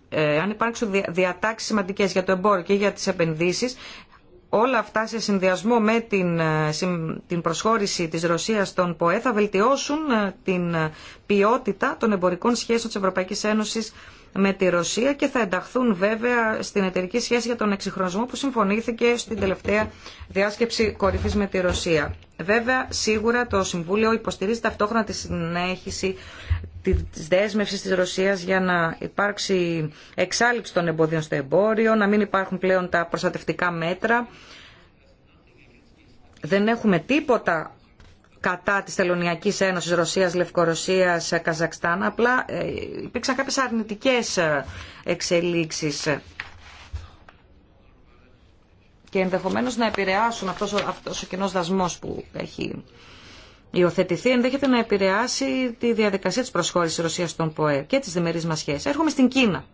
ε, αν υπάρξουν διατάξεις σημαντικές για το εμπόριο και για τις επενδύσεις, όλα αυτά σε συνδυασμό με την, ε, την προσχώρηση της Ρωσίας στον ΠΟΕ θα βελτιώσουν ε, την ε, ποιότητα των εμπορικών σχέσεων της Ευρωπαϊκής Ένωσης με τη Ρωσία και θα ενταχθούν βέβαια στην εταιρική σχέση για τον εξυγχρονισμό που συμφωνήθηκε στην τελευταία διάσκεψη κορυφής με τη Ρωσία. Βέβαια, σίγουρα το Συμβούλιο υποστηρίζει ταυτόχρονα τη συνέχιση τη δεσμευση τη Ρωσίας για να υπάρξει εξάλληψη των εμποδίων στο εμπόριο, να μην υπάρχουν πλέον τα προστατευτικά μέτρα. Δεν έχουμε τίποτα κατά της Τελωνιακής Ένωσης Ρωσίας, Λευκορωσίας, Καζακστάν. Απλά ε, υπήρξαν κάποιες αρνητικές ε, εξελίξεις και ενδεχομένως να επηρεάσουν αυτός, αυτός ο κοινός δασμός που έχει υιοθετηθεί, ενδέχεται να επηρεάσει τη διαδικασία της προσχώρησης Ρωσίας στον ΠΟΕ και τις διμερείς μας σχέσεις. Έρχομαι στην Κίνα.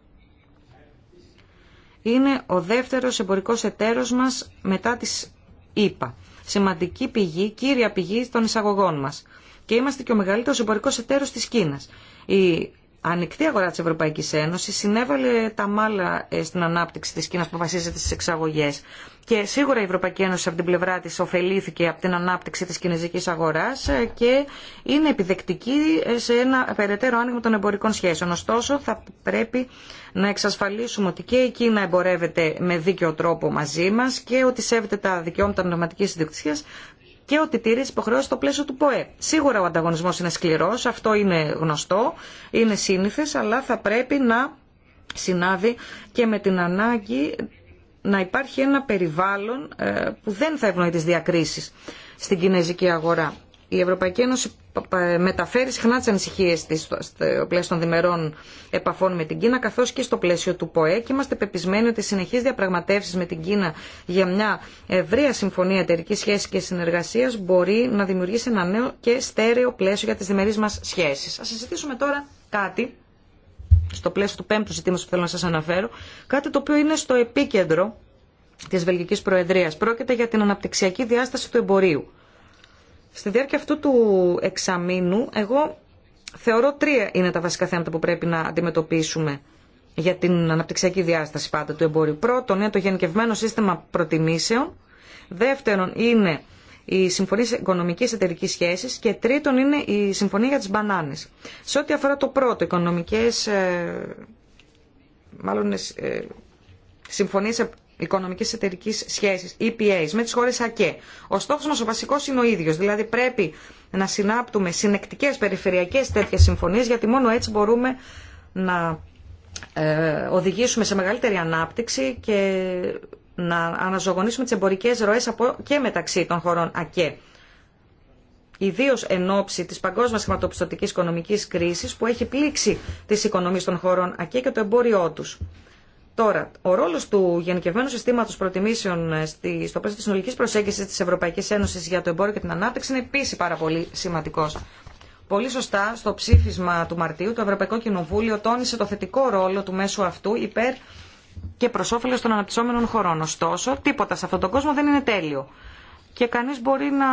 Είναι ο δεύτερος εμπορικός εταίρος μας μετά τις ΗΠΑ σημαντική πηγή, κύρια πηγή των εισαγωγών μας. Και είμαστε και ο μεγαλύτερο εμπορικό εταίρο της Κίνας. Η ανοιχτή αγορά της Ευρωπαϊκής Ένωσης συνέβαλε τα μάλα ε, στην ανάπτυξη της Κίνας που βασίζεται στις εξαγωγές. Και σίγουρα η Ευρωπαϊκή Ένωση από την πλευρά της ωφελήθηκε από την ανάπτυξη της κινέζικης αγοράς ε, και είναι επιδεκτική ε, σε ένα περαιτέρω άνοιγμα των εμπορικών σχέσεων. Ωστόσο θα πρέπει να εξασφαλίσουμε ότι και η Κίνα εμπορεύεται με δίκαιο τρόπο μαζί μας και ότι σέβεται τα δικαιώματα πνευματικής ιδιοκτησίας και ότι τήρησε τι υποχρεώσει στο πλαίσιο του ΠΟΕ. Σίγουρα ο ανταγωνισμό είναι σκληρό, αυτό είναι γνωστό, είναι σύνηθε, αλλά θα πρέπει να συνάδει και με την ανάγκη να υπάρχει ένα περιβάλλον ε, που δεν θα ευνοεί τι διακρίσει στην κινέζικη αγορά. Η Ευρωπαϊκή Ένωση μεταφέρει συχνά τι ανησυχίε τη στο πλαίσιο των διμερών επαφών με την Κίνα καθώ και στο πλαίσιο του ΠΟΕ και είμαστε πεπισμένοι ότι συνεχεί διαπραγματεύσεις με την Κίνα για μια ευρεία συμφωνία εταιρική σχέση και συνεργασία μπορεί να δημιουργήσει ένα νέο και στέρεο πλαίσιο για τις διμερεί μας σχέσεις. Ας συζητήσουμε τώρα κάτι στο πλαίσιο του πέμπτου ζητήματος που θέλω να σας αναφέρω, κάτι το οποίο είναι στο επίκεντρο της Βελγικής Προεδρίας. Πρόκειται για την αναπτυξιακή διάσταση του εμπορίου Στη διάρκεια αυτού του εξαμήνου, εγώ θεωρώ τρία είναι τα βασικά θέματα που πρέπει να αντιμετωπίσουμε για την αναπτυξιακή διάσταση πάντα του εμπορίου. Πρώτον, είναι το γενικευμένο σύστημα προτιμήσεων. Δεύτερον, είναι η Συμφωνία Οικονομική Εταιρική Σχέση και τρίτον είναι η Συμφωνία για τι Μπανάνε. Σε ό,τι αφορά το πρώτο, οικονομικέ. Ε, μάλλον ε, συμφωνίε Οικονομικής Εταιρικής Σχέσης, EPAs, με τις χώρες ΑΚΕ. Ο στόχος μας ο βασικός είναι ο ίδιος, δηλαδή πρέπει να συνάπτουμε συνεκτικές περιφερειακές τέτοιες συμφωνίες, γιατί μόνο έτσι μπορούμε να ε, οδηγήσουμε σε μεγαλύτερη ανάπτυξη και να αναζωογονήσουμε τις εμπορικές ροές από και μεταξύ των χωρών ΑΚΕ. Ιδίω εν ώψη τη παγκόσμια χρηματοπιστωτική οικονομική κρίση που έχει πλήξει τι οικονομίε των χωρών ΑΚΕ και το εμπόριό του. Τώρα, ο ρόλο του Γενικευμένου Συστήματο Προτιμήσεων ε, στο πλαίσιο τη συνολική προσέγγιση τη Ευρωπαϊκή Ένωση για το εμπόριο και την ανάπτυξη είναι επίση πάρα πολύ σημαντικό. Πολύ σωστά, στο ψήφισμα του Μαρτίου, το Ευρωπαϊκό Κοινοβούλιο τόνισε το θετικό ρόλο του μέσου αυτού υπέρ και προ όφελο των αναπτυσσόμενων χωρών. Ωστόσο, τίποτα σε αυτόν τον κόσμο δεν είναι τέλειο και κανείς μπορεί να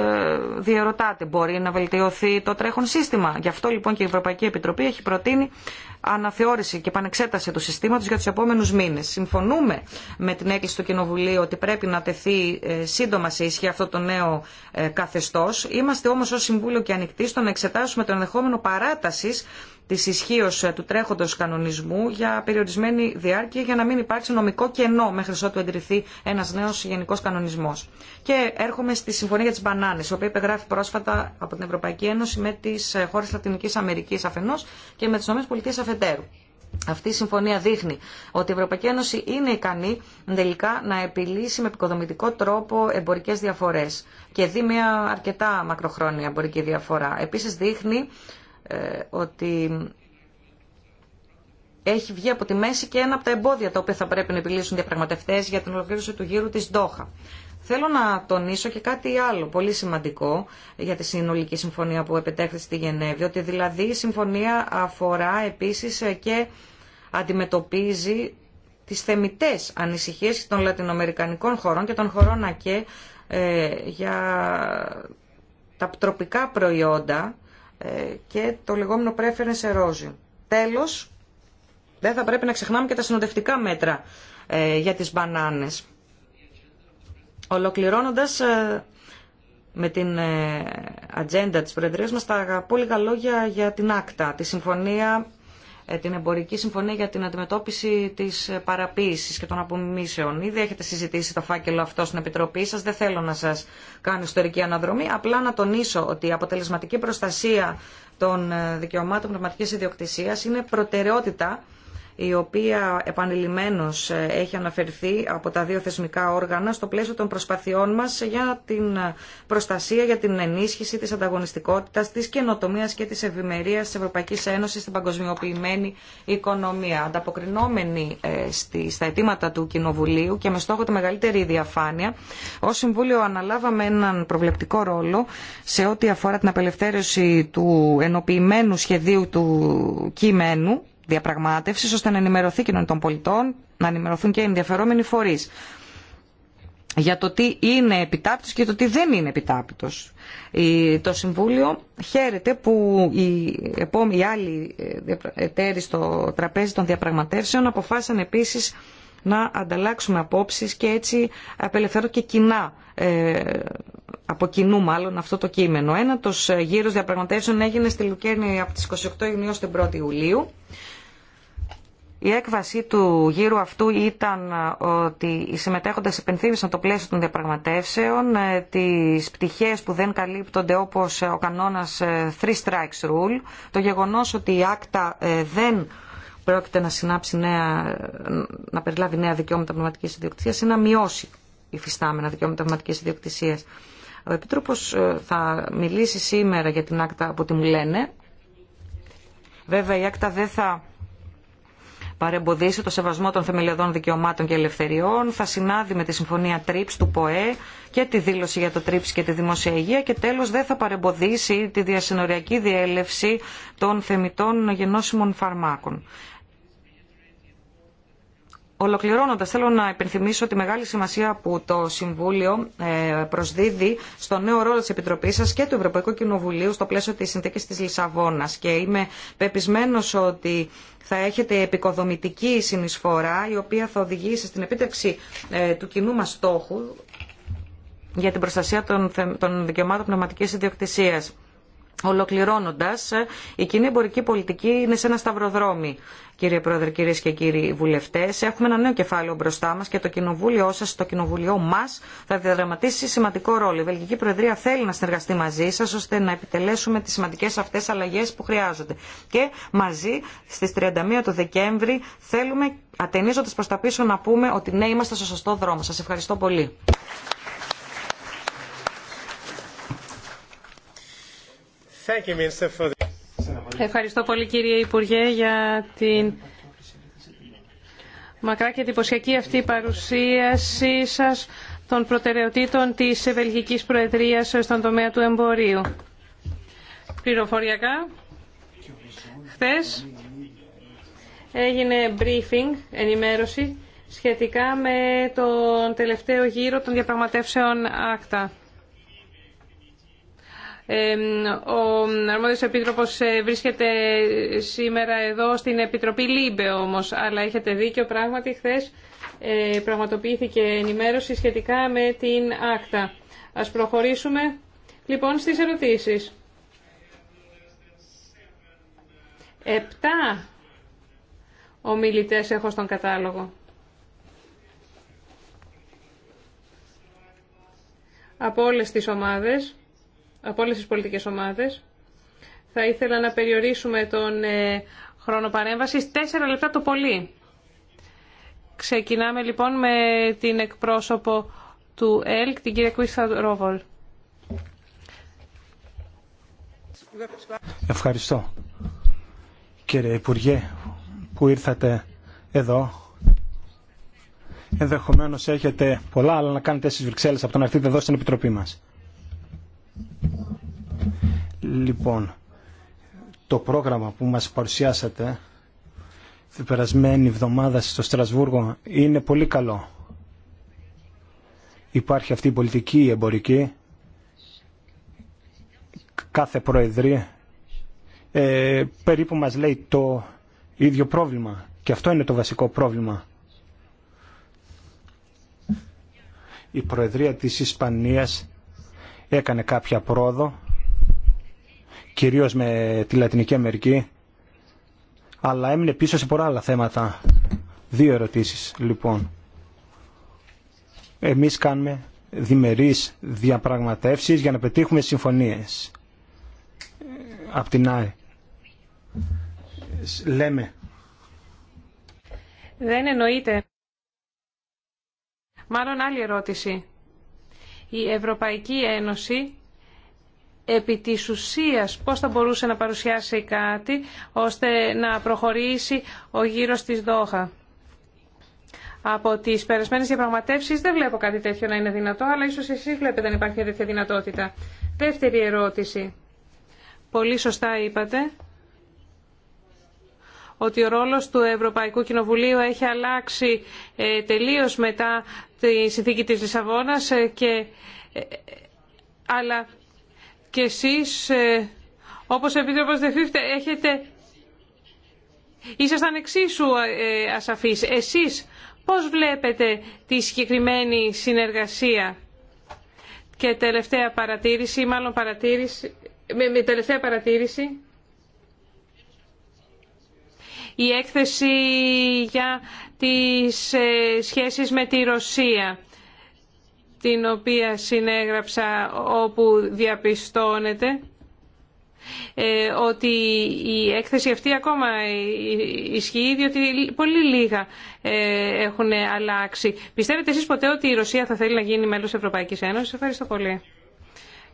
ε, διαρωτάται, μπορεί να βελτιωθεί το τρέχον σύστημα. Γι' αυτό λοιπόν και η Ευρωπαϊκή Επιτροπή έχει προτείνει αναθεώρηση και πανεξέταση του συστήματος για τους επόμενους μήνες. Συμφωνούμε με την έκκληση του Κοινοβουλίου ότι πρέπει να τεθεί ε, σύντομα σε ισχύ αυτό το νέο ε, καθεστώς. Είμαστε όμως ως Συμβούλιο και ανοιχτοί στο να εξετάσουμε το ενδεχόμενο παράτασης Τη ισχύω ε, του τρέχοντος κανονισμού για περιορισμένη διάρκεια για να μην υπάρξει νομικό κενό μέχρι ότου εντριθεί ένα νέο γενικό κανονισμό. Και έρχομαι στη Συμφωνία για τι Μπανάνε, η οποία υπεγράφει πρόσφατα από την Ευρωπαϊκή Ένωση με τι ε, χώρε Λατινική Αμερική αφενός και με τις ΗΠΑ αφετέρου. Αυτή η συμφωνία δείχνει ότι η Ευρωπαϊκή Ένωση είναι ικανή τελικά να επιλύσει με επικοδομητικό τρόπο εμπορικέ διαφορέ και δει μια αρκετά μακροχρόνια εμπορική διαφορά. Επίση δείχνει ε, ότι έχει βγει από τη μέση και ένα από τα εμπόδια τα οποία θα πρέπει να επιλύσουν οι διαπραγματευτέ για την ολοκλήρωση του γύρου της Ντόχα. Θέλω να τονίσω και κάτι άλλο πολύ σημαντικό για τη συνολική συμφωνία που επετέχθη στη Γενέβη, ότι δηλαδή η συμφωνία αφορά επίσης και αντιμετωπίζει τις θεμητές ανησυχίες των λατινοαμερικανικών χωρών και των χωρών ΑΚΕ ε, για τα τροπικά προϊόντα ε, και το λεγόμενο preference erosion. Τέλος, δεν θα πρέπει να ξεχνάμε και τα συνοδευτικά μέτρα ε, για τις μπανάνες. Ολοκληρώνοντας ε, με την ατζέντα της Προεδρίας μας, τα πολύ λίγα λόγια για την άκτα, τη συμφωνία ε, την εμπορική συμφωνία για την αντιμετώπιση τη ε, παραποίηση και των απομιμήσεων. Ήδη έχετε συζητήσει το φάκελο αυτό στην Επιτροπή σα δεν θέλω να σας κάνω ιστορική αναδρομή, απλά να τονίσω ότι η αποτελεσματική προστασία των ε, δικαιωμάτων πνευματική ιδιοκτησία είναι προτεραιότητα η οποία επανειλημμένως ε, έχει αναφερθεί από τα δύο θεσμικά όργανα στο πλαίσιο των προσπαθειών μας για την προστασία, για την ενίσχυση της ανταγωνιστικότητας, της καινοτομίας και της ευημερία της Ευρωπαϊκής Ένωσης στην παγκοσμιοποιημένη οικονομία. Ανταποκρινόμενη ε, στα αιτήματα του Κοινοβουλίου και με στόχο τη μεγαλύτερη διαφάνεια, ω Συμβούλιο αναλάβαμε έναν προβλεπτικό ρόλο σε ό,τι αφορά την απελευθέρωση του ενοποιημένου σχεδίου του κειμένου ώστε να ενημερωθεί κοινωνία των πολιτών, να ενημερωθούν και οι ενδιαφερόμενοι φορείς για το τι είναι επιτάπητος και το τι δεν είναι επιτάπητος. Το Συμβούλιο χαίρεται που οι, οι άλλοι ε, εταίροι στο τραπέζι των διαπραγματεύσεων αποφάσισαν επίσης να ανταλλάξουμε απόψεις και έτσι απελευθερώ και κοινά ε, από κοινού μάλλον αυτό το κείμενο. Ένα γύρος διαπραγματεύσεων έγινε στη Λουκέρνη από τις 28 Ιουνίου στην 1η Ιουλίου η έκβαση του γύρου αυτού ήταν ε, ότι οι συμμετέχοντες υπενθύμησαν το πλαίσιο των διαπραγματεύσεων, ε, τις πτυχές που δεν καλύπτονται όπως ε, ο κανόνας Three Strikes Rule, το γεγονός ότι η άκτα δεν πρόκειται να, συνάψει νέα, να περιλάβει νέα δικαιώματα πνευματικής ιδιοκτησίας ή να μειώσει υφιστάμενα δικαιώματα πνευματικής ιδιοκτησίας. Ο Επίτροπος θα μιλήσει σήμερα για την άκτα από ό,τι μου λένε. Βέβαια η άκτα δεν θα παρεμποδίσει το σεβασμό των θεμελιωδών δικαιωμάτων και ελευθεριών, θα συνάδει με τη Συμφωνία TRIPS του ΠΟΕ και τη δήλωση για το TRIPS και τη δημόσια υγεία και τέλος δεν θα παρεμποδίσει τη διασυνοριακή διέλευση των θεμητών γενώσιμων φαρμάκων. Ολοκληρώνοντας, θέλω να υπενθυμίσω τη μεγάλη σημασία που το Συμβούλιο ε, προσδίδει στο νέο ρόλο της Επιτροπής σας και του Ευρωπαϊκού Κοινοβουλίου στο πλαίσιο της συνθήκης της Λισαβόνας και είμαι πεπισμένος ότι θα έχετε επικοδομητική συνεισφορά η οποία θα οδηγήσει στην επίτευξη ε, του κοινού μας στόχου για την προστασία των δικαιωμάτων πνευματικής ιδιοκτησίας Ολοκληρώνοντα, η κοινή εμπορική πολιτική είναι σε ένα σταυροδρόμι. Κύριε Πρόεδρε, κυρίε και κύριοι βουλευτέ, έχουμε ένα νέο κεφάλαιο μπροστά μα και το κοινοβούλιο σα, το κοινοβούλιο μα, θα διαδραματίσει σημαντικό ρόλο. Η Βελγική Προεδρία θέλει να συνεργαστεί μαζί σα ώστε να επιτελέσουμε τι σημαντικέ αυτέ αλλαγέ που χρειάζονται. Και μαζί στι 31 του Δεκέμβρη θέλουμε, ατενίζοντα προ τα πίσω, να πούμε ότι ναι, είμαστε στο σωστό δρόμο. Σα ευχαριστώ πολύ. Ευχαριστώ πολύ κύριε Υπουργέ για την μακρά και εντυπωσιακή αυτή παρουσίασή σας των προτεραιοτήτων της Βελγικής Προεδρίας στον τομέα του εμπορίου. Πληροφοριακά, χθες έγινε briefing, ενημέρωση, σχετικά με τον τελευταίο γύρο των διαπραγματεύσεων άκτα. Ο αρμόδιος επίτροπος ε, βρίσκεται σήμερα εδώ στην Επιτροπή ΛΥΜΠΕ όμως, αλλά έχετε δίκιο πράγματι χθες ε, πραγματοποιήθηκε ενημέρωση σχετικά με την άκτα. Ας προχωρήσουμε λοιπόν στις ερωτήσεις. Επτά ομιλητές έχω στον κατάλογο. Από όλες τις ομάδες από όλες τις πολιτικές ομάδες. Θα ήθελα να περιορίσουμε τον ε, χρόνο παρέμβασης τέσσερα λεπτά το πολύ. Ξεκινάμε λοιπόν με την εκπρόσωπο του ΕΛΚ, την κυρία Κουίστα Ρόβολ. Ευχαριστώ. Κύριε Υπουργέ, που ήρθατε εδώ. Ενδεχομένως έχετε πολλά άλλα να κάνετε στις Βρυξέλλες από το να έρθετε εδώ στην Επιτροπή μας. Λοιπόν, το πρόγραμμα που μας παρουσιάσατε την περασμένη εβδομάδα στο Στρασβούργο είναι πολύ καλό. Υπάρχει αυτή η πολιτική η εμπορική. Κάθε προεδρία ε, περίπου μας λέει το ίδιο πρόβλημα. Και αυτό είναι το βασικό πρόβλημα. Η Προεδρία της Ισπανίας έκανε κάποια πρόοδο, κυρίως με τη Λατινική Αμερική, αλλά έμεινε πίσω σε πολλά άλλα θέματα. Δύο ερωτήσεις, λοιπόν. Εμείς κάνουμε διμερείς διαπραγματεύσεις για να πετύχουμε συμφωνίες. Απ' την άλλη. Λέμε. Δεν εννοείται. Μάλλον άλλη ερώτηση η Ευρωπαϊκή Ένωση επί της ουσίας πώς θα μπορούσε να παρουσιάσει κάτι ώστε να προχωρήσει ο γύρος της Δόχα. Από τις περασμένες διαπραγματεύσεις δεν βλέπω κάτι τέτοιο να είναι δυνατό, αλλά ίσως εσείς βλέπετε να υπάρχει τέτοια δυνατότητα. Δεύτερη ερώτηση. Πολύ σωστά είπατε ότι ο ρόλος του Ευρωπαϊκού Κοινοβουλίου έχει αλλάξει ε, τελείως μετά τη συνθήκη της Λισαβόνας ε, και ε, αλλά και εσείς όπως Επίτροπος Δεφίφτε έχετε ήσασταν εξίσου ασαφείς. Εσείς πώς βλέπετε τη συγκεκριμένη συνεργασία και τελευταία παρατήρηση, μάλλον παρατήρηση, με τελευταία παρατήρηση η έκθεση για τις ε, σχέσεις με τη Ρωσία την οποία συνέγραψα όπου διαπιστώνεται ε, ότι η έκθεση αυτή ακόμα ισχύει διότι πολύ λίγα ε, έχουν αλλάξει. Πιστεύετε εσείς ποτέ ότι η Ρωσία θα θέλει να γίνει μέλος Ευρωπαϊκής Ένωσης. Ευχαριστώ πολύ.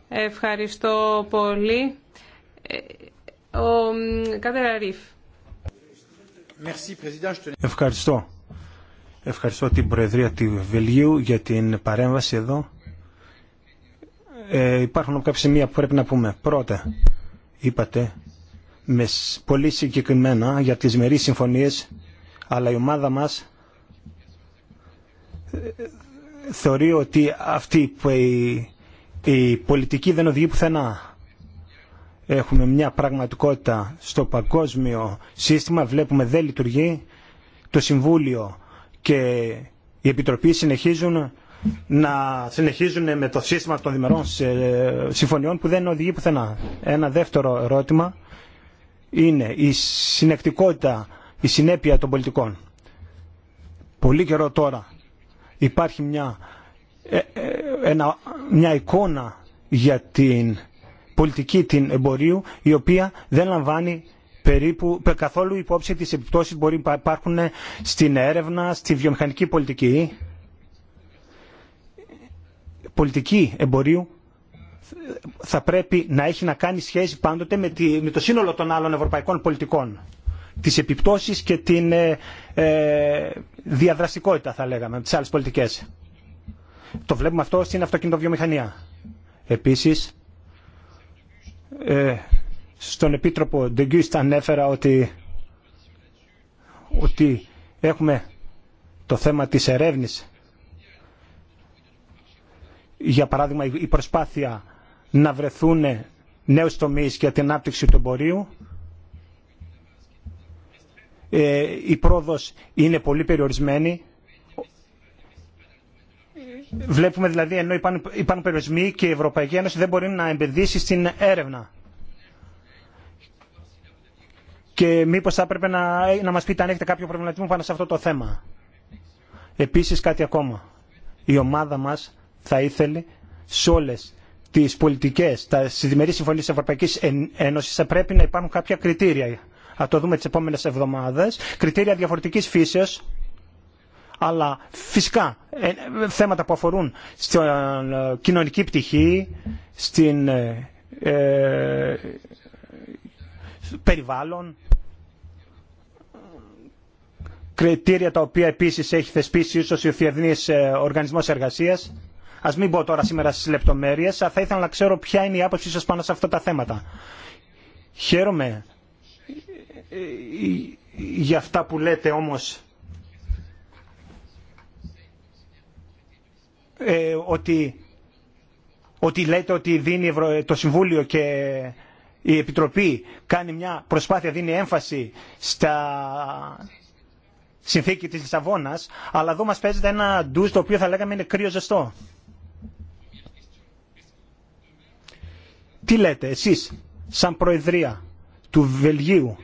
Ευχαριστώ πολύ. Ο Κατεραρίφ. Ευχαριστώ. Ευχαριστώ την Προεδρία του Βελγίου για την παρέμβαση εδώ. Ε, υπάρχουν κάποια σημεία που πρέπει να πούμε. Πρώτα, είπατε με πολύ συγκεκριμένα για τις μερίες συμφωνίες, αλλά η ομάδα μας ε, θεωρεί ότι αυτή η, η πολιτική δεν οδηγεί πουθενά έχουμε μια πραγματικότητα στο παγκόσμιο σύστημα, βλέπουμε δεν λειτουργεί, το Συμβούλιο και οι Επιτροπή συνεχίζουν να συνεχίζουν με το σύστημα των διμερών συμφωνιών που δεν οδηγεί πουθενά. Ένα δεύτερο ερώτημα είναι η συνεκτικότητα, η συνέπεια των πολιτικών. Πολύ καιρό τώρα υπάρχει μια, ε, ε, μια εικόνα για την πολιτική την εμπορίου η οποία δεν λαμβάνει περίπου καθόλου υπόψη τις επιπτώσεις που μπορεί να υπάρχουν στην έρευνα, στη βιομηχανική πολιτική. Πολιτική εμπορίου θα πρέπει να έχει να κάνει σχέση πάντοτε με, το σύνολο των άλλων ευρωπαϊκών πολιτικών. Τις επιπτώσεις και την ε, ε, διαδραστικότητα θα λέγαμε τις άλλες πολιτικές. Το βλέπουμε αυτό στην αυτοκινητοβιομηχανία. Επίσης, ε, στον Επίτροπο Ντεγκίστ ανέφερα ότι, ότι έχουμε το θέμα της ερεύνης. Για παράδειγμα η προσπάθεια να βρεθούν νέους τομείς για την άπτυξη του εμπορίου. Ε, η πρόοδος είναι πολύ περιορισμένη Βλέπουμε δηλαδή ενώ υπάρχουν περιορισμοί και η Ευρωπαϊκή Ένωση δεν μπορεί να επενδύσει στην έρευνα. Και μήπω θα έπρεπε να, να μας πείτε αν έχετε κάποιο προβληματισμό πάνω σε αυτό το θέμα. Επίση, κάτι ακόμα. Η ομάδα μα θα ήθελε σε όλε τι πολιτικέ, τα διμερείς συμφωνίες τη Ευρωπαϊκή Ένωση, θα πρέπει να υπάρχουν κάποια κριτήρια. Θα το δούμε τι επόμενε εβδομάδε. Κριτήρια διαφορετική φύσεως αλλά φυσικά θέματα που αφορούν στην κοινωνική πτυχή, στην περιβάλλον, κριτήρια τα οποία επίσης έχει θεσπίσει ίσως Φιερνής ε, Οργανισμός Εργασίας. Ας μην μπω τώρα σήμερα στις λεπτομέρειες, θα ήθελα να ξέρω ποια είναι η άποψή σας πάνω σε αυτά τα θέματα. Χαίρομαι για αυτά που λέτε όμως Ε, ότι, ότι λέτε ότι δίνει το Συμβούλιο και η Επιτροπή κάνει μια προσπάθεια, δίνει έμφαση στα συνθήκη της Λισαβόνας, αλλά εδώ μας παίζεται ένα ντουζ το οποίο θα λέγαμε είναι κρύο ζεστό. Τι λέτε εσείς, σαν Προεδρία του Βελγίου,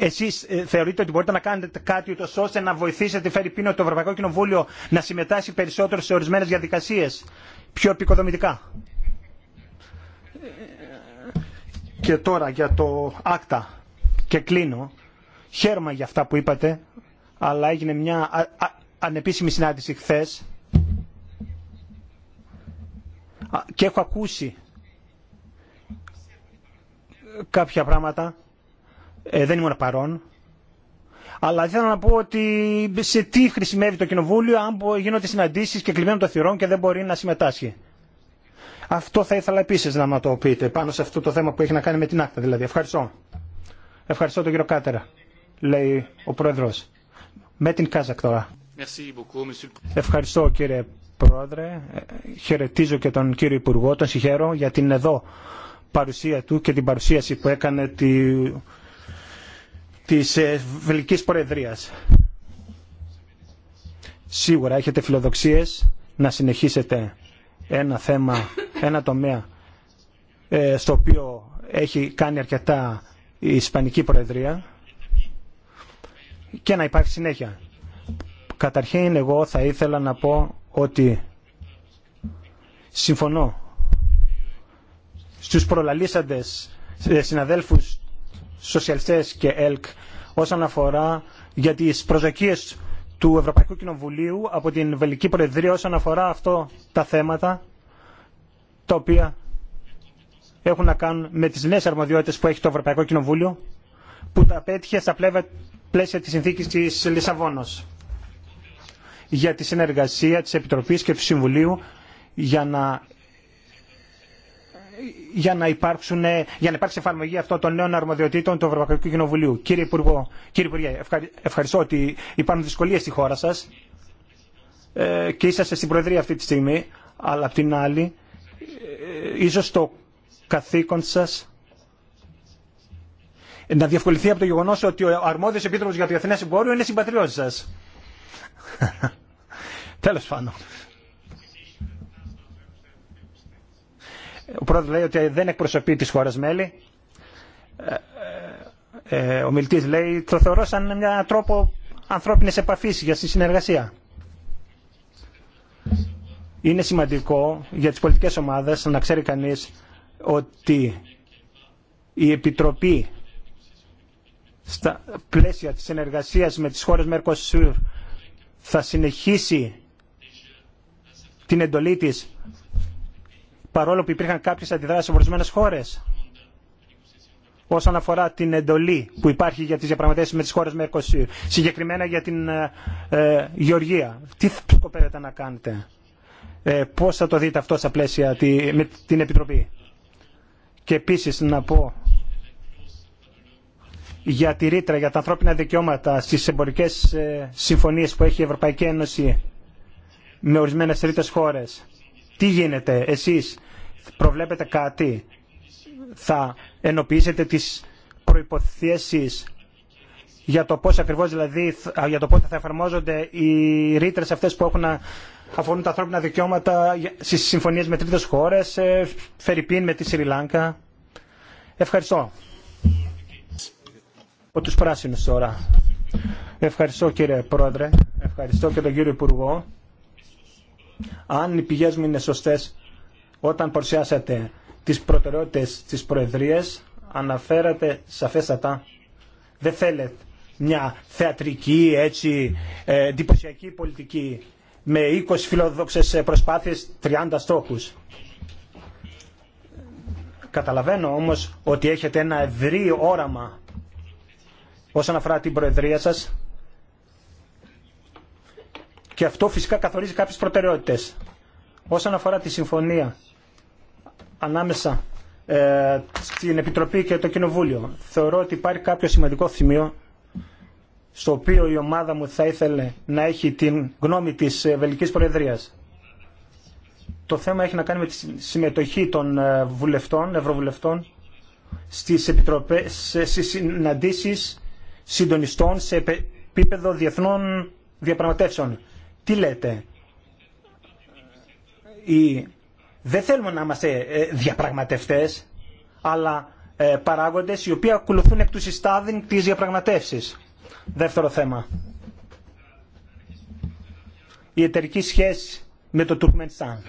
Εσεί ε, θεωρείτε ότι μπορείτε να κάνετε κάτι ούτω ώστε να βοηθήσετε φέρει πίνο το Ευρωπαϊκό Κοινοβούλιο να συμμετάσχει περισσότερο σε ορισμένε διαδικασίες πιο επικοδομητικά. Και τώρα για το άκτα και κλείνω. Χαίρομαι για αυτά που είπατε, αλλά έγινε μια ανεπίσημη συνάντηση χθε και έχω ακούσει κάποια πράγματα ε, δεν ήμουν παρόν. Αλλά ήθελα να πω ότι σε τι χρησιμεύει το κοινοβούλιο αν γίνονται συναντήσει και κλειμένο το θηρόν και δεν μπορεί να συμμετάσχει. Αυτό θα ήθελα επίση να μου το πείτε πάνω σε αυτό το θέμα που έχει να κάνει με την άκτα δηλαδή. Ευχαριστώ. Ευχαριστώ τον κύριο Κάτερα, λέει ο Πρόεδρο. Με την Κάζακ τώρα. Ευχαριστώ κύριε Πρόεδρε. Ε, χαιρετίζω και τον κύριο Υπουργό, τον συγχαίρω για την εδώ παρουσία του και την παρουσίαση που έκανε του της ε, Βελικής Προεδρίας. Σίγουρα έχετε φιλοδοξίες να συνεχίσετε ένα θέμα, ένα τομέα ε, στο οποίο έχει κάνει αρκετά η Ισπανική Προεδρία και να υπάρχει συνέχεια. Καταρχήν εγώ θα ήθελα να πω ότι συμφωνώ στους προλαλήσαντες ε, συναδέλφους σοσιαλιστές και ΕΛΚ όσον αφορά για τις προσδοκίες του Ευρωπαϊκού Κοινοβουλίου από την Βελική Προεδρία όσον αφορά αυτό τα θέματα τα οποία έχουν να κάνουν με τις νέες αρμοδιότητες που έχει το Ευρωπαϊκό Κοινοβούλιο που τα πέτυχε στα πλαίσια της συνθήκης της Λισαβόνος για τη συνεργασία της Επιτροπής και του Συμβουλίου για να για να, υπάρξει εφαρμογή αυτών των νέων αρμοδιοτήτων του Ευρωπαϊκού Κοινοβουλίου. Κύριε, Υπουργό, κύριε Υπουργέ, ευχαριστώ ότι υπάρχουν δυσκολίες στη χώρα σας ε, και είσαστε στην Προεδρία αυτή τη στιγμή, αλλά απ' την άλλη, ίσω ε, ίσως το καθήκον σας να διευκολυθεί από το γεγονός ότι ο αρμόδιος επίτροπος για το διεθνές εμπόριο είναι συμπατριώτης σας. <laughs> Τέλος πάντων. Ο πρόεδρος λέει ότι δεν εκπροσωπεί τις χώρες μέλη. Ε, ε, ε, ο μιλτής λέει το θεωρώ σαν μια τρόπο ανθρώπινης επαφής για τη συνεργασία. Είναι σημαντικό για τις πολιτικές ομάδες να ξέρει κανείς ότι η Επιτροπή στα πλαίσια της συνεργασίας με τις χώρες Mercosur θα συνεχίσει την εντολή της παρόλο που υπήρχαν κάποιες αντιδράσεις σε ορισμένε χώρες όσον αφορά την εντολή που υπάρχει για τις διαπραγματεύσεις με τις χώρες Μερκοσύρ, συγκεκριμένα για την ε, ε, Γεωργία. Τι σκοπεύετε να κάνετε, ε, πώς θα το δείτε αυτό στα πλαίσια τη, με την Επιτροπή. Και επίσης να πω για τη ρήτρα, για τα ανθρώπινα δικαιώματα στις εμπορικές ε, συμφωνίες που έχει η Ευρωπαϊκή Ένωση με ορισμένες τρίτες χώρες. Τι γίνεται εσείς προβλέπετε κάτι, θα ενοποιήσετε τις προϋποθέσεις για το πώς ακριβώς δηλαδή, για το πώς θα εφαρμόζονται οι ρήτρε αυτές που έχουν να αφορούν τα ανθρώπινα δικαιώματα στις συμφωνίες με τρίτες χώρες, Φερρυπίν με τη Σιριλάνκα. Ευχαριστώ. Ο τους πράσινους τώρα. Ευχαριστώ κύριε Πρόεδρε, ευχαριστώ και τον κύριο Υπουργό. Αν οι πηγές μου είναι σωστές, όταν παρουσιάσατε τις προτεραιότητες της Προεδρίας, αναφέρατε σαφέστατα, δεν θέλετε μια θεατρική, έτσι, ε, εντυπωσιακή πολιτική με 20 φιλοδόξες ε, προσπάθειες, 30 στόχους. Καταλαβαίνω όμως ότι έχετε ένα ευρύ όραμα όσον αφορά την Προεδρία σας και αυτό φυσικά καθορίζει κάποιες προτεραιότητες. Όσον αφορά τη συμφωνία ανάμεσα ε, στην Επιτροπή και το Κοινοβούλιο, θεωρώ ότι υπάρχει κάποιο σημαντικό θυμίο στο οποίο η ομάδα μου θα ήθελε να έχει την γνώμη της Βελικής Προεδρίας. Το θέμα έχει να κάνει με τη συμμετοχή των ε, βουλευτών, ευρωβουλευτών, στις, επιτροπές, σε συναντήσεις συντονιστών σε επίπεδο διεθνών διαπραγματεύσεων. Τι λέτε, η δεν θέλουμε να είμαστε ε, διαπραγματευτές, αλλά ε, παράγοντες οι οποίοι ακολουθούν εκ του συστάδιν τις διαπραγματεύσεις. Δεύτερο θέμα. Η εταιρική σχέση με το ΣΑΝ.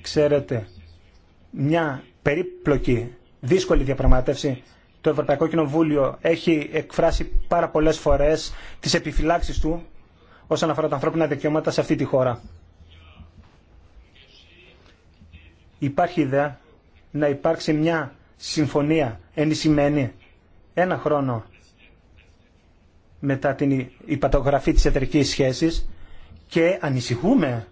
Ξέρετε, μια περίπλοκη, δύσκολη διαπραγματεύση. Το Ευρωπαϊκό Κοινοβούλιο έχει εκφράσει πάρα πολλές φορές τις επιφυλάξεις του όσον αφορά τα ανθρώπινα δικαιώματα σε αυτή τη χώρα. Υπάρχει ιδέα να υπάρξει μια συμφωνία ενισιμένη ένα χρόνο μετά την υπατογραφή της εταιρική σχέσης και ανησυχούμε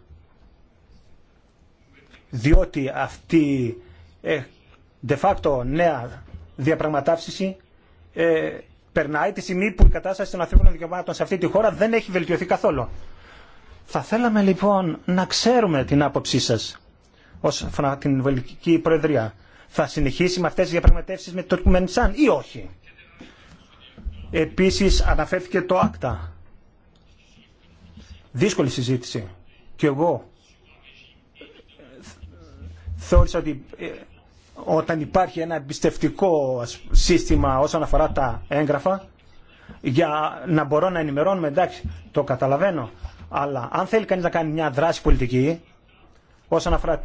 διότι αυτή ε, de facto νέα διαπραγματεύση ε, περνάει τη στιγμή που η κατάσταση των ανθρώπινων δικαιωμάτων σε αυτή τη χώρα δεν έχει βελτιωθεί καθόλου. Θα θέλαμε λοιπόν να ξέρουμε την άποψή σας όσον αφορά την Βελγική Προεδρία. Θα συνεχίσει με αυτές τις διαπραγματεύσεις με το Τουρκμενιστάν ή όχι. Επίσης αναφέρθηκε το ΑΚΤΑ. Δύσκολη συζήτηση. Και εγώ θεώρησα ότι ε, όταν υπάρχει ένα εμπιστευτικό σύστημα όσον αφορά τα έγγραφα για να μπορώ να ενημερώνουμε εντάξει το καταλαβαίνω αλλά αν θέλει κανείς να κάνει μια δράση πολιτική όσον αφορά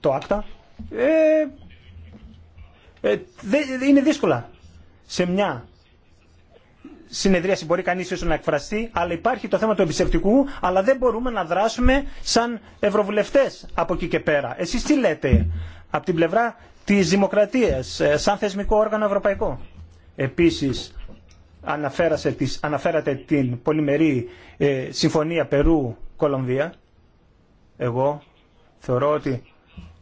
το άκτα, ε, ε, είναι δύσκολα. Σε μια συνεδρίαση μπορεί κανεί ίσως να εκφραστεί, αλλά υπάρχει το θέμα του εμπιστευτικού, αλλά δεν μπορούμε να δράσουμε σαν ευρωβουλευτές από εκεί και πέρα. Εσείς τι λέτε από την πλευρά της δημοκρατίας ε, σαν θεσμικό όργανο ευρωπαϊκό. Επίση, αναφέρατε την πολυμερή ε, συμφωνία Περού-Κολομβία. Εγώ θεωρώ ότι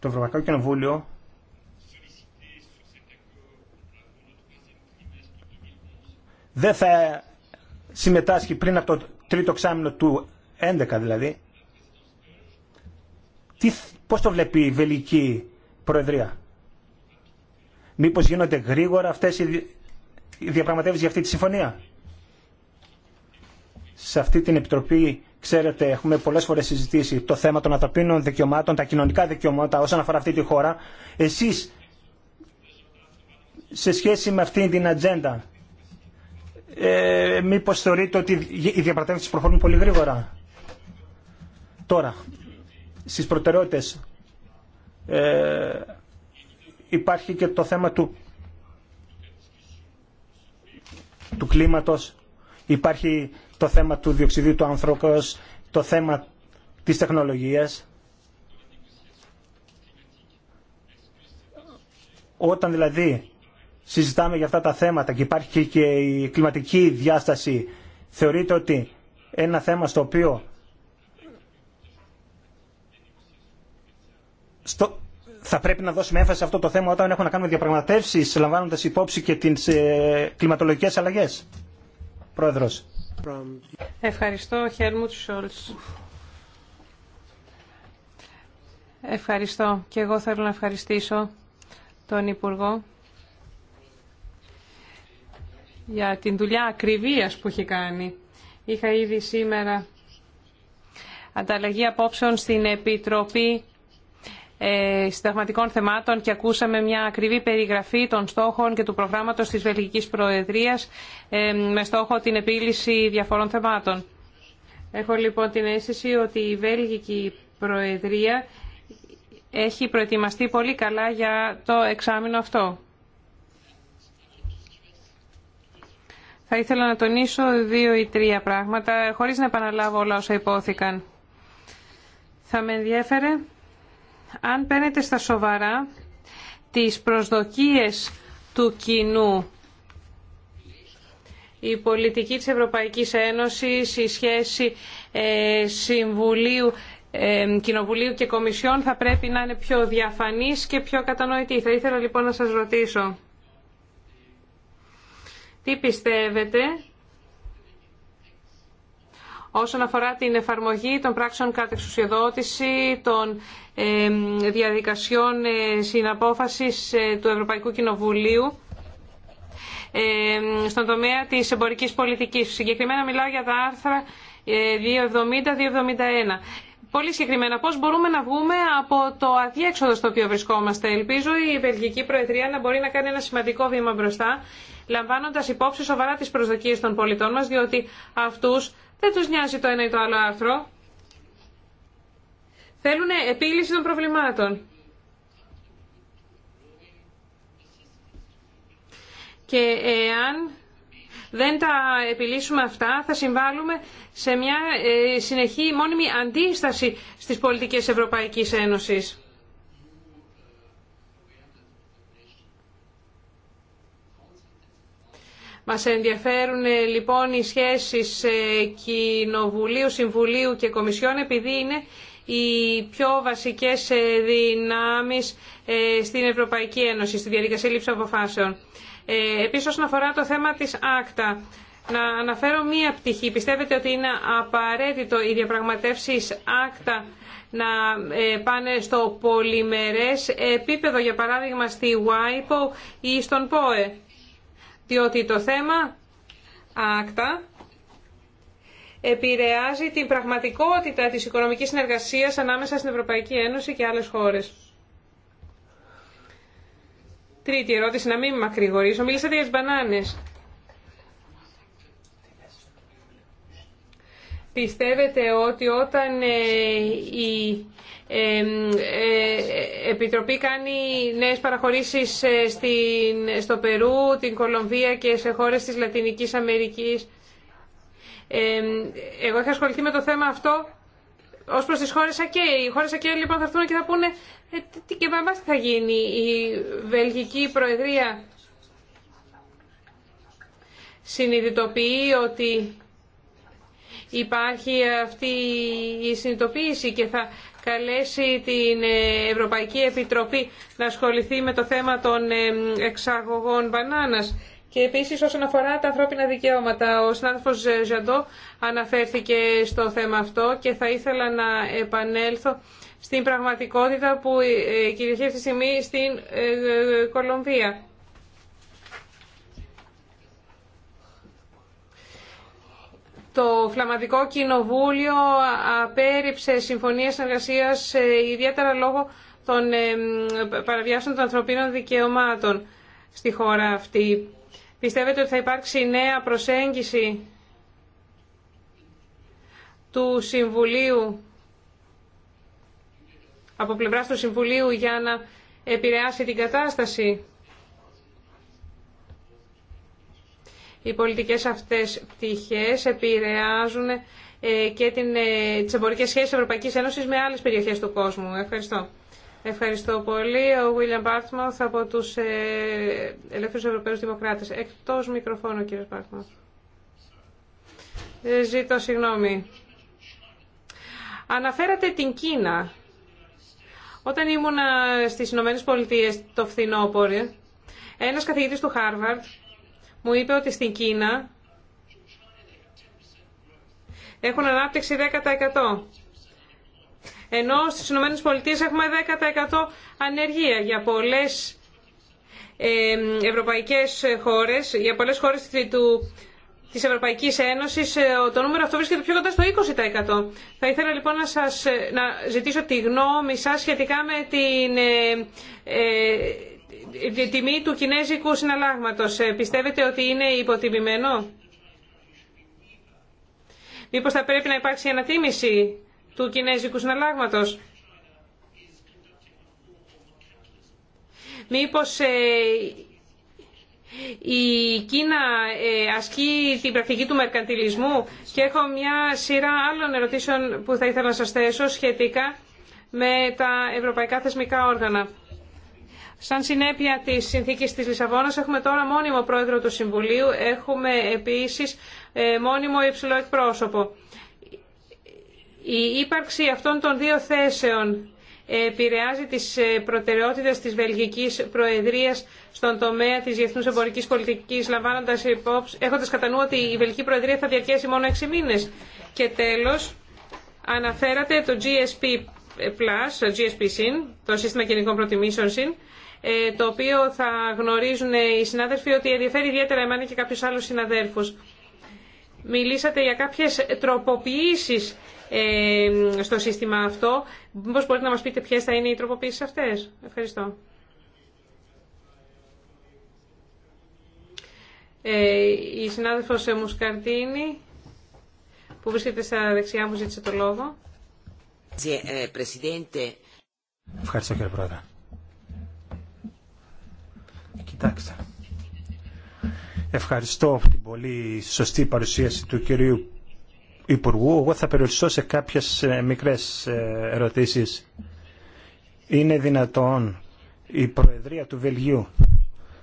το Ευρωπαϊκό Κοινοβούλιο δεν θα συμμετάσχει πριν από το τρίτο εξάμεινο του 2011 δηλαδή. Τι, πώς το βλέπει η Βελική Προεδρία. Μήπως γίνονται γρήγορα αυτές οι διαπραγματεύσεις για αυτή τη συμφωνία. Σε αυτή την Επιτροπή Ξέρετε, έχουμε πολλέ φορέ συζητήσει το θέμα των ανθρωπίνων δικαιωμάτων, τα κοινωνικά δικαιώματα όσον αφορά αυτή τη χώρα. Εσείς, σε σχέση με αυτή την ατζέντα, ε, μήπω θεωρείτε ότι οι διαπραγματεύσει προχωρούν πολύ γρήγορα. Τώρα, στι προτεραιότητε ε, υπάρχει και το θέμα του, του κλίματος, υπάρχει το θέμα του διοξιδίου του άνθρωπος, το θέμα της τεχνολογίας. Όταν δηλαδή συζητάμε για αυτά τα θέματα και υπάρχει και η κλιματική διάσταση, θεωρείτε ότι ένα θέμα στο οποίο θα πρέπει να δώσουμε έμφαση σε αυτό το θέμα όταν έχουμε να κάνουμε διαπραγματεύσεις λαμβάνοντας υπόψη και τις ε, κλιματολογικές αλλαγές. Πρόεδρος. Ευχαριστώ, Χέρμουτ Σόλτς. Ευχαριστώ. Και εγώ θέλω να ευχαριστήσω τον Υπουργό για την δουλειά ακριβίας που έχει κάνει. Είχα ήδη σήμερα ανταλλαγή απόψεων στην Επιτροπή ε, συνταγματικών θεμάτων και ακούσαμε μια ακριβή περιγραφή των στόχων και του προγράμματος της Βελγικής Προεδρίας ε, με στόχο την επίλυση διαφορών θεμάτων. Έχω λοιπόν την αίσθηση ότι η Βέλγικη Προεδρία έχει προετοιμαστεί πολύ καλά για το εξάμεινο αυτό. Θα ήθελα να τονίσω δύο ή τρία πράγματα, χωρίς να επαναλάβω όλα όσα υπόθηκαν. Θα με ενδιέφερε αν παίρνετε στα σοβαρά τις προσδοκίες του κοινού η πολιτική της Ευρωπαϊκής Ένωσης, η σχέση ε, Συμβουλίου, ε, Κοινοβουλίου και Κομισιόν θα πρέπει να είναι πιο διαφανής και πιο κατανοητή. Θα ήθελα λοιπόν να σας ρωτήσω. Τι πιστεύετε όσον αφορά την εφαρμογή των πράξεων εξουσιοδότηση, των διαδικασιών ε, συναπόφασης ε, του Ευρωπαϊκού Κοινοβουλίου στον τομέα της εμπορικής πολιτικής. Συγκεκριμένα μιλάω για τα άρθρα 270-271. Ε, Πολύ συγκεκριμένα, πώς μπορούμε να βγούμε από το αδιέξοδο στο οποίο βρισκόμαστε. Ελπίζω η Βελγική Προεδρία να μπορεί να κάνει ένα σημαντικό βήμα μπροστά Λαμβάνοντα υπόψη σοβαρά τι προσδοκίε των πολιτών μα, διότι αυτού δεν τους νοιάζει το ένα ή το άλλο άρθρο. Θέλουν επίλυση των προβλημάτων. Και εάν δεν τα επιλύσουμε αυτά, θα συμβάλλουμε σε μια ε, συνεχή μόνιμη αντίσταση στις πολιτικές Ευρωπαϊκής Ένωσης. Μας ενδιαφέρουν ε, λοιπόν οι σχέσεις ε, Κοινοβουλίου, Συμβουλίου και Κομισιών επειδή είναι οι πιο βασικές ε, δυνάμεις στην Ευρωπαϊκή Ένωση, στη διαδικασία λήψη αποφάσεων. Επίσης όσον αφορά το θέμα της άκτα, να αναφέρω μία πτυχή. Πιστεύετε ότι είναι απαραίτητο οι διαπραγματεύσεις άκτα να πάνε στο πολυμερές επίπεδο, για παράδειγμα στη WIPO ή στον ΠΟΕ διότι το θέμα άκτα επηρεάζει την πραγματικότητα της οικονομικής συνεργασίας ανάμεσα στην Ευρωπαϊκή Ένωση και άλλες χώρες. Τρίτη ερώτηση, να μην μακρηγορήσω. Μίλησατε για τις μπανάνες. Πιστεύετε ότι όταν ε, η ε, ε, Επιτροπή κάνει νέες παραχωρήσεις ε, στην, στο Περού, την Κολομβία και σε χώρες της Λατινικής Αμερικής. εγώ είχα ασχοληθεί με το θέμα αυτό ως προς τις χώρες ΑΚΕ. Οι χώρες ΑΚΕ λοιπόν θα έρθουν και θα πούνε τι και με θα γίνει. Η Βελγική Προεδρία συνειδητοποιεί ότι υπάρχει αυτή η συνειδητοποίηση και θα καλέσει την ε, Ευρωπαϊκή Επιτροπή να ασχοληθεί με το θέμα των ε, εξαγωγών μπανάνας. Και επίσης όσον αφορά τα ανθρώπινα δικαιώματα, ο συνάδελφος Ζαντό αναφέρθηκε στο θέμα αυτό και θα ήθελα να επανέλθω στην πραγματικότητα που ε, κυριαρχεί αυτή τη στιγμή στην Κολομβία. Το Φλαμαδικό Κοινοβούλιο απέρριψε συμφωνίες συνεργασίας ε, ιδιαίτερα λόγω των ε, παραβιάσεων των ανθρωπίνων δικαιωμάτων στη χώρα αυτή. Πιστεύετε ότι θα υπάρξει νέα προσέγγιση του Συμβουλίου από πλευράς του Συμβουλίου για να επηρεάσει την κατάσταση. οι πολιτικές αυτές πτυχές επηρεάζουν ε, και την, ε, τις εμπορικές σχέσεις Ευρωπαϊκής Ένωσης με άλλες περιοχές του κόσμου. Ευχαριστώ. Ευχαριστώ πολύ. Ο William Bartmouth από τους ε, Ελεύθερους Ευρωπαίους Δημοκράτες. Εκτός μικροφώνου, κύριε Ε, ζήτω συγγνώμη. Αναφέρατε την Κίνα. Όταν ήμουν στις Ηνωμένες Πολιτείες το φθινόπωρο, ένας καθηγητής του Χάρβαρτ μου είπε ότι στην Κίνα έχουν ανάπτυξη 10%. Ενώ στις Ηνωμένες Πολιτείες έχουμε 10% ανεργία για πολλές ε, ευρωπαϊκές χώρες, για πολλές χώρες του, της Ευρωπαϊκής Ένωσης ε, το νούμερο αυτό βρίσκεται πιο κοντά στο 20%. Θα ήθελα λοιπόν να σας ε, να ζητήσω τη γνώμη σας σχετικά με την η τιμή του κινέζικου συναλλάγματος. Ε, πιστεύετε ότι είναι υποτιμημένο? Μήπως θα πρέπει να υπάρξει ανατίμηση του κινέζικου συναλλάγματος. Μήπως ε, η Κίνα ε, ασκεί την πρακτική του μερκαντιλισμού και έχω μια σειρά άλλων ερωτήσεων που θα ήθελα να σας θέσω σχετικά με τα ευρωπαϊκά θεσμικά όργανα. Σαν συνέπεια τη συνθήκη τη Λισαβόνα, έχουμε τώρα μόνιμο πρόεδρο του Συμβουλίου, έχουμε επίσης ε, μόνιμο υψηλό εκπρόσωπο. Η ύπαρξη αυτών των δύο θέσεων επηρεάζει τις ε, προτεραιότητες της Βελγικής Προεδρίας στον τομέα της διεθνούς εμπορικής πολιτικής, λαμβάνοντας υπόψη, έχοντας κατά νου ότι η Βελγική Προεδρία θα διαρκέσει μόνο 6 μήνες. Και τέλος, αναφέρατε το GSP+, το GSP -SYN, το Σύστημα Κοινωνικών Προτιμήσεων -SYN, ε, το οποίο θα γνωρίζουν οι συνάδελφοι ότι ενδιαφέρει ιδιαίτερα εμένα και κάποιους άλλους συναδέλφους. Μιλήσατε για κάποιες τροποποιήσεις ε, στο σύστημα αυτό. μπορείτε να μας πείτε ποιες θα είναι οι τροποποιήσεις αυτές. Ευχαριστώ. Ε, η συνάδελφος Μουσκαρτίνη, που βρίσκεται στα δεξιά μου, ζήτησε το λόγο. Ευχαριστώ κύριε Πρόεδρε. Κοιτάξτε. Ευχαριστώ την πολύ σωστή παρουσίαση του κυρίου Υπουργού. Εγώ θα περιοριστώ σε κάποιες ε, μικρές ε, ερωτήσεις. Είναι δυνατόν η Προεδρία του Βελγίου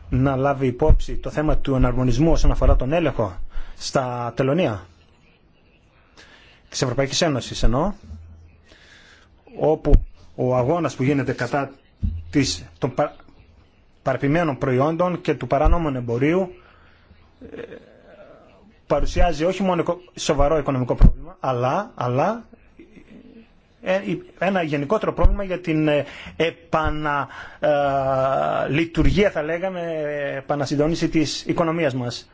να λάβει υπόψη το θέμα του εναρμονισμού όσον αφορά τον έλεγχο στα τελωνία της Ευρωπαϊκής Ένωσης ενώ όπου ο αγώνας που γίνεται κατά της, παραπημένων προϊόντων και του παράνομου εμπορίου ε, παρουσιάζει όχι μόνο σοβαρό οικονομικό πρόβλημα, αλλά, αλλά ε, ε, ένα γενικότερο πρόβλημα για την επαναλειτουργία, θα λέγαμε, επανασυντονίση της οικονομίας μας.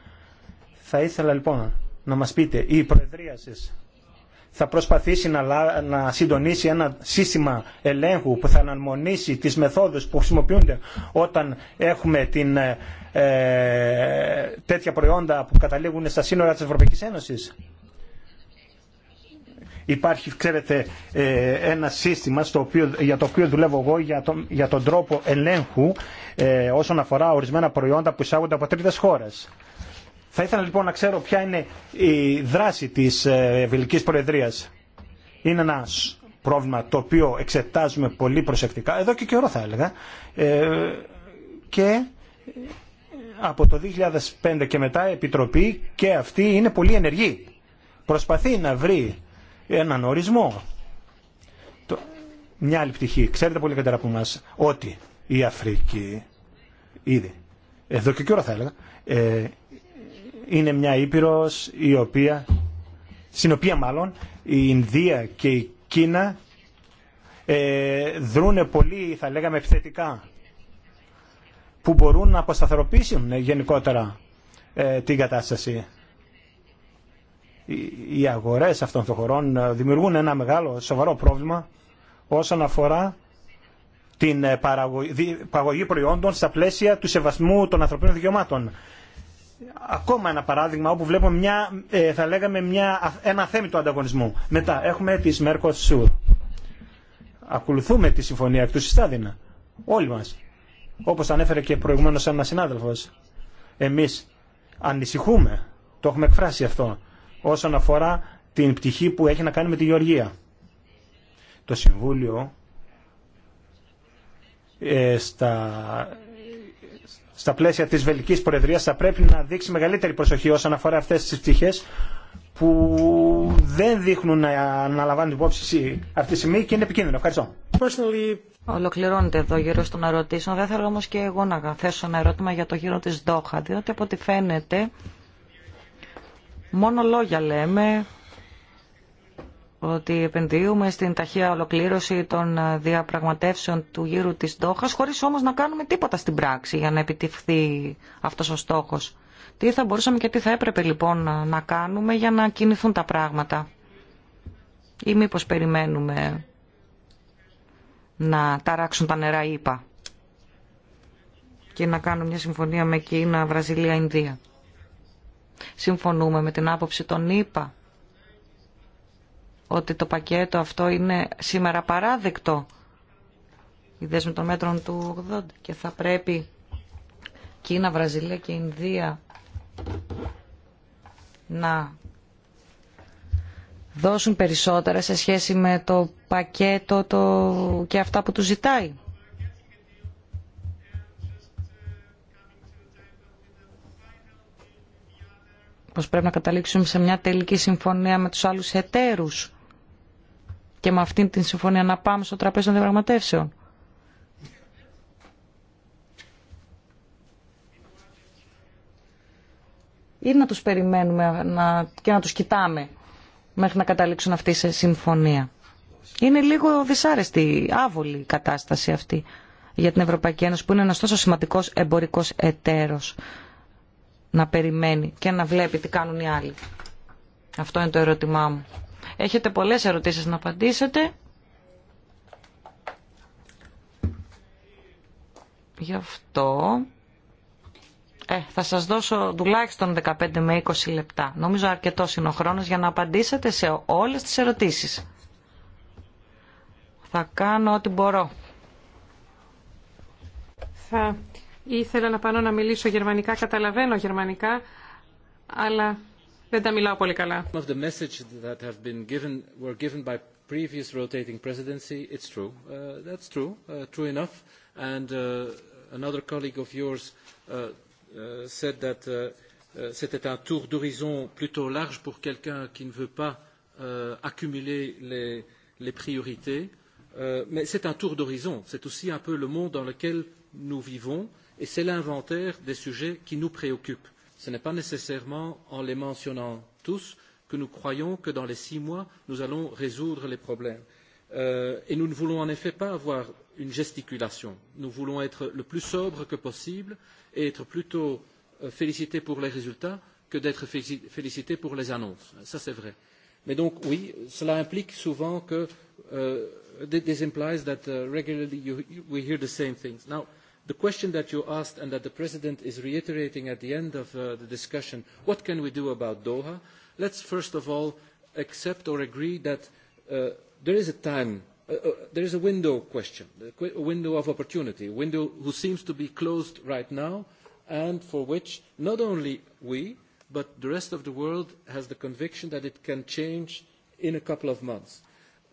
Θα ήθελα λοιπόν να μας πείτε, η Προεδρία σας θα προσπαθήσει να συντονίσει ένα σύστημα ελέγχου που θα αναμονήσει τις μεθόδους που χρησιμοποιούνται όταν έχουμε την, ε, ε, τέτοια προϊόντα που καταλήγουν στα σύνορα της Ευρωπαϊκής Ένωσης. Υπάρχει, ξέρετε, ε, ένα σύστημα στο οποίο, για το οποίο δουλεύω εγώ για, το, για τον τρόπο ελέγχου ε, όσον αφορά ορισμένα προϊόντα που εισάγονται από τρίτες χώρες. Θα ήθελα λοιπόν να ξέρω ποια είναι η δράση της ε, Βελικής Προεδρίας. Είναι ένα πρόβλημα το οποίο εξετάζουμε πολύ προσεκτικά, εδώ και καιρό θα έλεγα, ε, και ε, από το 2005 και μετά η Επιτροπή και αυτή είναι πολύ ενεργή. Προσπαθεί να βρει έναν ορισμό. Μια άλλη πτυχή. Ξέρετε πολύ καλύτερα από μας ότι η Αφρική ήδη, εδώ και καιρό θα έλεγα, είναι μια ήπειρος η οποία, στην οποία μάλλον η Ινδία και η Κίνα ε, δρούνε πολύ θα λέγαμε επιθετικά που μπορούν να αποσταθεροποιήσουν ε, γενικότερα ε, την κατάσταση. Οι, οι αγορές αυτών των χωρών ε, δημιουργούν ένα μεγάλο σοβαρό πρόβλημα όσον αφορά την παραγωγή προϊόντων στα πλαίσια του σεβασμού των ανθρωπίνων δικαιωμάτων ακόμα ένα παράδειγμα όπου βλέπουμε μια, ε, θα λέγαμε μια, ένα θέμη του ανταγωνισμού. Μετά έχουμε τις Mercosur. Ακολουθούμε τη συμφωνία εκ του συστάδινα. Όλοι μας. Όπως ανέφερε και προηγουμένως ένα συνάδελφος. Εμείς ανησυχούμε, το έχουμε εκφράσει αυτό, όσον αφορά την πτυχή που έχει να κάνει με τη Γεωργία. Το Συμβούλιο ε, στα πλαίσια της Βελικής Προεδρίας θα πρέπει να δείξει μεγαλύτερη προσοχή όσον αφορά αυτές τις πτυχές που δεν δείχνουν να αναλαμβάνουν υπόψη αυτή τη στιγμή και είναι επικίνδυνο. Ευχαριστώ. Ολοκληρώνεται εδώ γύρω στον ερωτήσεων. Δεν θέλω όμως και εγώ να θέσω ένα ερώτημα για το γύρο της Δόχα, διότι από ό,τι φαίνεται μόνο λόγια λέμε, ότι επενδύουμε στην ταχεία ολοκλήρωση των ε, διαπραγματεύσεων του γύρου της Δόχας, χωρίς όμως να κάνουμε τίποτα στην πράξη για να επιτυχθεί αυτός ο στόχος. Τι θα μπορούσαμε και τι θα έπρεπε λοιπόν ε, να κάνουμε για να κινηθούν τα πράγματα. Ή μήπως περιμένουμε να ταράξουν τα νερά ΙΠΑ και να κάνουν μια συμφωνία με Κίνα, Βραζιλία, Ινδία. Συμφωνούμε με την άποψη των ΙΠΑ ότι το πακέτο αυτό είναι σήμερα παράδεκτο οι με των μέτρων του 80 και θα πρέπει Κίνα, Βραζιλία και Ινδία να δώσουν περισσότερα σε σχέση με το πακέτο το... και αυτά που του ζητάει. Πως πρέπει να καταλήξουμε σε μια τελική συμφωνία με τους άλλους εταίρους και με αυτήν την συμφωνία να πάμε στο τραπέζι των διαπραγματεύσεων. Ή να τους περιμένουμε να... και να τους κοιτάμε μέχρι να καταλήξουν αυτή σε συμφωνία. Είναι λίγο δυσάρεστη, άβολη η κατάσταση αυτή για την Ευρωπαϊκή Ένωση που είναι ένας τόσο σημαντικός εμπορικός εταίρος να περιμένει και να βλέπει τι κάνουν οι άλλοι. Αυτό είναι το ερώτημά μου. Έχετε πολλές ερωτήσεις να απαντήσετε. Γι' αυτό ε, θα σας δώσω τουλάχιστον 15 με 20 λεπτά. Νομίζω αρκετό είναι ο χρόνος για να απαντήσετε σε όλες τις ερωτήσεις. Θα κάνω ό,τι μπορώ. Θα ήθελα να πάνω να μιλήσω γερμανικά, καταλαβαίνω γερμανικά, αλλά δεν τα μιλάω πολύ καλά. Previous rotating presidency, it's true. That's true, true enough. And another colleague of yours said that c'était un tour d'horizon plutôt large pour quelqu'un qui ne veut pas accumuler les priorités. Mais c'est un tour d'horizon. C'est aussi un peu le monde dans lequel nous vivons et c'est l'inventaire des sujets qui nous préoccupent ce n'est pas nécessairement en les mentionnant tous que nous croyons que dans les six mois nous allons résoudre les problèmes et nous ne voulons en effet pas avoir une gesticulation nous voulons être le plus sobre que possible et être plutôt félicités pour les résultats que d'être félicités pour les annonces ça c'est vrai mais donc oui cela implique souvent que this implies that regularly we hear the same things now the question that you asked and that the president is reiterating at the end of the discussion what can we do about doha let's first of all accept or agree that there is a time there is a window question a window of opportunity a window who seems to be closed right now and for which not only we but the rest of the world has the conviction that it can change in a couple of months.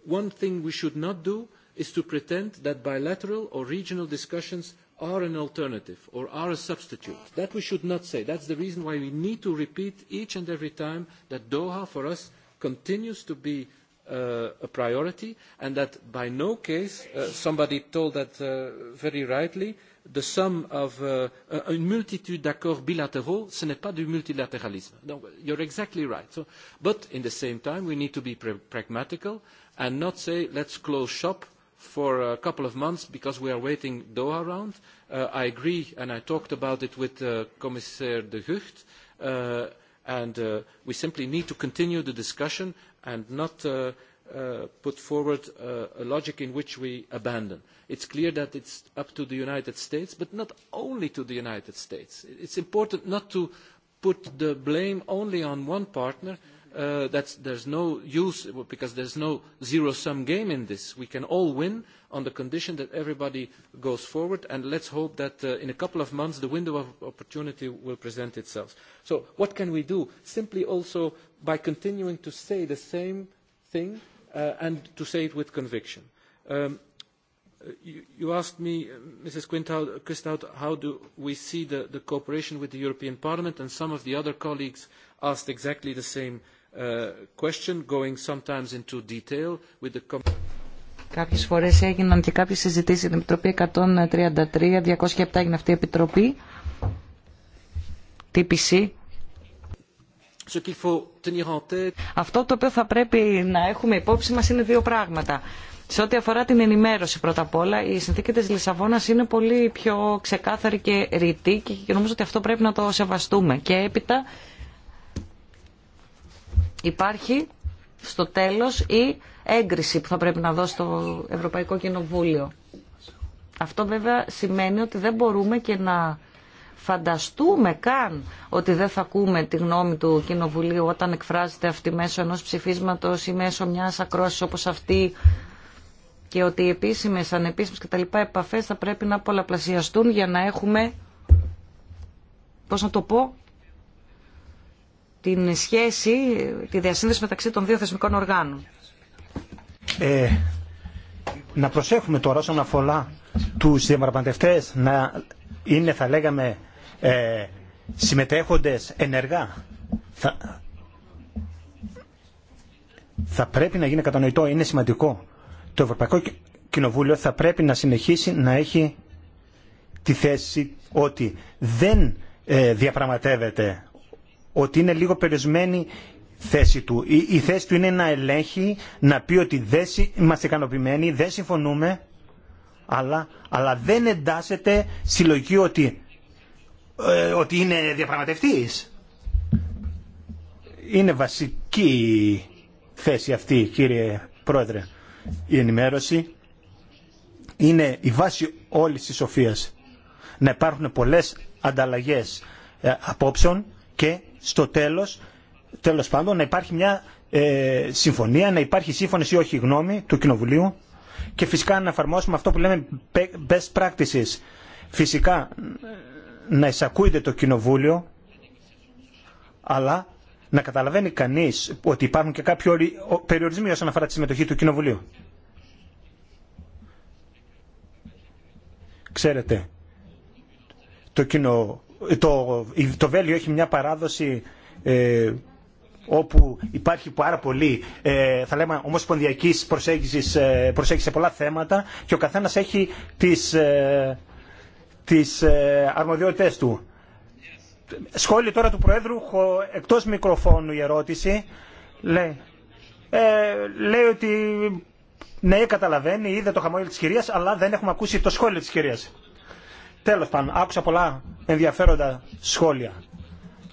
one thing we should not do is to pretend that bilateral or regional discussions are an alternative or are a substitute. That we should not say. That's the reason why we need to repeat each and every time that Doha for us continues to be a priority and that by no case, somebody told that very rightly, the sum of a multitude d'accords bilatéraux, ce n'est pas du multilateralisme. You're exactly right. But in the same time, we need to be pragmatical and not say let's close shop for a couple of months because we are waiting Doha round. I agree, and I talked about it with Commissaire De Gucht, and we simply need to continue the discussion and not put forward a logic in which we abandon. It's clear that it's up to the United States, but not only to the United States. It's important not to put the blame only on one partner that is no use because there is no zero-sum game in this. We can all win on the condition that everybody goes forward, and let's hope that in a couple of months the window of opportunity will present itself. So what can we do? Simply also by continuing to say the same thing and to say it with conviction. You asked me, Mrs. Quistout, how do we see the cooperation with the European Parliament, and some of the other colleagues asked exactly the same Uh, question going sometimes into detail with the Κάποιες φορές έγιναν και κάποιες συζητήσεις στην Επιτροπή 133, 207 έγινε αυτή η Επιτροπή. TPC. Αυτό το οποίο θα πρέπει να έχουμε υπόψη μας είναι δύο πράγματα. Σε ό,τι αφορά την ενημέρωση πρώτα απ' όλα, η συνθήκη της Λισαβόνας είναι πολύ πιο ξεκάθαρη και ρητή και νομίζω ότι αυτό πρέπει να το σεβαστούμε. Και έπειτα υπάρχει στο τέλος η έγκριση που θα πρέπει να δώσει το Ευρωπαϊκό Κοινοβούλιο. Αυτό βέβαια σημαίνει ότι δεν μπορούμε και να φανταστούμε καν ότι δεν θα ακούμε τη γνώμη του Κοινοβουλίου όταν εκφράζεται αυτή μέσω ενός ψηφίσματος ή μέσω μιας ακρόασης όπως αυτή και ότι οι επίσημες, ανεπίσημες λοιπά επαφές θα πρέπει να πολλαπλασιαστούν για να έχουμε, πώς να το πω, την σχέση, τη διασύνδεση μεταξύ των δύο θεσμικών οργάνων. Ε, να προσέχουμε τώρα όσον αφορά του διαμαρπαντευτέ να είναι θα λέγαμε ε, συμμετέχοντες ενεργά. Θα, θα πρέπει να γίνει κατανοητό, είναι σημαντικό. Το Ευρωπαϊκό Κοινοβούλιο θα πρέπει να συνεχίσει να έχει τη θέση ότι δεν ε, διαπραγματεύεται ότι είναι λίγο περιορισμένη θέση του. Η, θέση του είναι να ελέγχει, να πει ότι δεν είμαστε ικανοποιημένοι, δεν συμφωνούμε, αλλά, αλλά δεν εντάσσεται συλλογική ότι, ε, ότι είναι διαπραγματευτής. Είναι βασική θέση αυτή, κύριε Πρόεδρε. Η ενημέρωση είναι η βάση όλης της σοφίας. Να υπάρχουν πολλές ανταλλαγές ε, απόψεων και στο τέλος, τέλος πάντων να υπάρχει μια ε, συμφωνία, να υπάρχει σύμφωνη ή όχι γνώμη του Κοινοβουλίου και φυσικά να εφαρμόσουμε αυτό που λέμε best practices. Φυσικά ε, να εισακούεται το Κοινοβούλιο, αλλά να καταλαβαίνει κανείς ότι υπάρχουν και κάποιοι περιορισμοί όσον αφορά τη συμμετοχή του Κοινοβουλίου. Ξέρετε, το κοινο το, το Βέλιο έχει μια παράδοση ε, όπου υπάρχει πάρα πολύ ε, θα λέμε ομοσπονδιακής προσέγγισης, ε, προσέγγιση σε πολλά θέματα και ο καθένας έχει τις, ε, τις ε, αρμοδιότητες του. Σχόλιο τώρα του Προέδρου, εκτός μικροφώνου η ερώτηση, λέει, ε, λέει ότι ναι καταλαβαίνει, είδε το χαμόγελο της κυρίας, αλλά δεν έχουμε ακούσει το σχόλιο της κυρίας. Τέλος πάντων, άκουσα πολλά ενδιαφέροντα σχόλια.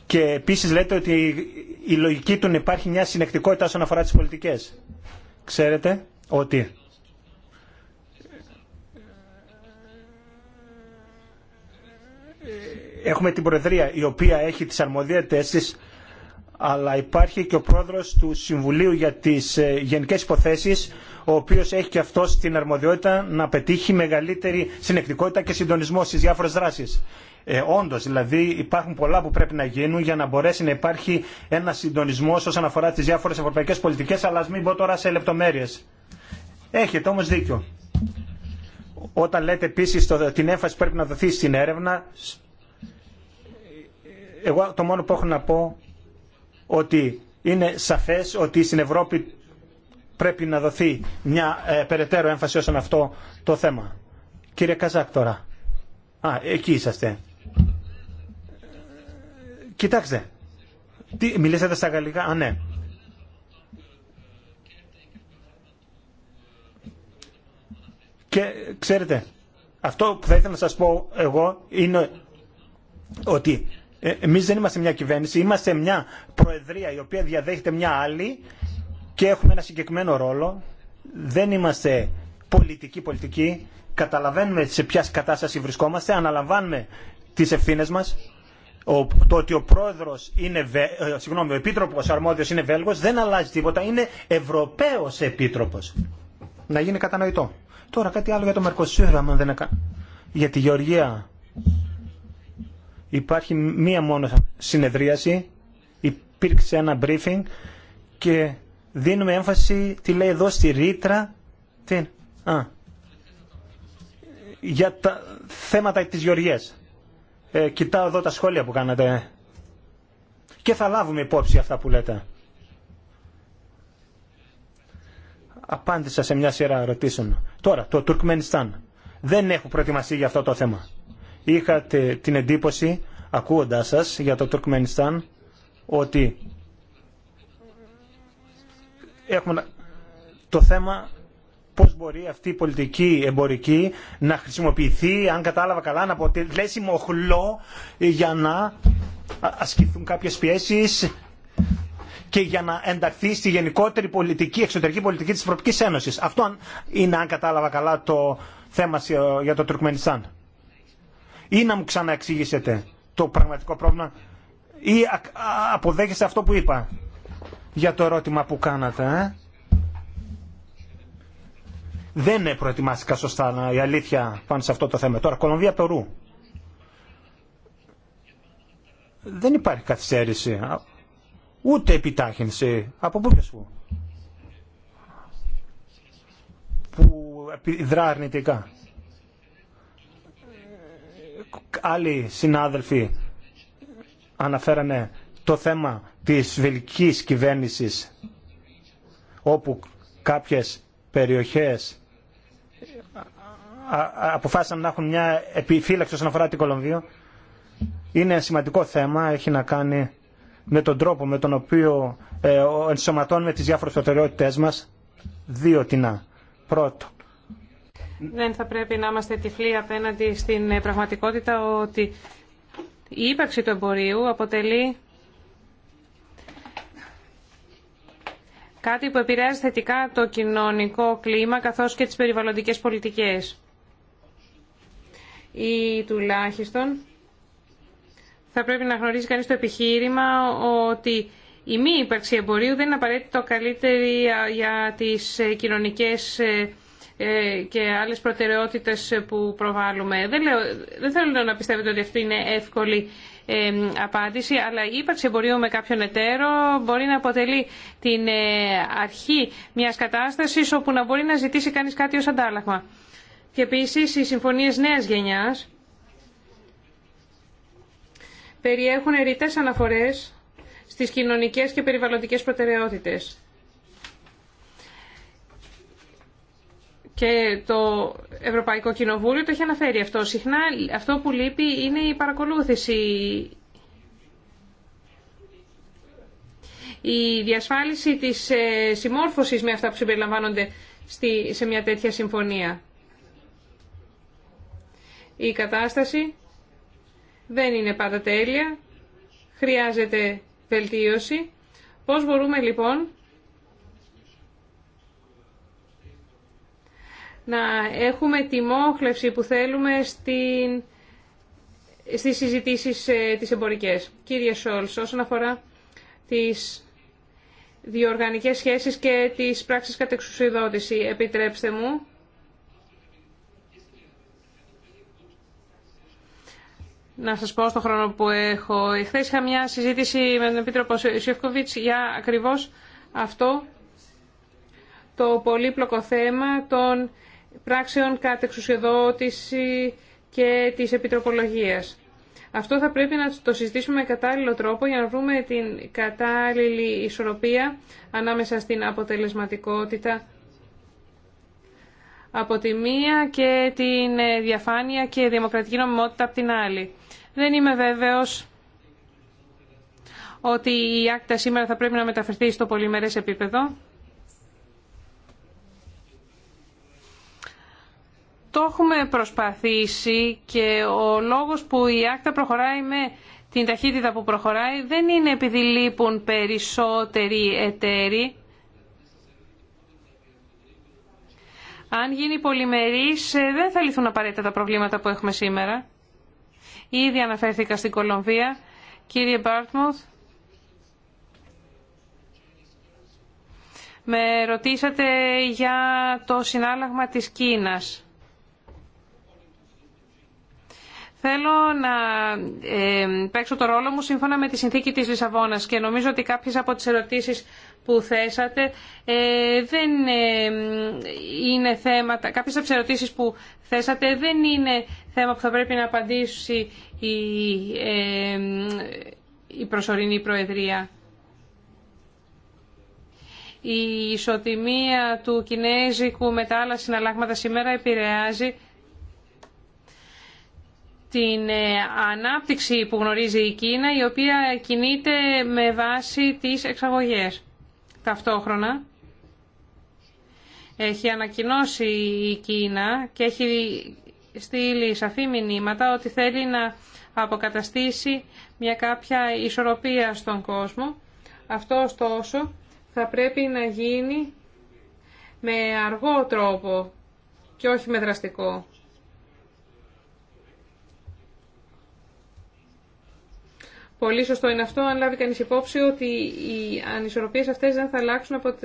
Και επίσης λέτε ότι η λογική του υπάρχει μια συνεκτικότητα όσον αφορά τις πολιτικές. Ξέρετε ότι έχουμε την Προεδρία η οποία έχει τις αρμοδιότητες της αλλά υπάρχει και ο πρόεδρος του Συμβουλίου για τις ε, Γενικές Υποθέσεις, ο οποίος έχει και αυτός την αρμοδιότητα να πετύχει μεγαλύτερη συνεκτικότητα και συντονισμό στις διάφορες δράσεις. Ε, Όντω, δηλαδή υπάρχουν πολλά που πρέπει να γίνουν για να μπορέσει να υπάρχει ένα συντονισμό όσον αφορά τι διάφορε ευρωπαϊκέ πολιτικέ, αλλά α μην μπω τώρα σε λεπτομέρειε. Έχετε όμω δίκιο. Όταν λέτε επίση την έμφαση πρέπει να δοθεί στην έρευνα, εγώ το μόνο που έχω να πω ότι είναι σαφές ότι στην Ευρώπη πρέπει να δοθεί μια ε, περαιτέρω έμφαση όσον αυτό το θέμα. Κύριε Καζάκ τώρα. Α, εκεί είσαστε. Κοιτάξτε. Τι, μιλήσατε στα γαλλικά. Α, ναι. Και ξέρετε, αυτό που θα ήθελα να σας πω εγώ είναι ότι ε, Εμεί δεν είμαστε μια κυβέρνηση, είμαστε μια προεδρία η οποία διαδέχεται μια άλλη και έχουμε ένα συγκεκριμένο ρόλο. Δεν είμαστε πολιτικοί πολιτικοί, καταλαβαίνουμε σε ποια κατάσταση βρισκόμαστε, αναλαμβάνουμε τις ευθύνες μας. το ότι ο πρόεδρος είναι, ε, συγγνώμη, ο επίτροπος αρμόδιος είναι Βέλγος δεν αλλάζει τίποτα, είναι Ευρωπαίο επίτροπο. Να γίνει κατανοητό. Τώρα κάτι άλλο για το Μερκοσύρα, αν δεν Για τη Γεωργία Υπάρχει μία μόνο συνεδρίαση, υπήρξε ένα briefing και δίνουμε έμφαση, τι λέει εδώ στη ρήτρα, τι, α, για τα θέματα της Γεωργίας. Ε, κοιτάω εδώ τα σχόλια που κάνατε και θα λάβουμε υπόψη αυτά που λέτε. Απάντησα σε μια σειρά ερωτήσεων. Τώρα, το Τουρκμενιστάν. Δεν έχω προετοιμαστεί για αυτό το θέμα είχατε την εντύπωση, ακούοντάς σας, για το Τουρκμενιστάν, ότι έχουμε το θέμα πώς μπορεί αυτή η πολιτική εμπορική να χρησιμοποιηθεί, αν κατάλαβα καλά, να αποτελέσει μοχλό για να ασκηθούν κάποιες πιέσεις και για να ενταχθεί στη γενικότερη πολιτική, εξωτερική πολιτική της Ευρωπαϊκής Ένωσης. Αυτό είναι, αν κατάλαβα καλά, το θέμα για το Τουρκμενιστάν ή να μου ξαναεξηγήσετε το πραγματικό πρόβλημα ή αποδέχεστε αυτό που είπα για το ερώτημα που κάνατε. Ε? Δεν ναι, προετοιμάστηκα σωστά η αλήθεια πάνω σε αυτό το θέμα. Τώρα, Κολομβία, Περού. Δεν υπάρχει καθυστέρηση, ούτε επιτάχυνση. Από πού σου. Που δρα αρνητικά. Άλλοι συνάδελφοι αναφέρανε το θέμα της βελικής κυβέρνησης όπου κάποιες περιοχές αποφάσισαν να έχουν μια επιφύλαξη όσον αφορά την Κολομβία. Είναι σημαντικό θέμα, έχει να κάνει με τον τρόπο με τον οποίο ε, ενσωματώνουμε τις διάφορες προτεραιότητές μας δύο τινά Πρώτο, δεν θα πρέπει να είμαστε τυφλοί απέναντι στην πραγματικότητα ότι η ύπαρξη του εμπορίου αποτελεί κάτι που επηρεάζει θετικά το κοινωνικό κλίμα καθώς και τις περιβαλλοντικές πολιτικές. Ή τουλάχιστον θα πρέπει να γνωρίζει κανείς το επιχείρημα ότι η μη ύπαρξη εμπορίου δεν είναι απαραίτητο καλύτερη για τις κοινωνικές ε, ε, και άλλες προτεραιότητες που προβάλλουμε. Δεν, δεν θέλω να πιστεύετε ότι αυτή είναι εύκολη ε, απάντηση, αλλά η ύπαρξη εμπορίου με κάποιον εταίρο μπορεί να αποτελεί την ε, αρχή μιας κατάστασης όπου να μπορεί να ζητήσει κανείς κάτι ως αντάλλαγμα. Και επίσης οι συμφωνίες νέας γενιάς περιέχουν ρητές αναφορές στις κοινωνικές και περιβαλλοντικές προτεραιότητες. και το Ευρωπαϊκό Κοινοβούλιο το έχει αναφέρει αυτό. Συχνά αυτό που λείπει είναι η παρακολούθηση. Η διασφάλιση της ε, συμμόρφωσης με αυτά που συμπεριλαμβάνονται στη, σε μια τέτοια συμφωνία. Η κατάσταση δεν είναι πάντα τέλεια. Χρειάζεται βελτίωση. Πώς μπορούμε λοιπόν να έχουμε τη μόχλευση που θέλουμε στην, στις συζητήσεις ε, τις εμπορικές. Κύριε Σόλς, όσον αφορά τις διοργανικές σχέσεις και τις πράξεις κατεξουσιοδότηση, επιτρέψτε μου. Να σας πω στον χρόνο που έχω. Χθε είχα μια συζήτηση με τον Επίτροπο Σιωφκοβίτς για ακριβώς αυτό το πολύπλοκο θέμα των πράξεων εξουσιοδότηση και της επιτροπολογίας. Αυτό θα πρέπει να το συζητήσουμε με κατάλληλο τρόπο για να βρούμε την κατάλληλη ισορροπία ανάμεσα στην αποτελεσματικότητα από τη μία και την διαφάνεια και δημοκρατική νομιμότητα από την άλλη. Δεν είμαι βέβαιος ότι η άκτα σήμερα θα πρέπει να μεταφερθεί στο πολυμερές επίπεδο. Το έχουμε προσπαθήσει και ο λόγος που η άκτα προχωράει με την ταχύτητα που προχωράει δεν είναι επειδή λείπουν περισσότεροι εταίροι. Αν γίνει πολυμερής ε, δεν θα λυθούν απαραίτητα τα προβλήματα που έχουμε σήμερα. Ήδη αναφέρθηκα στην Κολομβία. Κύριε Μπάρτμουθ, με ρωτήσατε για το συνάλλαγμα της Κίνας. Θέλω να ε, παίξω το ρόλο μου σύμφωνα με τη συνθήκη της Λισαβόνας και νομίζω ότι κάποιες από τις ερωτήσεις που θέσατε ε, δεν ε, είναι θέματα, κάποιες από τις ερωτήσεις που θέσατε δεν είναι θέμα που θα πρέπει να απαντήσει η, ε, η προσωρινή Προεδρία. Η ισοτιμία του κινέζικου με τα άλλα συναλλάγματα σήμερα επηρεάζει την ε, ανάπτυξη που γνωρίζει η Κίνα, η οποία κινείται με βάση τις εξαγωγές. Ταυτόχρονα, έχει ανακοινώσει η Κίνα και έχει στείλει σαφή μηνύματα ότι θέλει να αποκαταστήσει μια κάποια ισορροπία στον κόσμο. Αυτό ωστόσο θα πρέπει να γίνει με αργό τρόπο και όχι με δραστικό. Πολύ σωστό είναι αυτό, αν λάβει κανείς υπόψη ότι οι ανισορροπίες αυτές δεν θα αλλάξουν από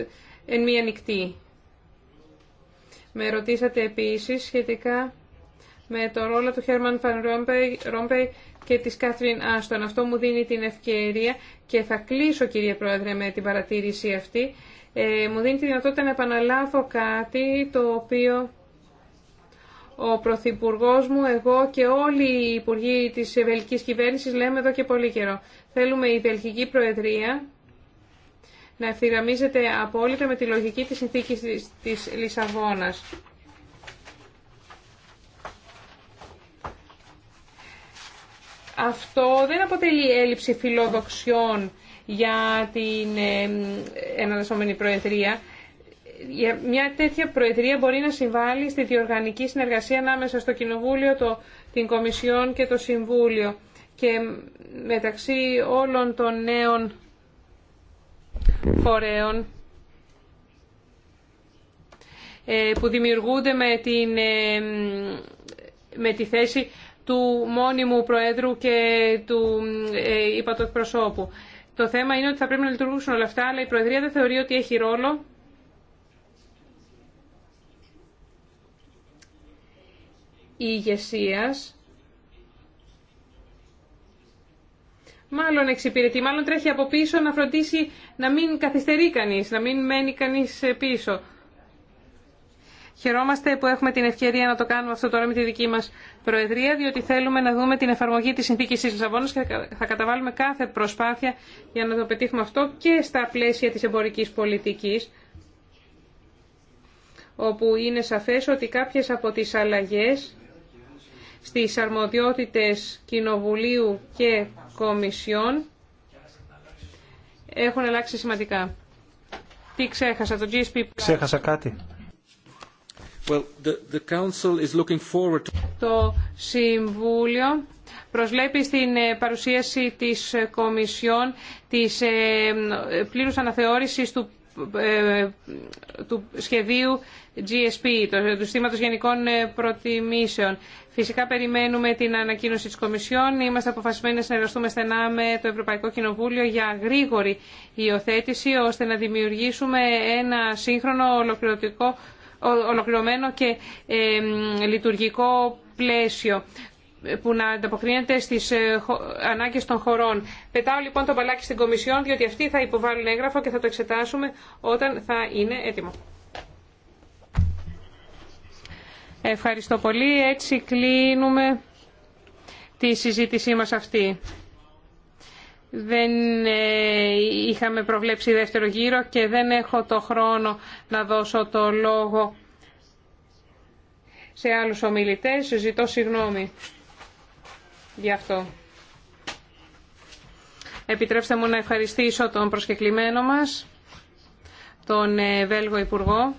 εν μία νυχτή. Με ρωτήσατε επίσης σχετικά με το ρόλο του Χέρμαν Φαν Ρόμπεϊ και της Κάθριν Άστον. Αυτό μου δίνει την ευκαιρία και θα κλείσω κύριε Πρόεδρε με την παρατήρηση αυτή. Ε, μου δίνει τη δυνατότητα να επαναλάβω κάτι το οποίο ο Πρωθυπουργό μου, εγώ και όλοι οι Υπουργοί της Βελική κυβέρνηση λέμε εδώ και πολύ καιρό. Θέλουμε η Βελική Προεδρία να ευθυγραμμίζεται απόλυτα με τη λογική της συνθήκη της Λισαβόνα. Αυτό δεν αποτελεί έλλειψη φιλοδοξιών για την ε, ε Προεδρία μια τέτοια προεδρία μπορεί να συμβάλλει στη διοργανική συνεργασία ανάμεσα στο Κοινοβούλιο, το, την Κομισιόν και το Συμβούλιο και μεταξύ όλων των νέων φορέων ε, που δημιουργούνται με, την, ε, με τη θέση του μόνιμου Προέδρου και του ε, υπατοπροσώπου. Το θέμα είναι ότι θα πρέπει να λειτουργήσουν όλα αυτά, αλλά η Προεδρία δεν θεωρεί ότι έχει ρόλο ηγεσία. Μάλλον εξυπηρετεί, μάλλον τρέχει από πίσω να φροντίσει να μην καθυστερεί κανείς, να μην μένει κανείς πίσω. Χαιρόμαστε που έχουμε την ευκαιρία να το κάνουμε αυτό τώρα με τη δική μας Προεδρία, διότι θέλουμε να δούμε την εφαρμογή της συνθήκης τη Λισαβόνας και θα καταβάλουμε κάθε προσπάθεια για να το πετύχουμε αυτό και στα πλαίσια της εμπορικής πολιτικής, όπου είναι σαφές ότι κάποιες από τις αλλαγές στις αρμοδιότητες Κοινοβουλίου και Κομισιών έχουν αλλάξει σημαντικά. Τι ξέχασα, το GSP... Ξέχασα κάτι. the, Το Συμβούλιο προσλέπει στην ε, παρουσίαση της ε, Κομισιόν της ε, πλήρους αναθεώρησης του ε, του σχεδίου GSP, του Συστήματος Γενικών ε, Προτιμήσεων. Φυσικά περιμένουμε την ανακοίνωση της Κομισιόν. Είμαστε αποφασισμένοι να συνεργαστούμε στενά με το Ευρωπαϊκό Κοινοβούλιο για γρήγορη υιοθέτηση, ώστε να δημιουργήσουμε ένα σύγχρονο ολοκληρωτικό ολοκληρωμένο και ε, λειτουργικό πλαίσιο που να ανταποκρίνεται στις ε, ανάγκες των χωρών. Πετάω λοιπόν το μπαλάκι στην Κομισιόν, διότι αυτοί θα υποβάλουν έγγραφο και θα το εξετάσουμε όταν θα είναι έτοιμο. Ευχαριστώ πολύ. Έτσι κλείνουμε τη συζήτησή μας αυτή. Δεν ε, είχαμε προβλέψει δεύτερο γύρο και δεν έχω το χρόνο να δώσω το λόγο σε άλλους ομιλητές. Ζητώ συγγνώμη γι' αυτό. Επιτρέψτε μου να ευχαριστήσω τον προσκεκλημένο μας, τον ε, Βέλγο Υπουργό,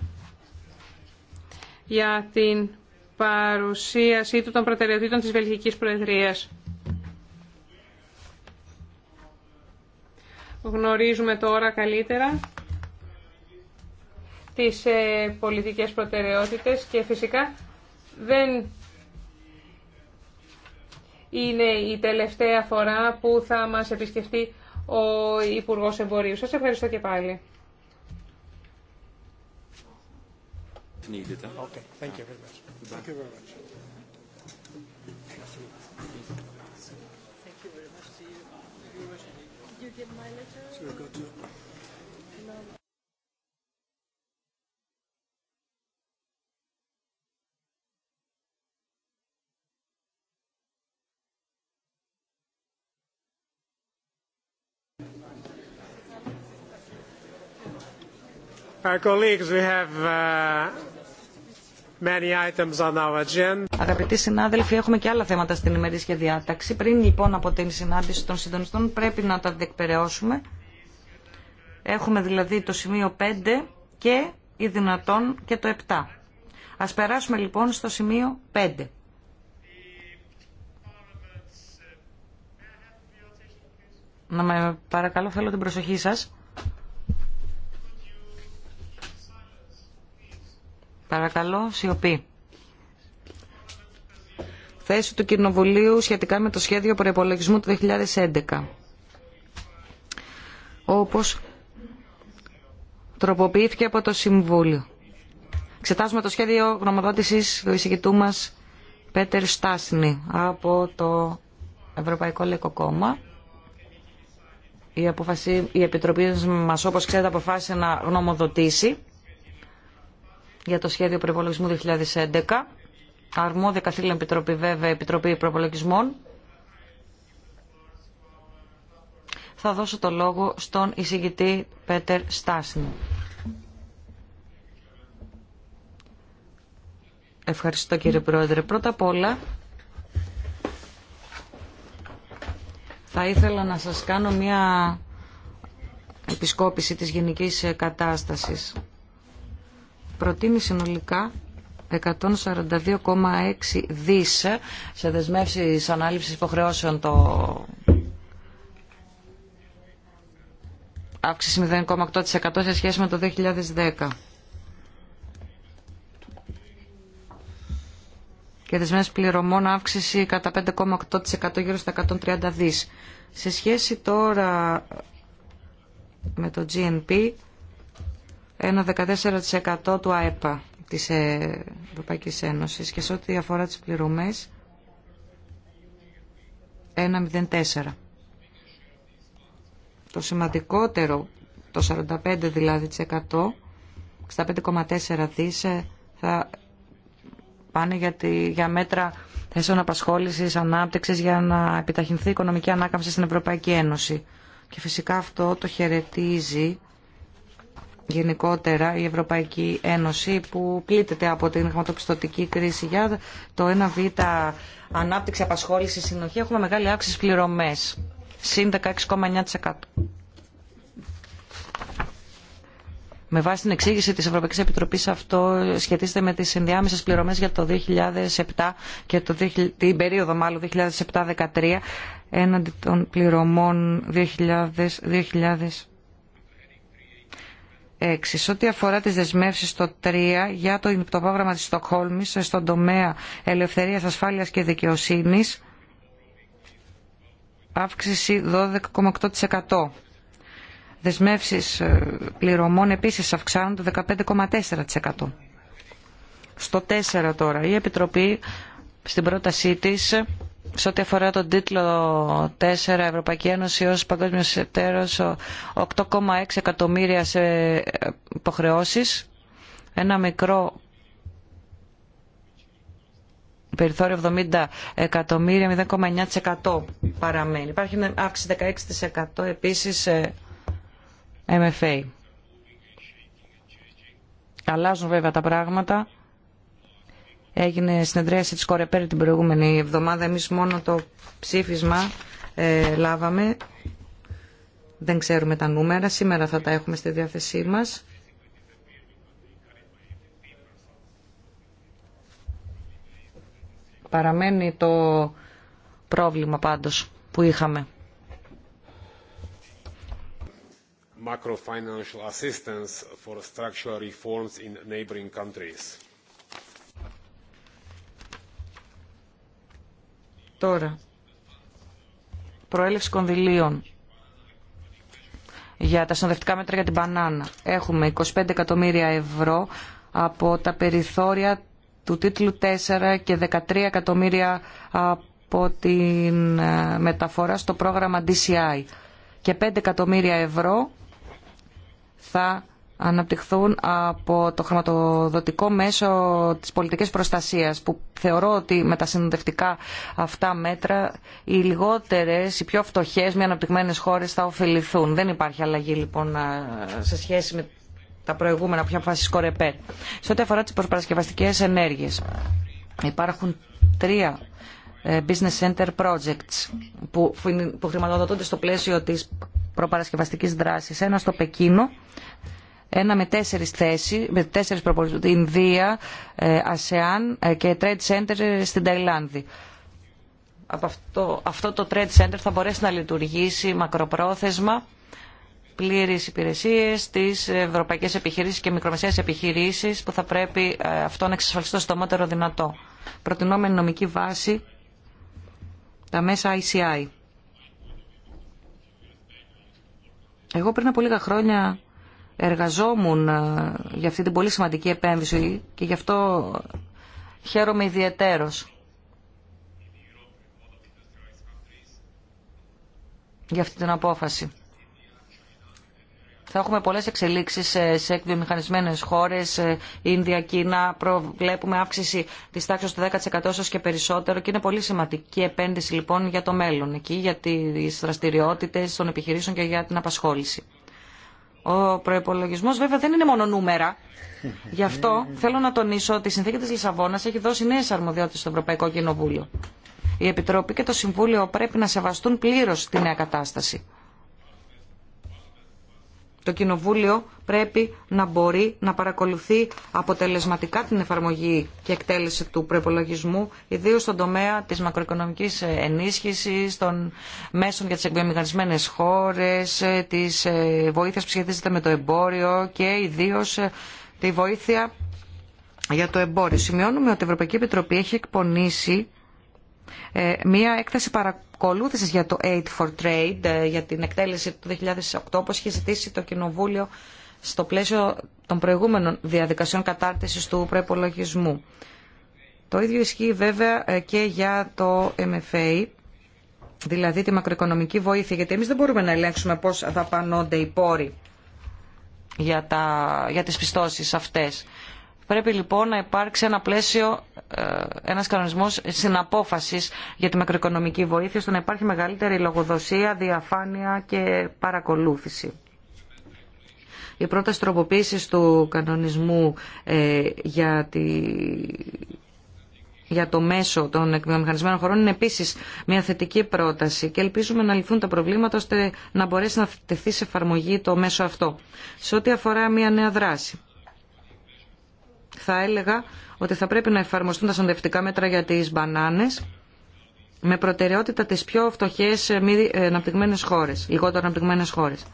για την παρουσίασή του των προτεραιοτήτων της Βελγικής Προεδρίας. Γνωρίζουμε τώρα καλύτερα τις ε, πολιτικές προτεραιότητες και φυσικά δεν είναι η τελευταία φορά που θα μας επισκεφτεί ο Υπουργός Εμπορίου. Σας ευχαριστώ και πάλι. Okay, thank you very much. Thank you very much. Thank you very much to you. You get my letter? Uh, uh, Αγαπητοί συνάδελφοι, έχουμε και άλλα θέματα στην ημερήσια διάταξη. Πριν λοιπόν από την συνάντηση των συντονιστών πρέπει να τα διεκπαιρεώσουμε. Έχουμε δηλαδή το σημείο 5 και οι δυνατόν και το 7. Ας περάσουμε λοιπόν στο σημείο 5. να με παρακαλώ θέλω την προσοχή σας. Παρακαλώ, σιωπή. Θέση του Κοινοβουλίου σχετικά με το σχέδιο προϋπολογισμού του 2011. Όπως τροποποιήθηκε από το Συμβούλιο. Ξετάζουμε το σχέδιο γνωμοδότησης του εισηγητού μας Πέτερ Στάσνη από το Ευρωπαϊκό Λεκοκόμμα. Κόμμα η, αποφασί η Επιτροπή μας, όπως ξέρετε, αποφάσισε να γνωμοδοτήσει για το σχέδιο προπολογισμού 2011. Αρμόδια καθήλων επιτροπή, βέβαια, Επιτροπή Προπολογισμών. Θα δώσω το λόγο στον εισηγητή Πέτερ Στάσιν. Ευχαριστώ κύριε Πρόεδρε. Πρώτα απ' όλα Θα ήθελα να σας κάνω μια επισκόπηση της γενικής κατάστασης. Προτείνει συνολικά 142,6 δις σε δεσμεύσεις ανάληψης υποχρεώσεων το αύξηση 0,8% σε σχέση με το 2010. και δεσμένε πληρωμών αύξηση κατά 5,8% γύρω στα 130 δις. Σε σχέση τώρα με το GNP, ένα 14% του ΑΕΠΑ της ε, Ευρωπαϊκής Ένωσης και σε ό,τι αφορά τις πληρωμές, 1,04%. Το σημαντικότερο, το 45% δηλαδή, 65,4 δις ε, θα πάνε για, για μέτρα θέσεων απασχόλησης, ανάπτυξης για να επιταχυνθεί η οικονομική ανάκαμψη στην Ευρωπαϊκή Ένωση. Και φυσικά αυτό το χαιρετίζει γενικότερα η Ευρωπαϊκή Ένωση που πλήττεται από την χρηματοπιστωτική κρίση για το 1β ανάπτυξη απασχόληση συνοχή έχουμε μεγάλη αύξηση πληρωμές συν 16,9%. με βάση την εξήγηση της Ευρωπαϊκής Επιτροπής αυτό σχετίζεται με τις ενδιάμεσες πληρωμές για το 2007 και το, την περίοδο μάλλον 2007-2013 έναντι των πληρωμών 2000, 2000. Σε ό,τι αφορά τις δεσμεύσεις στο 3 για το πρόγραμμα της Στοκχόλμης στον τομέα ελευθερίας, ασφάλειας και δικαιοσύνης, αύξηση 12,8% δεσμεύσεις ε, πληρωμών επίσης αυξάνουν το 15,4%. Στο 4 τώρα, η Επιτροπή στην πρότασή της σε ό,τι αφορά τον τίτλο 4 Ευρωπαϊκή Ένωση ως παγκόσμιος εταίρος 8,6 εκατομμύρια σε ε, υποχρεώσεις ένα μικρό περιθώριο 70 εκατομμύρια 0,9% παραμένει. Υπάρχει αύξηση 16% επίσης ε, MFA. Αλλάζουν βέβαια τα πράγματα. Έγινε συνεδρίαση της Κορεπέρη την προηγούμενη εβδομάδα. Εμείς μόνο το ψήφισμα ε, λάβαμε. Δεν ξέρουμε τα νούμερα. Σήμερα θα τα έχουμε στη διάθεσή μας. Παραμένει το πρόβλημα πάντως που είχαμε. macro financial assistance for structural reforms in countries. Τώρα, προέλευση κονδυλίων για τα συνοδευτικά μέτρα για την μπανάνα. Έχουμε 25 εκατομμύρια ευρώ από τα περιθώρια του τίτλου 4 και 13 εκατομμύρια από την ε, μεταφορά στο πρόγραμμα DCI και 5 εκατομμύρια ευρώ θα αναπτυχθούν από το χρηματοδοτικό μέσο της πολιτικής προστασίας που θεωρώ ότι με τα συνοδευτικά αυτά μέτρα οι λιγότερες, οι πιο φτωχές, μη αναπτυγμένες χώρες θα ωφεληθούν. Δεν υπάρχει αλλαγή λοιπόν σε σχέση με τα προηγούμενα που είχε φάσει σκορεπέ. Σε ό,τι αφορά τις προσπαρασκευαστικές ενέργειες υπάρχουν τρία ε, business Center Projects που, χρηματοδοτούνται στο πλαίσιο της προπαρασκευαστικής δράσης. Ένα στο Πεκίνο, ένα με τέσσερις θέσεις, με τέσσερις προπολίσεις, Ινδία, ΑΣΕΑΝ ε, και Trade Center ε, στην Ταϊλάνδη. αυτό, αυτό το Trade Center θα μπορέσει να λειτουργήσει μακροπρόθεσμα πλήρες υπηρεσίες, της ευρωπαϊκές επιχειρήσεις και μικρομεσαίες επιχειρήσεις που θα πρέπει αυτό να εξασφαλιστεί στο μότερο δυνατό. Προτινόμενη νομική βάση τα μέσα ICI. Εγώ πριν από λίγα χρόνια εργαζόμουν ε, για αυτή την πολύ σημαντική επένδυση και γι' αυτό χαίρομαι ιδιαιτέρως. για αυτή την απόφαση θα έχουμε πολλές εξελίξεις σε εκβιομηχανισμένες χώρες, Ινδία, Κίνα, προβλέπουμε αύξηση της τάξης του 10% και περισσότερο και είναι πολύ σημαντική επένδυση λοιπόν για το μέλλον εκεί, για τις δραστηριότητες των επιχειρήσεων και για την απασχόληση. Ο προπολογισμό βέβαια δεν είναι μόνο νούμερα. Γι' αυτό θέλω να τονίσω ότι η συνθήκη τη Λισαβόνα έχει δώσει νέε αρμοδιότητε στο Ευρωπαϊκό Κοινοβούλιο. Η Επιτροπή και το Συμβούλιο πρέπει να σεβαστούν πλήρω τη νέα κατάσταση. Το Κοινοβούλιο πρέπει να μπορεί να παρακολουθεί αποτελεσματικά την εφαρμογή και εκτέλεση του προπολογισμού, ιδίω στον τομέα της μακροοικονομική ενίσχυση, των μέσων για τι εκβιομηχανισμένε χώρες, της ε, βοήθεια που σχετίζεται με το εμπόριο και ιδίω ε, τη βοήθεια για το εμπόριο. Σημειώνουμε ότι η Ευρωπαϊκή Επιτροπή έχει εκπονήσει ε, μία έκθεση παρακολούθησης για το Aid for Trade ε, για την εκτέλεση του 2008 όπως είχε ζητήσει το Κοινοβούλιο στο πλαίσιο των προηγούμενων διαδικασιών κατάρτισης του προπολογισμού. Το ίδιο ισχύει βέβαια ε, και για το MFA, δηλαδή τη μακροοικονομική βοήθεια, γιατί εμείς δεν μπορούμε να ελέγξουμε πώς δαπανώνται οι πόροι για, τα, για τις πιστώσεις αυτές. Πρέπει λοιπόν να υπάρξει ένα πλαίσιο, ε, ένας κανονισμός συναπόφασης για τη μακροοικονομική βοήθεια, ώστε να υπάρχει μεγαλύτερη λογοδοσία, διαφάνεια και παρακολούθηση. Η πρόταση τροποποίηση του κανονισμού ε, για τη για το μέσο των εκμηχανισμένων χωρών είναι επίσης μια θετική πρόταση και ελπίζουμε να λυθούν τα προβλήματα ώστε να μπορέσει να τεθεί σε εφαρμογή το μέσο αυτό. Σε ό,τι αφορά μια νέα δράση θα έλεγα ότι θα πρέπει να εφαρμοστούν τα σαντευτικά μέτρα για τις μπανάνες με προτεραιότητα τις πιο φτωχές, ε, αναπτυγμένες χώρες, λιγότερο αναπτυγμένες χώρες.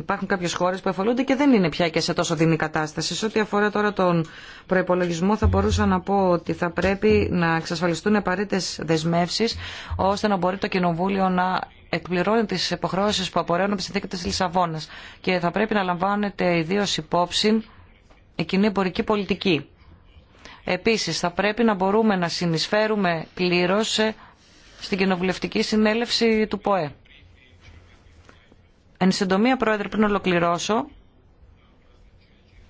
Υπάρχουν κάποιε χώρε που εφαλούνται και δεν είναι πια και σε τόσο δίνη κατάσταση. Σε ό,τι αφορά τώρα τον προπολογισμό, θα μπορούσα να πω ότι θα πρέπει να εξασφαλιστούν απαραίτητε δεσμεύσει, ώστε να μπορεί το Κοινοβούλιο να εκπληρώνει τι υποχρεώσει που απορρέουν από τη συνθήκη τη Λισαβόνα. Και θα πρέπει να λαμβάνεται ιδίω υπόψη η κοινή εμπορική πολιτική. Επίση, θα πρέπει να μπορούμε να συνεισφέρουμε πλήρω στην κοινοβουλευτική συνέλευση του ΠΟΕ. Εν συντομία, Πρόεδρε, πριν ολοκληρώσω,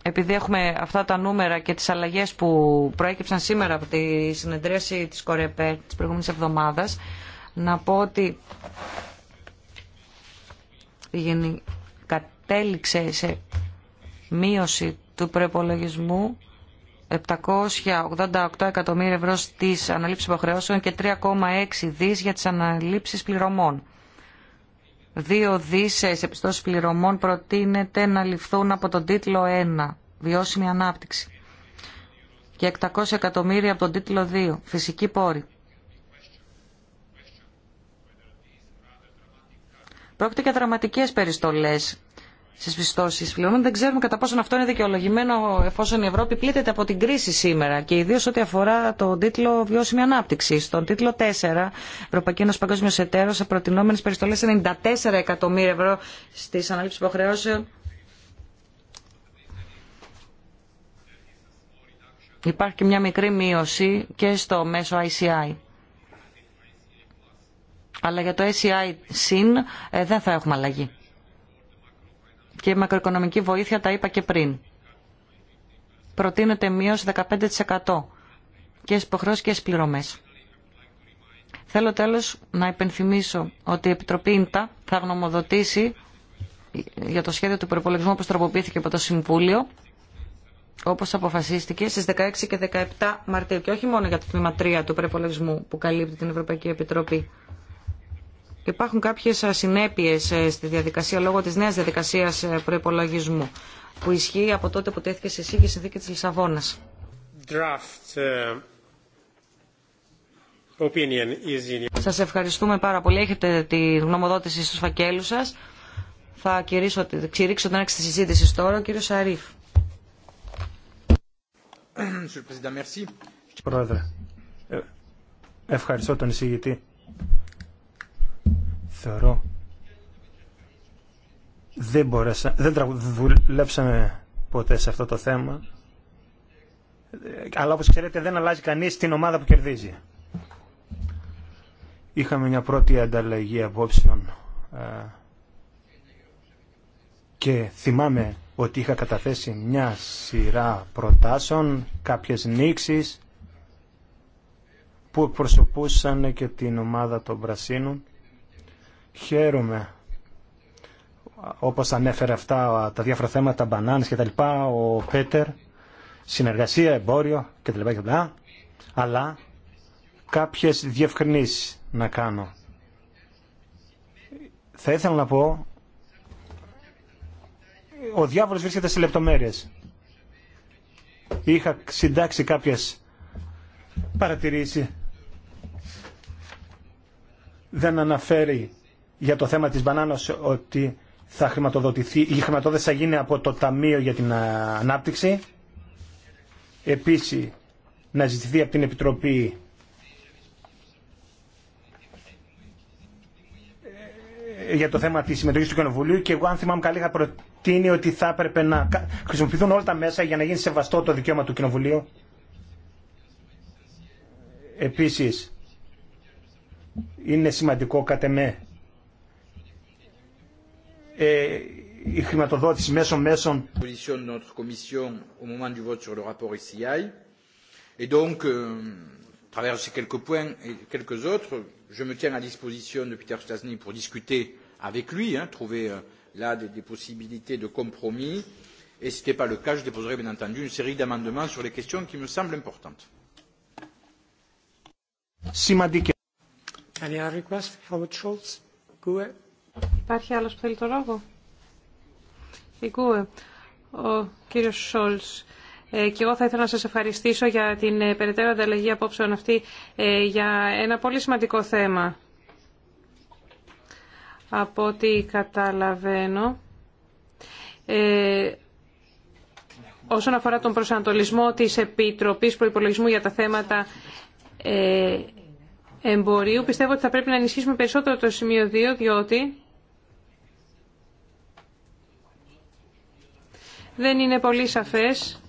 επειδή έχουμε αυτά τα νούμερα και τις αλλαγές που προέκυψαν σήμερα από τη συνεδρίαση της ΚΟΡΕΠΕ της προηγούμενης εβδομάδας, να πω ότι κατέληξε σε μείωση του προπολογισμού 788 εκατομμύρια ευρώ στις αναλήψεις υποχρεώσεων και 3,6 δις για τις αναλήψεις πληρωμών. Δύο δίσες επιστώσεις πληρωμών προτείνεται να ληφθούν από τον τίτλο 1, βιώσιμη ανάπτυξη, και 600 εκατομμύρια από τον τίτλο 2, φυσική πόρη. Πρόκειται για δραματικές περιστολές στι πιστώσει Δεν ξέρουμε κατά πόσο αυτό είναι δικαιολογημένο εφόσον η Ευρώπη πλήττεται από την κρίση σήμερα και ιδίω ό,τι αφορά το τίτλο Βιώσιμη Ανάπτυξη. Στον τίτλο 4, Ευρωπαϊκή Ένωση Παγκόσμιο Εταίρο, σε προτινόμενε περιστολέ 94 εκατομμύρια ευρώ στι αναλήψει υποχρεώσεων. Υπάρχει και μια μικρή μείωση και στο μέσο ICI. Αλλά για το SCI συν ε, δεν θα έχουμε αλλαγή και η μακροοικονομική βοήθεια, τα είπα και πριν. Προτείνεται μείωση 15% και στις υποχρεώσεις και στις πληρωμές. Θέλω τέλος να υπενθυμίσω ότι η Επιτροπή ΙΝΤΑ θα γνωμοδοτήσει για το σχέδιο του προπολογισμού όπως τροποποιήθηκε από το Συμβούλιο, όπως αποφασίστηκε στις 16 και 17 Μαρτίου και όχι μόνο για το τμήμα 3 του προπολογισμού που καλύπτει την Ευρωπαϊκή Επιτροπή υπάρχουν κάποιες ασυνέπειες ε, στη διαδικασία λόγω της νέας διαδικασία ε, προπολογισμού, που ισχύει από τότε που τέθηκε σε ισχύ η συνθήκη τη Λισαβόνας. Draft, ε, Σας ευχαριστούμε πάρα πολύ. Έχετε τη γνωμοδότηση στους φακέλους σας. Θα κηρύξω, ξηρίξω την άξιση της συζήτησης τώρα. Ο κύριος Πρόεδρε, ευχαριστώ τον εισηγητή θεωρώ δεν, μπορέσα, δεν δουλέψαμε ποτέ σε αυτό το θέμα. Αλλά όπως ξέρετε δεν αλλάζει κανείς την ομάδα που κερδίζει. Είχαμε μια πρώτη ανταλλαγή απόψεων ε, και θυμάμαι ότι είχα καταθέσει μια σειρά προτάσεων, κάποιες νήξεις που εκπροσωπούσαν και την ομάδα των Πρασίνων Χαίρομαι όπως ανέφερε αυτά τα διάφορα θέματα, μπανάνες και τα λοιπά, ο Πέτερ, συνεργασία, εμπόριο και τα αλλά κάποιες διευκρινήσεις να κάνω. Θα ήθελα να πω, ο διάβολος βρίσκεται σε λεπτομέρειες. Είχα συντάξει κάποιες παρατηρήσεις. Δεν αναφέρει για το θέμα της μπανάνας ότι θα χρηματοδοτηθεί, η χρηματοδότηση θα γίνει από το Ταμείο για την ε, Ανάπτυξη. Επίσης, να ζητηθεί από την Επιτροπή ε, για το θέμα της συμμετοχής του Κοινοβουλίου και εγώ αν θυμάμαι καλή είχα προτείνει ότι θα έπρεπε να χρησιμοποιηθούν όλα τα μέσα για να γίνει σεβαστό το δικαίωμα του Κοινοβουλίου. Επίσης, είναι σημαντικό κατά με η χρηματοδότηση μέσων ICI. Et donc, à travers ces quelques points et quelques autres, je me tiens à disposition de Peter Stasny pour discuter avec lui, trouver là des possibilités de compromis. Et ce n'est pas le cas, je déposerai bien entendu une série d'amendements sur les questions qui me semblent importantes. Any other requests, GUE? Υπάρχει άλλος που θέλει το λόγο. ο κύριος Σόλς. Ε, και εγώ θα ήθελα να σας ευχαριστήσω για την ε, περαιτέρω ανταλλαγή απόψεων αυτή ε, για ένα πολύ σημαντικό θέμα. Από ό,τι καταλαβαίνω, όσον αφορά τον προσανατολισμό της Επιτροπής Προϋπολογισμού για τα θέματα εμπορίου, πιστεύω ότι θα πρέπει να ενισχύσουμε περισσότερο το σημείο 2, διότι δεν είναι πολύ σαφές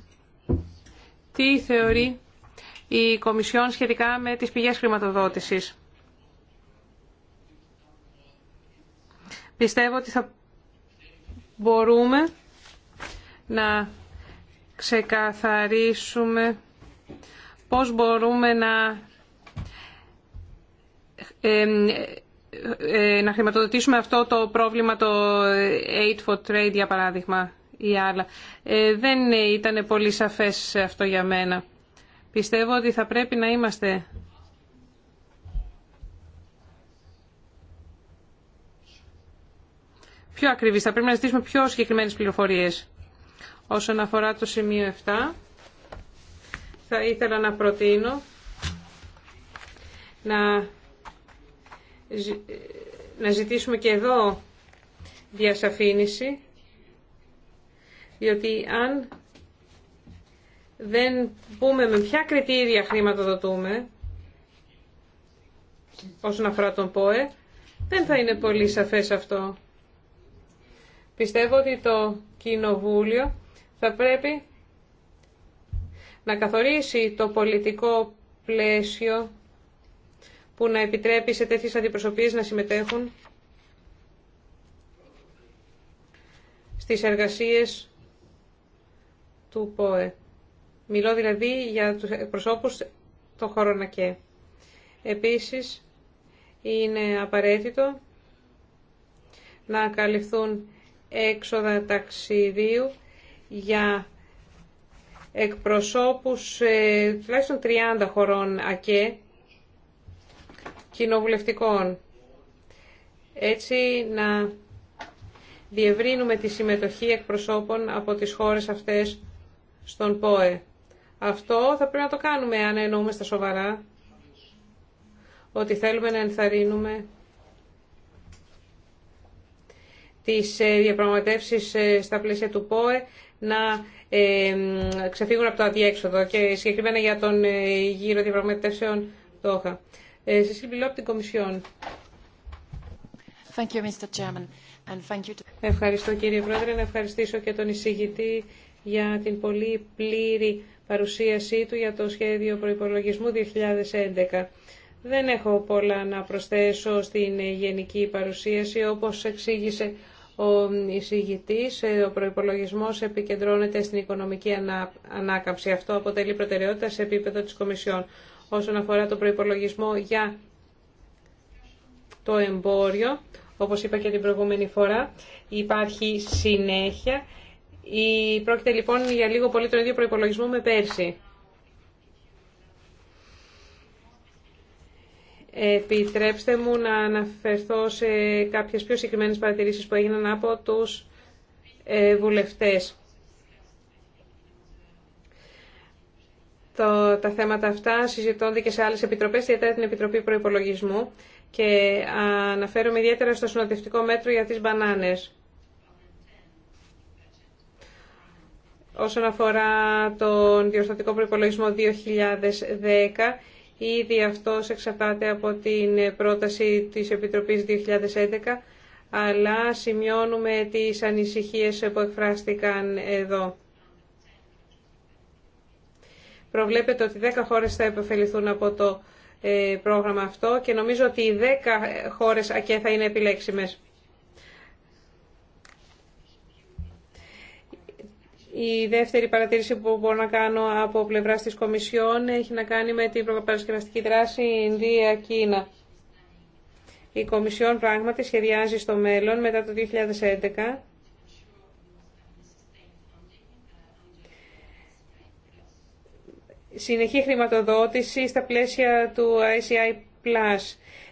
τι θεωρεί η Κομισιόν σχετικά με τις πηγές χρηματοδότησης. Πιστεύω ότι θα μπορούμε να ξεκαθαρίσουμε πώς μπορούμε να ε, ε, να χρηματοδοτήσουμε αυτό το πρόβλημα, το Aid for Trade για παράδειγμα ή άλλα. Ε, δεν ήταν πολύ σαφές αυτό για μένα. Πιστεύω ότι θα πρέπει να είμαστε πιο ακριβείς. Θα πρέπει να ζητήσουμε πιο συγκεκριμένες πληροφορίες. Όσον αφορά το σημείο 7, θα ήθελα να προτείνω να να ζητήσουμε και εδώ διασαφήνιση, διότι αν δεν πούμε με ποια κριτήρια χρηματοδοτούμε όσον αφορά τον ΠΟΕ, δεν θα είναι πολύ σαφές αυτό. Πιστεύω ότι το Κοινοβούλιο θα πρέπει να καθορίσει το πολιτικό πλαίσιο που να επιτρέπει σε τέτοιες αντιπροσωπείες να συμμετέχουν στις εργασίες του ΠΟΕ. Μιλώ δηλαδή για τους προσώπους των χωρών ΑΚΕ. Επίσης, είναι απαραίτητο να καλυφθούν έξοδα ταξιδίου για εκπροσώπους ε, τουλάχιστον 30 χωρών ΑΚΕ κοινοβουλευτικών. Έτσι να διευρύνουμε τη συμμετοχή εκπροσώπων από τις χώρες αυτές στον ΠΟΕ. Αυτό θα πρέπει να το κάνουμε αν εννοούμε στα σοβαρά ότι θέλουμε να ενθαρρύνουμε τις ε, διαπραγματεύσεις ε, στα πλαίσια του ΠΟΕ να ε, ξεφύγουν από το αδιέξοδο και συγκεκριμένα για τον γύρο διαπραγματεύσεων Δόχα. Ε, από την Κομισιόν. Ευχαριστώ κύριε Πρόεδρε, να ευχαριστήσω και τον εισηγητή για την πολύ πλήρη παρουσίασή του για το σχέδιο προϋπολογισμού 2011. Δεν έχω πολλά να προσθέσω στην γενική παρουσίαση. Όπως εξήγησε ο εισηγητής, ε, ο προϋπολογισμός επικεντρώνεται στην οικονομική ανάκαμψη. Αυτό αποτελεί προτεραιότητα σε επίπεδο της Κομισιόν όσον αφορά τον προϋπολογισμό για το εμπόριο. Όπως είπα και την προηγούμενη φορά, υπάρχει συνέχεια. Η... Πρόκειται λοιπόν για λίγο πολύ τον ίδιο προϋπολογισμό με πέρσι. Επιτρέψτε μου να αναφερθώ σε κάποιες πιο συγκεκριμένες παρατηρήσεις που έγιναν από τους ε, βουλευτές. τα θέματα αυτά συζητώνται και σε άλλες επιτροπές, ιδιαίτερα την Επιτροπή Προϋπολογισμού και αναφέρομαι ιδιαίτερα στο συνοδευτικό μέτρο για τις μπανάνες. Όσον αφορά τον διορθωτικό προϋπολογισμό 2010, ήδη αυτός εξαρτάται από την πρόταση της Επιτροπής 2011, αλλά σημειώνουμε τις ανησυχίες που εκφράστηκαν εδώ προβλέπεται ότι 10 χώρες θα επωφεληθούν από το ε, πρόγραμμα αυτό και νομίζω ότι οι 10 χώρες ΑΚΕ θα είναι επιλέξιμες. Η δεύτερη παρατήρηση που μπορώ να κάνω από πλευρά της Κομισιόν έχει να κάνει με την προπαρασκευαστική δράση Ινδία-Κίνα. Η Κομισιόν πράγματι σχεδιάζει στο μέλλον μετά το 2011 συνεχή χρηματοδότηση στα πλαίσια του ICI+.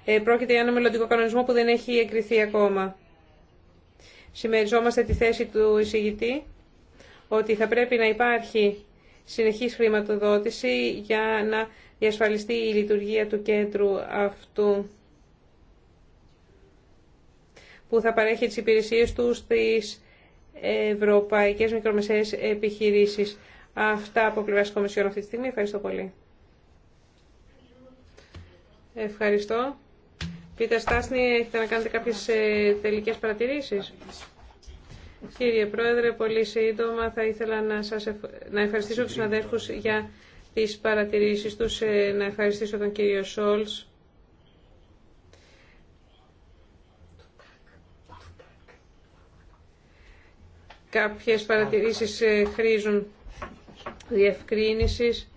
Ε, πρόκειται για ένα μελλοντικό κανονισμό που δεν έχει εκριθεί ακόμα. Συμμεριζόμαστε τη θέση του εισηγητή ότι θα πρέπει να υπάρχει συνεχής χρηματοδότηση για να διασφαλιστεί η λειτουργία του κέντρου αυτού που θα παρέχει τις υπηρεσίες του στις ευρωπαϊκές μικρομεσαίες επιχειρήσεις. Αυτά από πλευρά Κομισιόν αυτή τη στιγμή. Ευχαριστώ πολύ. Ευχαριστώ. Πίτερ Στάσνη, έχετε να κάνετε κάποιες ε, τελικές παρατηρήσεις. Κύριε Πρόεδρε, πολύ σύντομα θα ήθελα να, σας να ευχαριστήσω του συναδέλφου για τις παρατηρήσεις τους, ε, να ευχαριστήσω τον κύριο Σόλ. Κάποιες παρατηρήσεις ε, χρήζουν διευκρίνησης.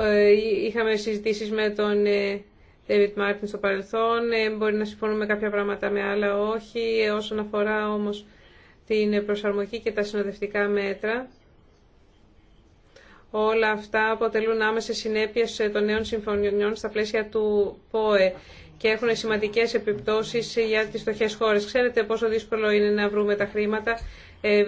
Ε, είχαμε συζητήσεις με τον ε, David Μάρτιν στο παρελθόν. Ε, μπορεί να συμφωνούμε κάποια πράγματα με άλλα όχι. Όσον αφορά όμως την προσαρμογή και τα συνοδευτικά μέτρα, όλα αυτά αποτελούν άμεσε συνέπειες των νέων συμφωνιών στα πλαίσια του ΠΟΕ και έχουν σημαντικές επιπτώσεις για τις στοχές χώρες. Ξέρετε πόσο δύσκολο είναι να βρούμε τα χρήματα ε,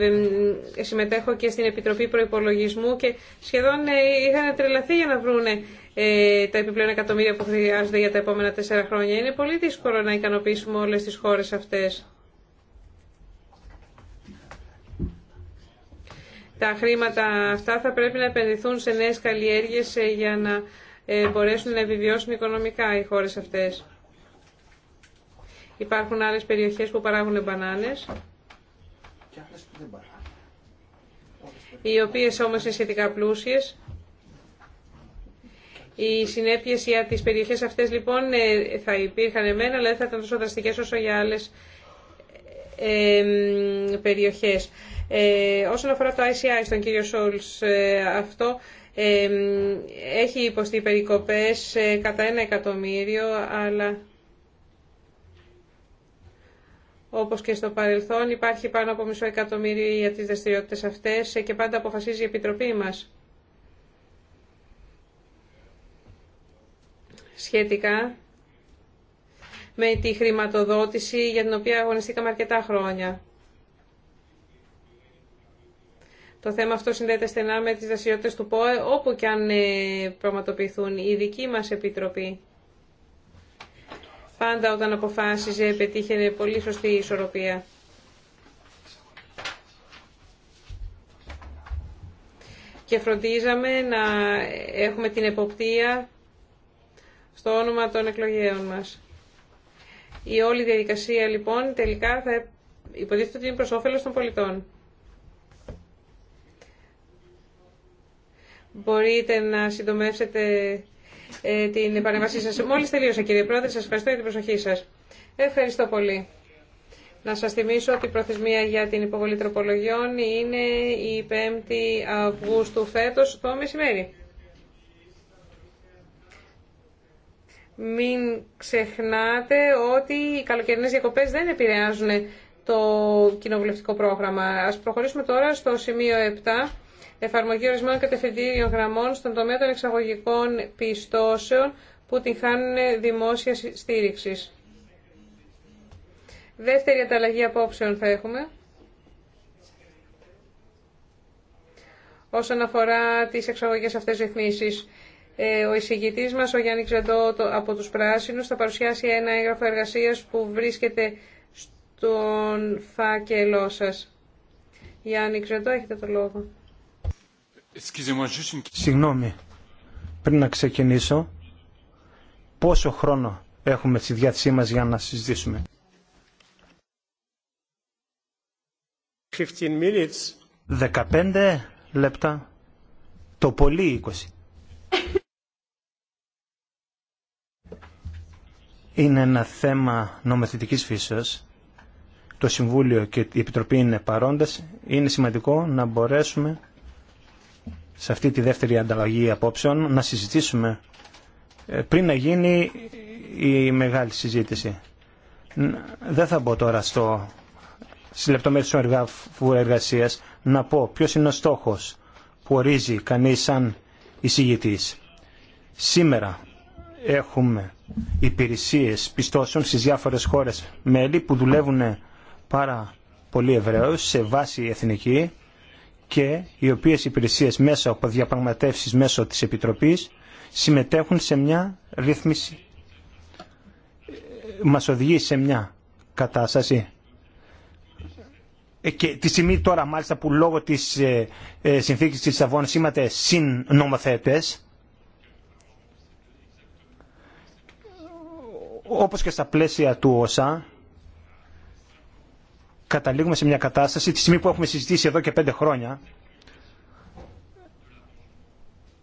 συμμετέχω και στην Επιτροπή Προϋπολογισμού και σχεδόν ε, είχαν τρελαθεί για να βρούνε ε, τα επιπλέον εκατομμύρια που χρειάζονται για τα επόμενα τέσσερα χρόνια. Είναι πολύ δύσκολο να ικανοποιήσουμε όλες τις χώρες αυτές. Τα χρήματα αυτά θα πρέπει να επενδυθούν σε νέες καλλιέργειες για να μπορέσουν να επιβιώσουν οικονομικά οι χώρες αυτές. Υπάρχουν άλλες περιοχές που παράγουν μπανάνες οι οποίες όμως είναι σχετικά πλούσιες. Οι συνέπειες για τις περιοχές αυτές λοιπόν ε, θα υπήρχαν εμένα, αλλά δεν θα ήταν τόσο δραστικές όσο για άλλες ε, περιοχές. Ε, όσον αφορά το ICI στον κύριο Σόλς, ε, αυτό ε, έχει υποστεί περικοπές ε, κατά ένα εκατομμύριο, αλλά Όπως και στο παρελθόν υπάρχει πάνω από μισό εκατομμύριο για τις δραστηριότητες αυτές και πάντα αποφασίζει η Επιτροπή μας. Σχετικά με τη χρηματοδότηση για την οποία αγωνιστήκαμε αρκετά χρόνια. Το θέμα αυτό συνδέεται στενά με τις δραστηριότητες του ΠΟΕ, όπου και αν ε, πραγματοποιηθούν η δική μας Επιτροπή πάντα όταν αποφάσιζε πετύχαινε πολύ σωστή ισορροπία. Και φροντίζαμε να έχουμε την εποπτεία στο όνομα των εκλογέων μας. Η όλη διαδικασία λοιπόν τελικά θα υποτίθεται ότι είναι προς όφελος των πολιτών. Μπορείτε να συντομεύσετε ε, την επανεμβασή σας. Μόλις τελείωσα κύριε Πρόεδρε, σας ευχαριστώ για την προσοχή σας. Ευχαριστώ πολύ. Να σας θυμίσω ότι η προθεσμία για την υποβολή τροπολογιών είναι η 5η Αυγούστου φέτος το μεσημέρι. Μην ξεχνάτε ότι οι καλοκαιρινές διακοπές δεν επηρεάζουν το κοινοβουλευτικό πρόγραμμα. Ας προχωρήσουμε τώρα στο σημείο 7 εφαρμογή ορισμένων κατευθυντήριων γραμμών στον τομέα των εξαγωγικών πιστώσεων που την χάνουν δημόσια στήριξη. Δεύτερη ανταλλαγή απόψεων θα έχουμε. Όσον αφορά τις εξαγωγές αυτές ρυθμίσεις, ε, ο εισηγητής μας, ο Γιάννη Ξεντό από τους Πράσινους, θα παρουσιάσει ένα έγγραφο εργασίας που βρίσκεται στον φάκελό σας. Γιάννη Ξεντό, έχετε το λόγο. Συγγνώμη, πριν να ξεκινήσω, πόσο χρόνο έχουμε στη διάθεσή μας για να συζητήσουμε. 15, λεπτά, το πολύ 20. Είναι ένα θέμα νομοθετικής φύσεως. Το Συμβούλιο και η Επιτροπή είναι παρόντες. Είναι σημαντικό να μπορέσουμε σε αυτή τη δεύτερη ανταλλαγή απόψεων να συζητήσουμε ε, πριν να γίνει η μεγάλη συζήτηση. Δεν θα μπω τώρα στο, στις λεπτομέρειες του εργασίας να πω ποιος είναι ο στόχος που ορίζει κανείς σαν εισηγητής. Σήμερα έχουμε υπηρεσίες πιστώσεων στις διάφορες χώρες μέλη που δουλεύουν πάρα πολύ ευρέως σε βάση εθνική και οι οποίες υπηρεσίες μέσα από διαπραγματεύσεις μέσω της Επιτροπής συμμετέχουν σε μια ρύθμιση. Ε, μας οδηγεί σε μια κατάσταση. Ε, και τη στιγμή τώρα μάλιστα που λόγω της ε, ε, συνθήκης της συν είμαστε συνομοθέτες, όπως και στα πλαίσια του ΩΣΑ, καταλήγουμε σε μια κατάσταση, τη στιγμή που έχουμε συζητήσει εδώ και πέντε χρόνια,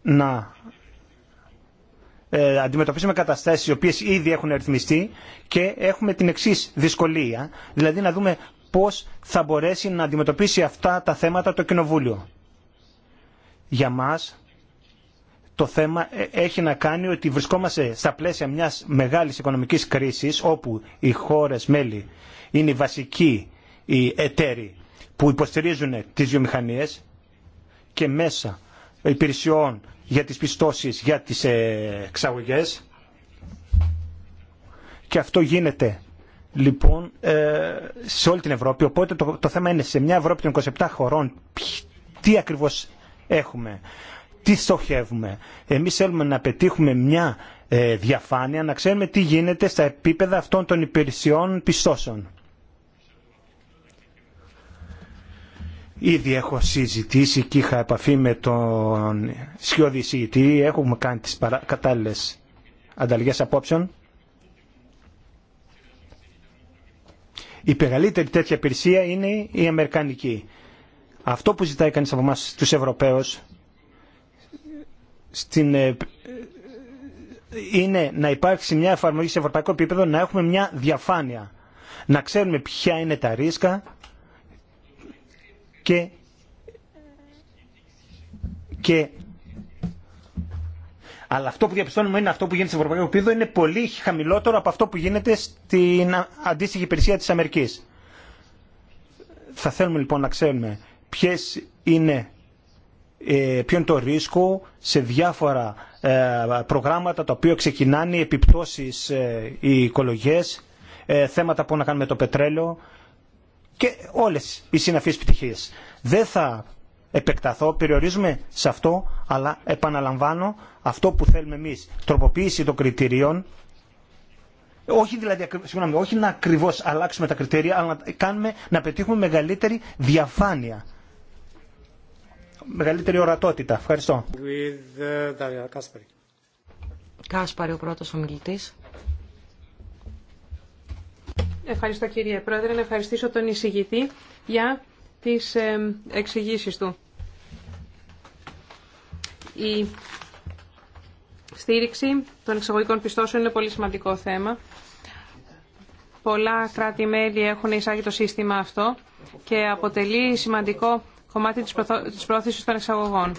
να ε, αντιμετωπίσουμε καταστάσεις οι οποίες ήδη έχουν αριθμιστεί και έχουμε την εξής δυσκολία, δηλαδή να δούμε πώς θα μπορέσει να αντιμετωπίσει αυτά τα θέματα το Κοινοβούλιο. Για μας το θέμα ε, έχει να κάνει ότι βρισκόμαστε στα πλαίσια μιας μεγάλης οικονομικής κρίσης όπου οι χώρες μέλη είναι οι βασικοί οι εταίροι που υποστηρίζουν τις βιομηχανίες και μέσα υπηρεσιών για τις πιστώσεις, για τις ε, εξαγωγές και αυτό γίνεται λοιπόν ε, σε όλη την Ευρώπη. Οπότε το, θέμα είναι σε μια Ευρώπη των 27 χωρών τι ακριβώς έχουμε, τι στοχεύουμε. Εμείς θέλουμε να πετύχουμε μια ε, διαφάνεια, να ξέρουμε τι γίνεται στα επίπεδα αυτών των υπηρεσιών πιστώσεων. Ήδη έχω συζητήσει και είχα επαφή με τον Σιώδη Συγητή. Έχουμε κάνει τις παρα... κατάλληλες ανταλλαγές απόψεων. Η μεγαλύτερη τέτοια υπηρεσία είναι η Αμερικανική. Αυτό που ζητάει κανείς από εμάς τους Ευρωπαίους στην... Ε, είναι να υπάρξει μια εφαρμογή σε ευρωπαϊκό επίπεδο, να έχουμε μια διαφάνεια. Να ξέρουμε ποια είναι τα ρίσκα, και, και αλλά αυτό που διαπιστώνουμε είναι αυτό που γίνεται σε ευρωπαϊκό επίπεδο είναι πολύ χαμηλότερο από αυτό που γίνεται στην αντίστοιχη υπηρεσία της Αμερικής. Θα θέλουμε λοιπόν να ξέρουμε ποιες είναι, ε, ποιο είναι το ρίσκο σε διάφορα ε, προγράμματα τα οποία ξεκινάνε, επιπτώσεις ε, οι οικολογές, θέματα που να κάνουν με το πετρέλαιο, και όλες οι συναφείς πτυχίες. Δεν θα επεκταθώ, περιορίζουμε σε αυτό, αλλά επαναλαμβάνω αυτό που θέλουμε εμείς, τροποποίηση των κριτηρίων, όχι, δηλαδή, συγγνώμη, όχι να ακριβώ αλλάξουμε τα κριτήρια, αλλά να, κάνουμε, να πετύχουμε μεγαλύτερη διαφάνεια. Μεγαλύτερη ορατότητα. Ευχαριστώ. Κάσπαρη uh, ο Ευχαριστώ κύριε Πρόεδρε. Να ευχαριστήσω τον εισηγητή για τις ε, εξηγήσεις του. Η στήριξη των εξαγωγικών πιστώσεων είναι πολύ σημαντικό θέμα. Πολλά κράτη-μέλη έχουν εισάγει το σύστημα αυτό και αποτελεί σημαντικό κομμάτι της πρόθεσης των εξαγωγών.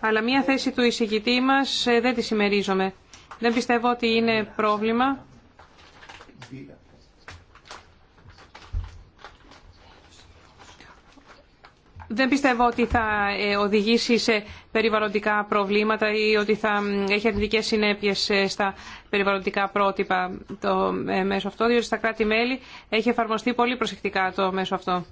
Αλλά μία θέση του εισηγητή μας ε, δεν τη συμμερίζομαι. Δεν πιστεύω ότι είναι πρόβλημα. Δεν πιστεύω ότι θα ε, οδηγήσει σε περιβαλλοντικά προβλήματα ή ότι θα έχει αρνητικέ συνέπειε ε, στα περιβαλλοντικά πρότυπα το ε, μέσο αυτό, διότι στα κράτη-μέλη έχει εφαρμοστεί πολύ προσεκτικά το μέσο αυτό.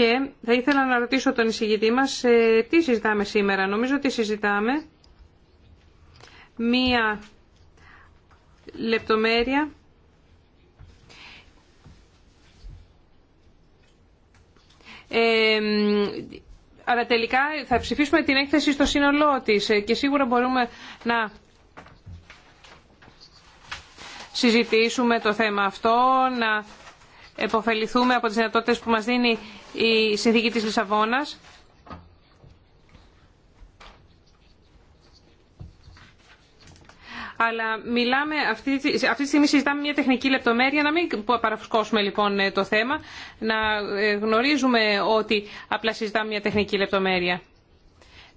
Και θα ήθελα να ρωτήσω τον εισηγητή μας ε, τι συζητάμε σήμερα. Νομίζω ότι συζητάμε μία λεπτομέρεια Ε, αλλά τελικά θα ψηφίσουμε την έκθεση στο σύνολό της ε, και σίγουρα μπορούμε να συζητήσουμε το θέμα αυτό, να επωφεληθούμε από τις δυνατότητες που μας δίνει η συνθήκη της Λισαβόνας Αλλά μιλάμε, αυτή, αυτή τη στιγμή συζητάμε μια τεχνική λεπτομέρεια, να μην παραφουσκώσουμε λοιπόν ε, το θέμα, να ε, γνωρίζουμε ότι απλά συζητάμε μια τεχνική λεπτομέρεια.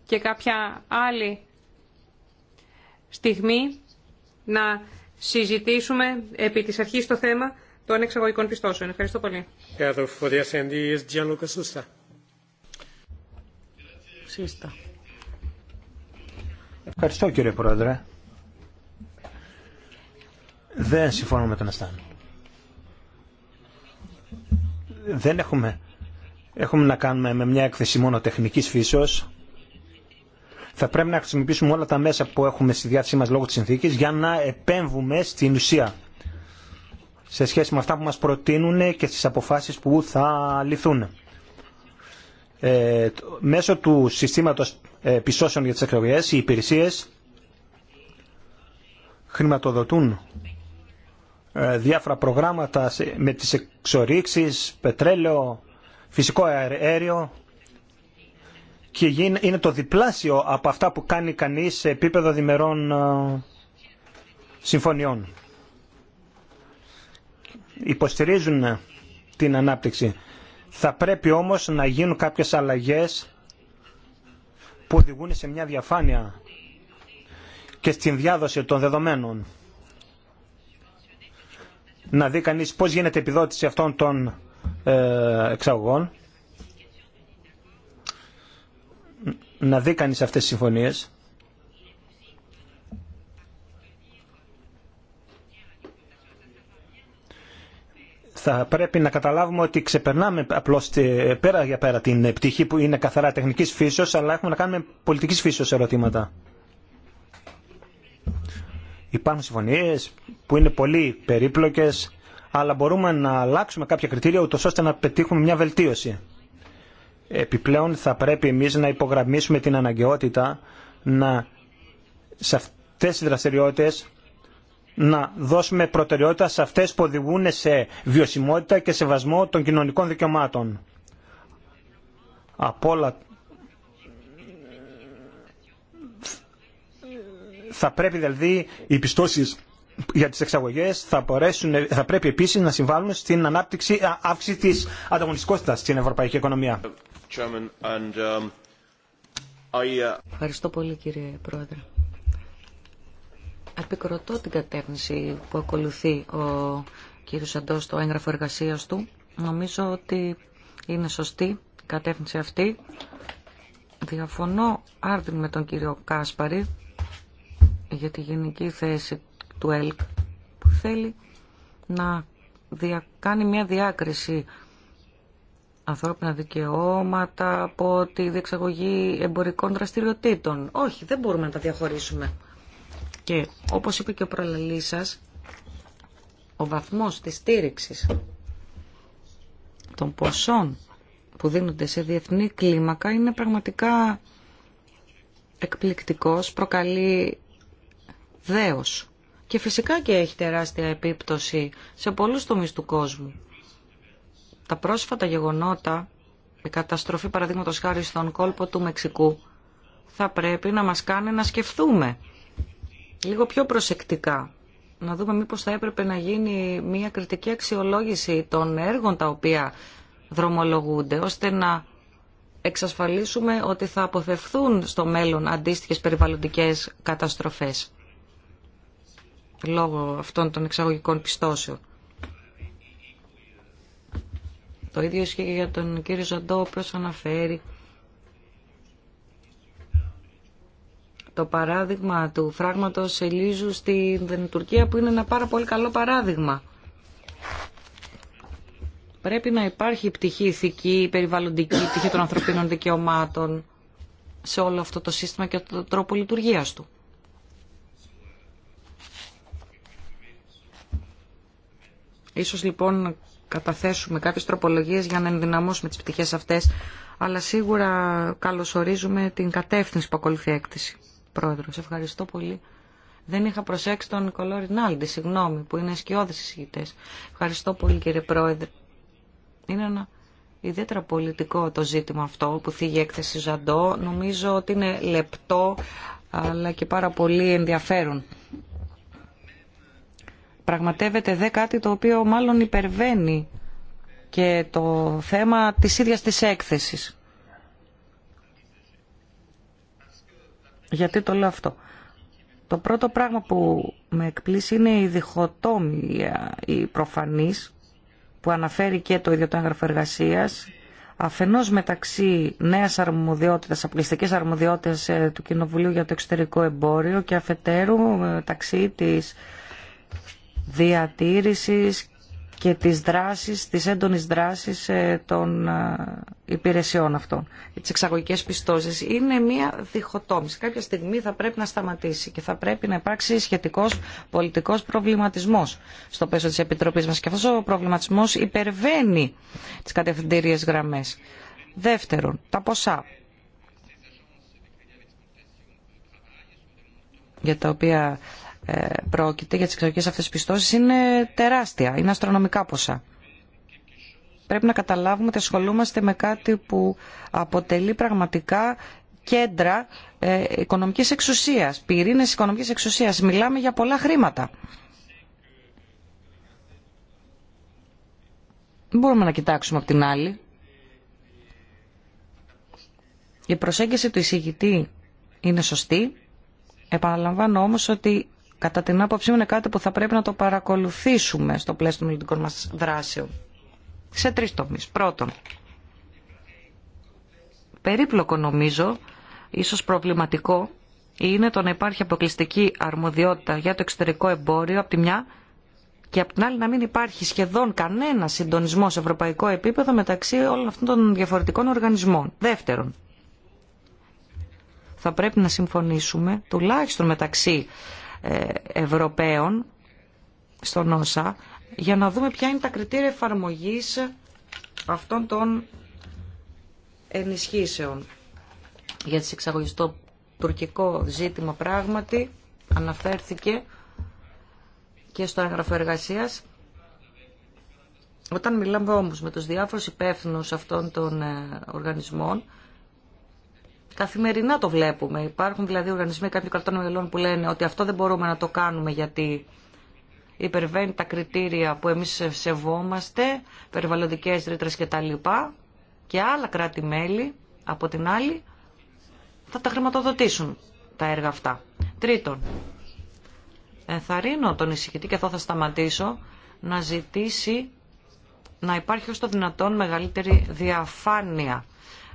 Και κάποια άλλη στιγμή να συζητήσουμε επί της αρχής το θέμα των εξαγωγικών πιστώσεων. Ευχαριστώ πολύ. Ευχαριστώ κύριε Πρόεδρε. Δεν συμφωνώ με τον Αστάν. Δεν έχουμε, έχουμε να κάνουμε με μια έκθεση μόνο τεχνικής φύσεως. Θα πρέπει να χρησιμοποιήσουμε όλα τα μέσα που έχουμε στη διάθεσή μας λόγω της συνθήκης για να επέμβουμε στην ουσία σε σχέση με αυτά που μας προτείνουν και στις αποφάσεις που θα λυθούν. Ε, μέσω του συστήματος ε, πιστώσεων για τις εκλογές, οι υπηρεσίες χρηματοδοτούν ε, διάφορα προγράμματα με τις εξορίξεις, πετρέλαιο, φυσικό αέριο και είναι το διπλάσιο από αυτά που κάνει κανείς σε επίπεδο διμερών ε, συμφωνιών υποστηρίζουν την ανάπτυξη. Θα πρέπει όμως να γίνουν κάποιες αλλαγές που οδηγούν σε μια διαφάνεια και στην διάδοση των δεδομένων. Να δει κανείς πώς γίνεται η επιδότηση αυτών των ε, εξαγωγών. Να δει κανείς αυτές τις συμφωνίες. θα πρέπει να καταλάβουμε ότι ξεπερνάμε απλώς πέρα για πέρα την πτυχή που είναι καθαρά τεχνικής φύσεως, αλλά έχουμε να κάνουμε πολιτικής φύσεως ερωτήματα. Υπάρχουν συμφωνίες που είναι πολύ περίπλοκες, αλλά μπορούμε να αλλάξουμε κάποια κριτήρια ούτως ώστε να πετύχουμε μια βελτίωση. Επιπλέον θα πρέπει εμείς να υπογραμμίσουμε την αναγκαιότητα να σε αυτές τις δραστηριότητες να δώσουμε προτεραιότητα σε αυτές που οδηγούν σε βιωσιμότητα και σεβασμό των κοινωνικών δικαιωμάτων. Από όλα θα πρέπει δηλαδή οι πιστώσεις για τις εξαγωγές θα, μπορέσουν, θα πρέπει επίσης να συμβάλλουν στην ανάπτυξη, αύξηση της ανταγωνιστικότητας στην ευρωπαϊκή οικονομία. Um, uh, Ευχαριστώ πολύ κύριε Πρόεδρε επικροτώ την κατεύθυνση που ακολουθεί ο κύριος Σαντός στο έγγραφο εργασίας του. Νομίζω ότι είναι σωστή η κατεύθυνση αυτή. Διαφωνώ άρδιν με τον κύριο Κάσπαρη για τη γενική θέση του ΕΛΚ που θέλει να κάνει μια διάκριση ανθρώπινα δικαιώματα από τη διεξαγωγή εμπορικών δραστηριοτήτων. Όχι, δεν μπορούμε να τα διαχωρίσουμε. Και όπως είπε και ο προλαλής σας, ο βαθμός της στήριξης των ποσών που δίνονται σε διεθνή κλίμακα είναι πραγματικά εκπληκτικός, προκαλεί δέος. Και φυσικά και έχει τεράστια επίπτωση σε πολλούς τομείς του κόσμου. Τα πρόσφατα γεγονότα, η καταστροφή παραδείγματος χάρη στον κόλπο του Μεξικού, θα πρέπει να μας κάνει να σκεφτούμε λίγο πιο προσεκτικά. Να δούμε μήπως θα έπρεπε να γίνει μια κριτική αξιολόγηση των έργων τα οποία δρομολογούνται, ώστε να εξασφαλίσουμε ότι θα αποφευθούν στο μέλλον αντίστοιχες περιβαλλοντικές καταστροφές λόγω αυτών των εξαγωγικών πιστώσεων. Το ίδιο ισχύει για τον κύριο Ζαντό, ο αναφέρει το παράδειγμα του φράγματος Ελίζου στην Τουρκία που είναι ένα πάρα πολύ καλό παράδειγμα. Πρέπει να υπάρχει πτυχή ηθική, περιβαλλοντική, πτυχή των ανθρωπίνων δικαιωμάτων σε όλο αυτό το σύστημα και τον τρόπο λειτουργίας του. Ίσως λοιπόν καταθέσουμε κάποιες τροπολογίες για να ενδυναμώσουμε τις πτυχές αυτές, αλλά σίγουρα καλωσορίζουμε την κατεύθυνση που ακολουθεί Πρόεδρος. Ευχαριστώ πολύ. Δεν είχα προσέξει τον Νικολό Ρινάλντι, συγγνώμη, που είναι σκιώδης εισηγητές. Ευχαριστώ πολύ κύριε Πρόεδρε. Είναι ένα ιδιαίτερα πολιτικό το ζήτημα αυτό που θίγει έκθεση Ζαντό. Νομίζω ότι είναι λεπτό αλλά και πάρα πολύ ενδιαφέρον. Πραγματεύεται δε κάτι το οποίο μάλλον υπερβαίνει και το θέμα της ίδιας της έκθεσης. Γιατί το λέω αυτό. Το πρώτο πράγμα που με εκπλήσει είναι η διχοτόμια, η προφανής, που αναφέρει και το ίδιο το έγγραφο εργασία, αφενό μεταξύ νέα αρμοδιότητα, απληστική αρμοδιότητα ε, του Κοινοβουλίου για το εξωτερικό εμπόριο και αφετέρου μεταξύ τη διατήρησης και τις δράσεις, τις δράσεις ε, των ε, υπηρεσιών αυτών, ε, τις εξαγωγικές πιστώσεις. Είναι μια διχοτόμηση. Κάποια στιγμή θα πρέπει να σταματήσει και θα πρέπει να υπάρξει σχετικός πολιτικός προβληματισμός στο πέσο της Επιτροπής μας. Και αυτός ο προβληματισμός υπερβαίνει τις κατευθυντήριες γραμμές. Δεύτερον, τα ποσά για τα οποία ε, πρόκειται για τις εξωτερικές αυτές πιστώσεις είναι τεράστια, είναι αστρονομικά ποσά. Πρέπει να καταλάβουμε ότι ασχολούμαστε με κάτι που αποτελεί πραγματικά κέντρα ε, οικονομικής εξουσίας, πυρήνες οικονομικής εξουσίας. Μιλάμε για πολλά χρήματα. Δεν μπορούμε να κοιτάξουμε από την άλλη. Η προσέγγιση του εισηγητή είναι σωστή. Επαναλαμβάνω όμως ότι Κατά την άποψή μου είναι κάτι που θα πρέπει να το παρακολουθήσουμε στο πλαίσιο των μελλοντικών μας δράσεων. Σε τρεις τομείς. Πρώτον, περίπλοκο νομίζω, ίσως προβληματικό, είναι το να υπάρχει αποκλειστική αρμοδιότητα για το εξωτερικό εμπόριο από τη μια και από την άλλη να μην υπάρχει σχεδόν κανένα συντονισμό σε ευρωπαϊκό επίπεδο μεταξύ όλων αυτών των διαφορετικών οργανισμών. Δεύτερον, θα πρέπει να συμφωνήσουμε τουλάχιστον μεταξύ Ευρωπαίων στον ΩΣΑ για να δούμε ποια είναι τα κριτήρια εφαρμογής αυτών των ενισχύσεων για τις εξαγωγές. Το τουρκικό ζήτημα πράγματι αναφέρθηκε και στο έγγραφο εργασίας. Όταν μιλάμε όμως με τους διάφορους υπεύθυνους αυτών των ε, οργανισμών, Καθημερινά το βλέπουμε. Υπάρχουν δηλαδή οργανισμοί κάποιων κρατών μελών που λένε ότι αυτό δεν μπορούμε να το κάνουμε γιατί υπερβαίνει τα κριτήρια που εμείς σεβόμαστε, περιβαλλοντικές ρήτρες κτλ. Και άλλα κράτη-μέλη, από την άλλη, θα τα χρηματοδοτήσουν τα έργα αυτά. Τρίτον, ενθαρρύνω τον εισηγητή και εδώ θα σταματήσω να ζητήσει να υπάρχει ως το δυνατόν μεγαλύτερη διαφάνεια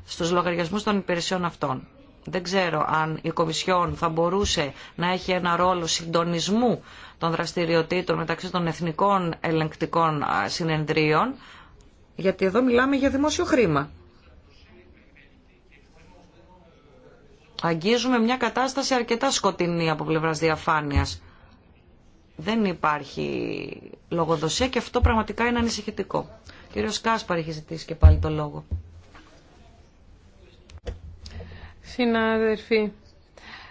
στους λογαριασμούς των υπηρεσιών αυτών. Δεν ξέρω αν η Κομισιόν θα μπορούσε να έχει ένα ρόλο συντονισμού των δραστηριοτήτων μεταξύ των εθνικών ελεγκτικών συνεδρίων, γιατί εδώ μιλάμε για δημόσιο χρήμα. Αγγίζουμε μια κατάσταση αρκετά σκοτεινή από πλευράς διαφάνειας. Δεν υπάρχει λογοδοσία και αυτό πραγματικά είναι ανησυχητικό. κύριος Κάσπαρ έχει ζητήσει και πάλι το λόγο. Συνάδελφοι,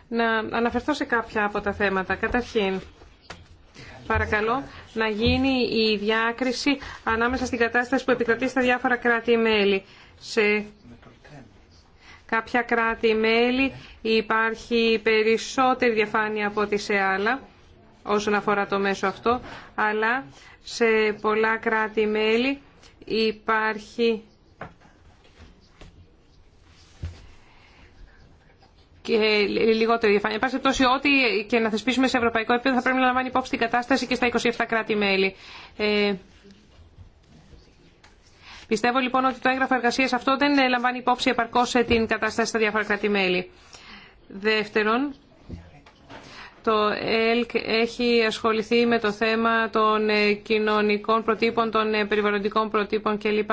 να αναφερθώ σε κάποια από τα θέματα. Καταρχήν, παρακαλώ να γίνει η διάκριση ανάμεσα στην κατάσταση που επικρατεί στα διάφορα κράτη-μέλη. Σε κάποια κράτη-μέλη υπάρχει περισσότερη διαφάνεια από ό,τι σε άλλα όσον αφορά το μέσο αυτό, αλλά σε πολλά κράτη-μέλη υπάρχει και λιγότερη διαφάνεια. ό,τι και να θεσπίσουμε σε ευρωπαϊκό επίπεδο θα πρέπει να λαμβάνει υπόψη την κατάσταση και στα 27 κράτη-μέλη. Ε, πιστεύω λοιπόν ότι το έγγραφο εργασία αυτό δεν ε, λαμβάνει υπόψη επαρκώ ε, την κατάσταση στα διάφορα κράτη-μέλη. Δεύτερον, το ΕΛΚ έχει ασχοληθεί με το θέμα των κοινωνικών προτύπων, των περιβαλλοντικών προτύπων κλπ.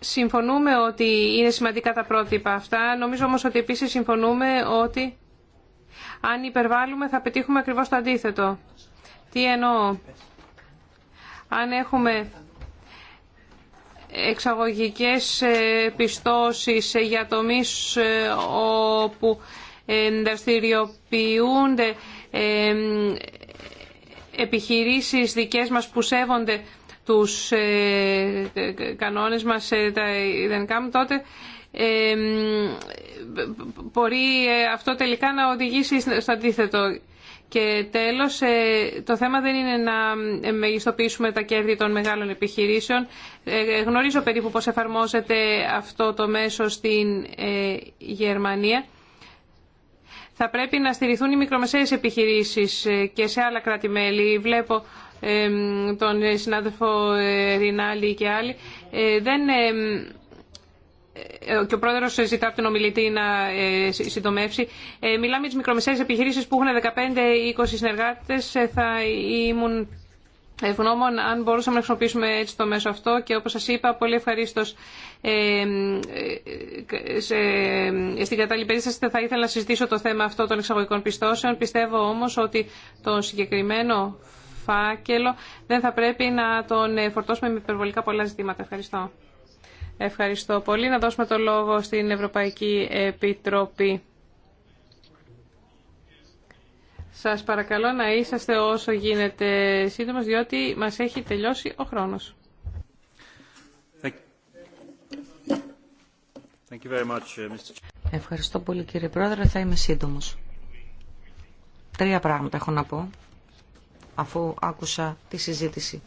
Συμφωνούμε ότι είναι σημαντικά τα πρότυπα αυτά. Νομίζω όμως ότι επίσης συμφωνούμε ότι αν υπερβάλλουμε θα πετύχουμε ακριβώς το αντίθετο. Τι εννοώ. Αν έχουμε εξαγωγικές ε, πιστώσεις ε, για τομείς ε, όπου δραστηριοποιούνται επιχειρήσεις δικές μας που σέβονται τους ε, κανόνες μας, ε, τα ιδανικά μου, τότε ε, μπορεί αυτό τελικά να οδηγήσει στο αντίθετο. Και τέλος, το θέμα δεν είναι να μεγιστοποιήσουμε τα κέρδη των μεγάλων επιχειρήσεων. Γνωρίζω περίπου πώς εφαρμόζεται αυτό το μέσο στην Γερμανία. Θα πρέπει να στηριχθούν οι μικρομεσαίες επιχειρήσεις και σε άλλα κράτη-μέλη. Βλέπω τον ε, συνάδελφο ε, Ρινάλη και άλλοι. Ε, δεν και ο πρόεδρος ζητά από τον ομιλητή να συντομεύσει. Μιλάμε για τι μικρομεσαίε που έχουν 15-20 συνεργάτε. Θα ήμουν ευγνώμων αν μπορούσαμε να χρησιμοποιήσουμε έτσι το μέσο αυτό και όπως σας είπα πολύ ευχαρίστω στην κατάλληλη περίσταση θα ήθελα να συζητήσω το θέμα αυτό των εξαγωγικών πιστώσεων. Πιστεύω όμως ότι το συγκεκριμένο φάκελο δεν θα πρέπει να τον ε, φορτώσουμε με υπερβολικά πολλά ζητήματα. Ευχαριστώ. Ευχαριστώ πολύ. Να δώσουμε το λόγο στην Ευρωπαϊκή Επιτροπή. Σας παρακαλώ να είσαστε όσο γίνεται σύντομος, διότι μας έχει τελειώσει ο χρόνος. Thank you very much, uh, Ευχαριστώ πολύ κύριε Πρόεδρε, θα είμαι σύντομος. Τρία πράγματα έχω να πω αφού άκουσα τη συζήτηση.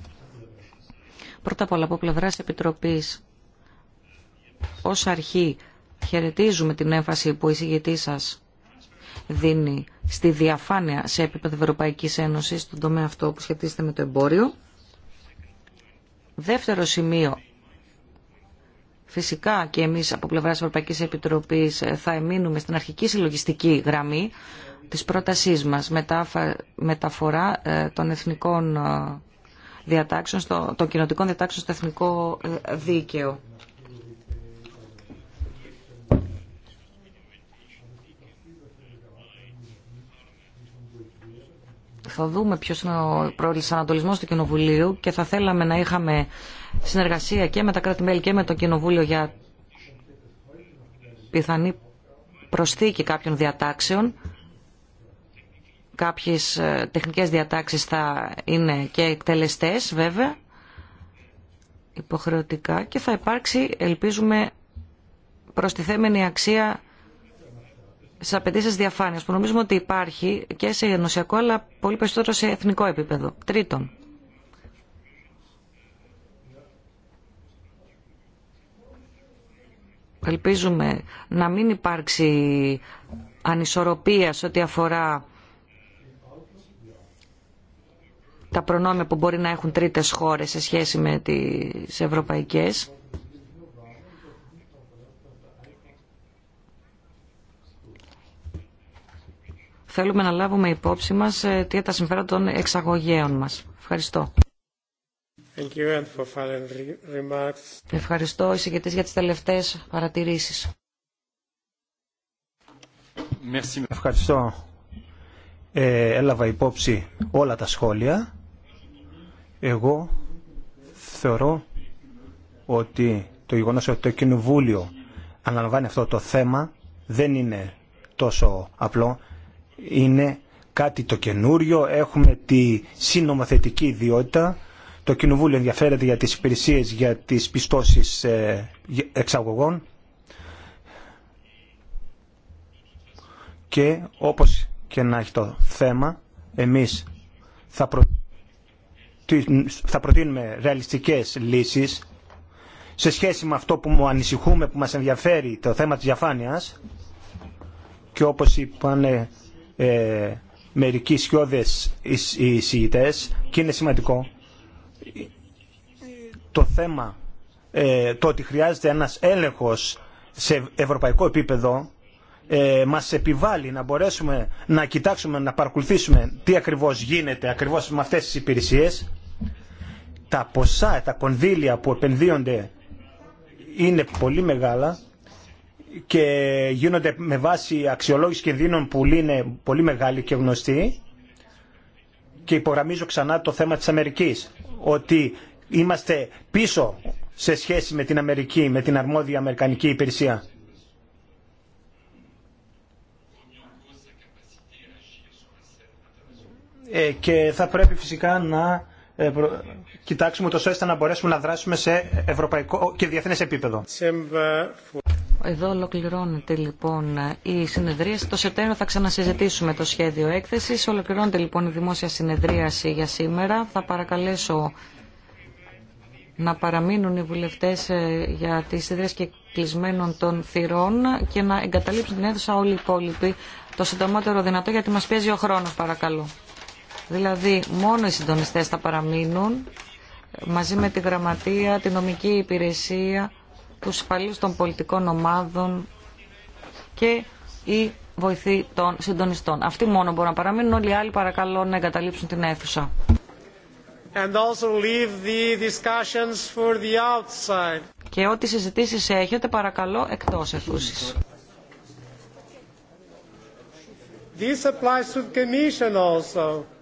Πρώτα απ' όλα από πλευράς Επιτροπής, ως αρχή χαιρετίζουμε την έμφαση που η συγγετή σας δίνει στη διαφάνεια σε επίπεδο Ευρωπαϊκής Ένωσης στον τομέα αυτό που σχετίζεται με το εμπόριο. Δεύτερο σημείο, Φυσικά και εμείς από πλευράς Ευρωπαϊκής Επιτροπής ε, θα εμείνουμε στην αρχική συλλογιστική γραμμή της πρότασής μας μεταφορά ε, των εθνικών ε, διατάξεων, στο, των κοινοτικών διατάξεων στο εθνικό δίκαιο. Θα δούμε ποιος είναι ο ανατολισμό του Κοινοβουλίου και θα θέλαμε να είχαμε συνεργασία και με τα κράτη-μέλη και με το Κοινοβούλιο για πιθανή προσθήκη κάποιων διατάξεων. Κάποιες ε, τεχνικές διατάξεις θα είναι και εκτελεστές βέβαια, υποχρεωτικά και θα υπάρξει, ελπίζουμε, προστιθέμενη αξία στι απαιτήσει διαφάνεια που νομίζουμε ότι υπάρχει και σε ενωσιακό αλλά πολύ περισσότερο σε εθνικό επίπεδο. Τρίτον, Ελπίζουμε να μην υπάρξει ανισορροπία σε ό,τι αφορά τα προνόμια που μπορεί να έχουν τρίτες χώρες σε σχέση με τις ευρωπαϊκές. Θέλουμε να λάβουμε υπόψη μας ε, τι τα συμφέροντα των εξαγωγέων μας. Ευχαριστώ. Ευχαριστώ εισηγητής για τις τελευταίες παρατηρήσεις. Ευχαριστώ. Ε, έλαβα υπόψη όλα τα σχόλια. Εγώ θεωρώ ότι το γεγονός ότι το Κοινοβούλιο αναλαμβάνει αυτό το θέμα δεν είναι τόσο απλό. Είναι κάτι το καινούριο. Έχουμε τη συνομοθετική ιδιότητα το Κοινοβούλιο ενδιαφέρεται για τις υπηρεσίες, για τις πιστώσεις ε, εξαγωγών και όπως και να έχει το θέμα, εμείς θα, προ... θα προτείνουμε ρεαλιστικές λύσεις σε σχέση με αυτό που μου ανησυχούμε, που μας ενδιαφέρει το θέμα της διαφάνειας και όπως είπαν ε, ε μερικοί σιώδες εισηγητές και είναι σημαντικό το θέμα, ε, το ότι χρειάζεται ένας έλεγχος σε ευρωπαϊκό επίπεδο ε, μας επιβάλλει να μπορέσουμε να κοιτάξουμε, να παρακολουθήσουμε τι ακριβώς γίνεται ακριβώς με αυτές τις υπηρεσίες. Τα ποσά, τα κονδύλια που επενδύονται είναι πολύ μεγάλα και γίνονται με βάση αξιολόγηση κινδύνων που είναι πολύ μεγάλη και γνωστή και υπογραμμίζω ξανά το θέμα της Αμερικής, ότι είμαστε πίσω σε σχέση με την Αμερική, με την αρμόδια Αμερικανική υπηρεσία. Ε, και θα πρέπει φυσικά να ε, κοιτάξουμε το ώστε να μπορέσουμε να δράσουμε σε ευρωπαϊκό και διεθνές επίπεδο. Εδώ ολοκληρώνεται λοιπόν η συνεδρίαση. Το Σεπτέμβριο θα ξανασυζητήσουμε το σχέδιο έκθεση. Ολοκληρώνεται λοιπόν η δημόσια συνεδρίαση για σήμερα. Θα παρακαλέσω να παραμείνουν οι βουλευτέ ε, για τις συνεδρίες και κλεισμένων των θυρών και να εγκαταλείψουν την αίθουσα όλοι οι υπόλοιποι το συντομότερο δυνατό γιατί μα πιέζει ο χρόνο, παρακαλώ. Δηλαδή μόνο οι συντονιστέ θα παραμείνουν μαζί με τη γραμματεία, τη νομική υπηρεσία τους υπαλληλούς των πολιτικών ομάδων και η βοηθή των συντονιστών. Αυτοί μόνο μπορούν να παραμείνουν, όλοι οι άλλοι παρακαλώ να εγκαταλείψουν την αίθουσα. And also leave the discussions for the outside. Και ό,τι συζητήσεις έχετε παρακαλώ εκτός αιθούσης. This applies to the Commission also.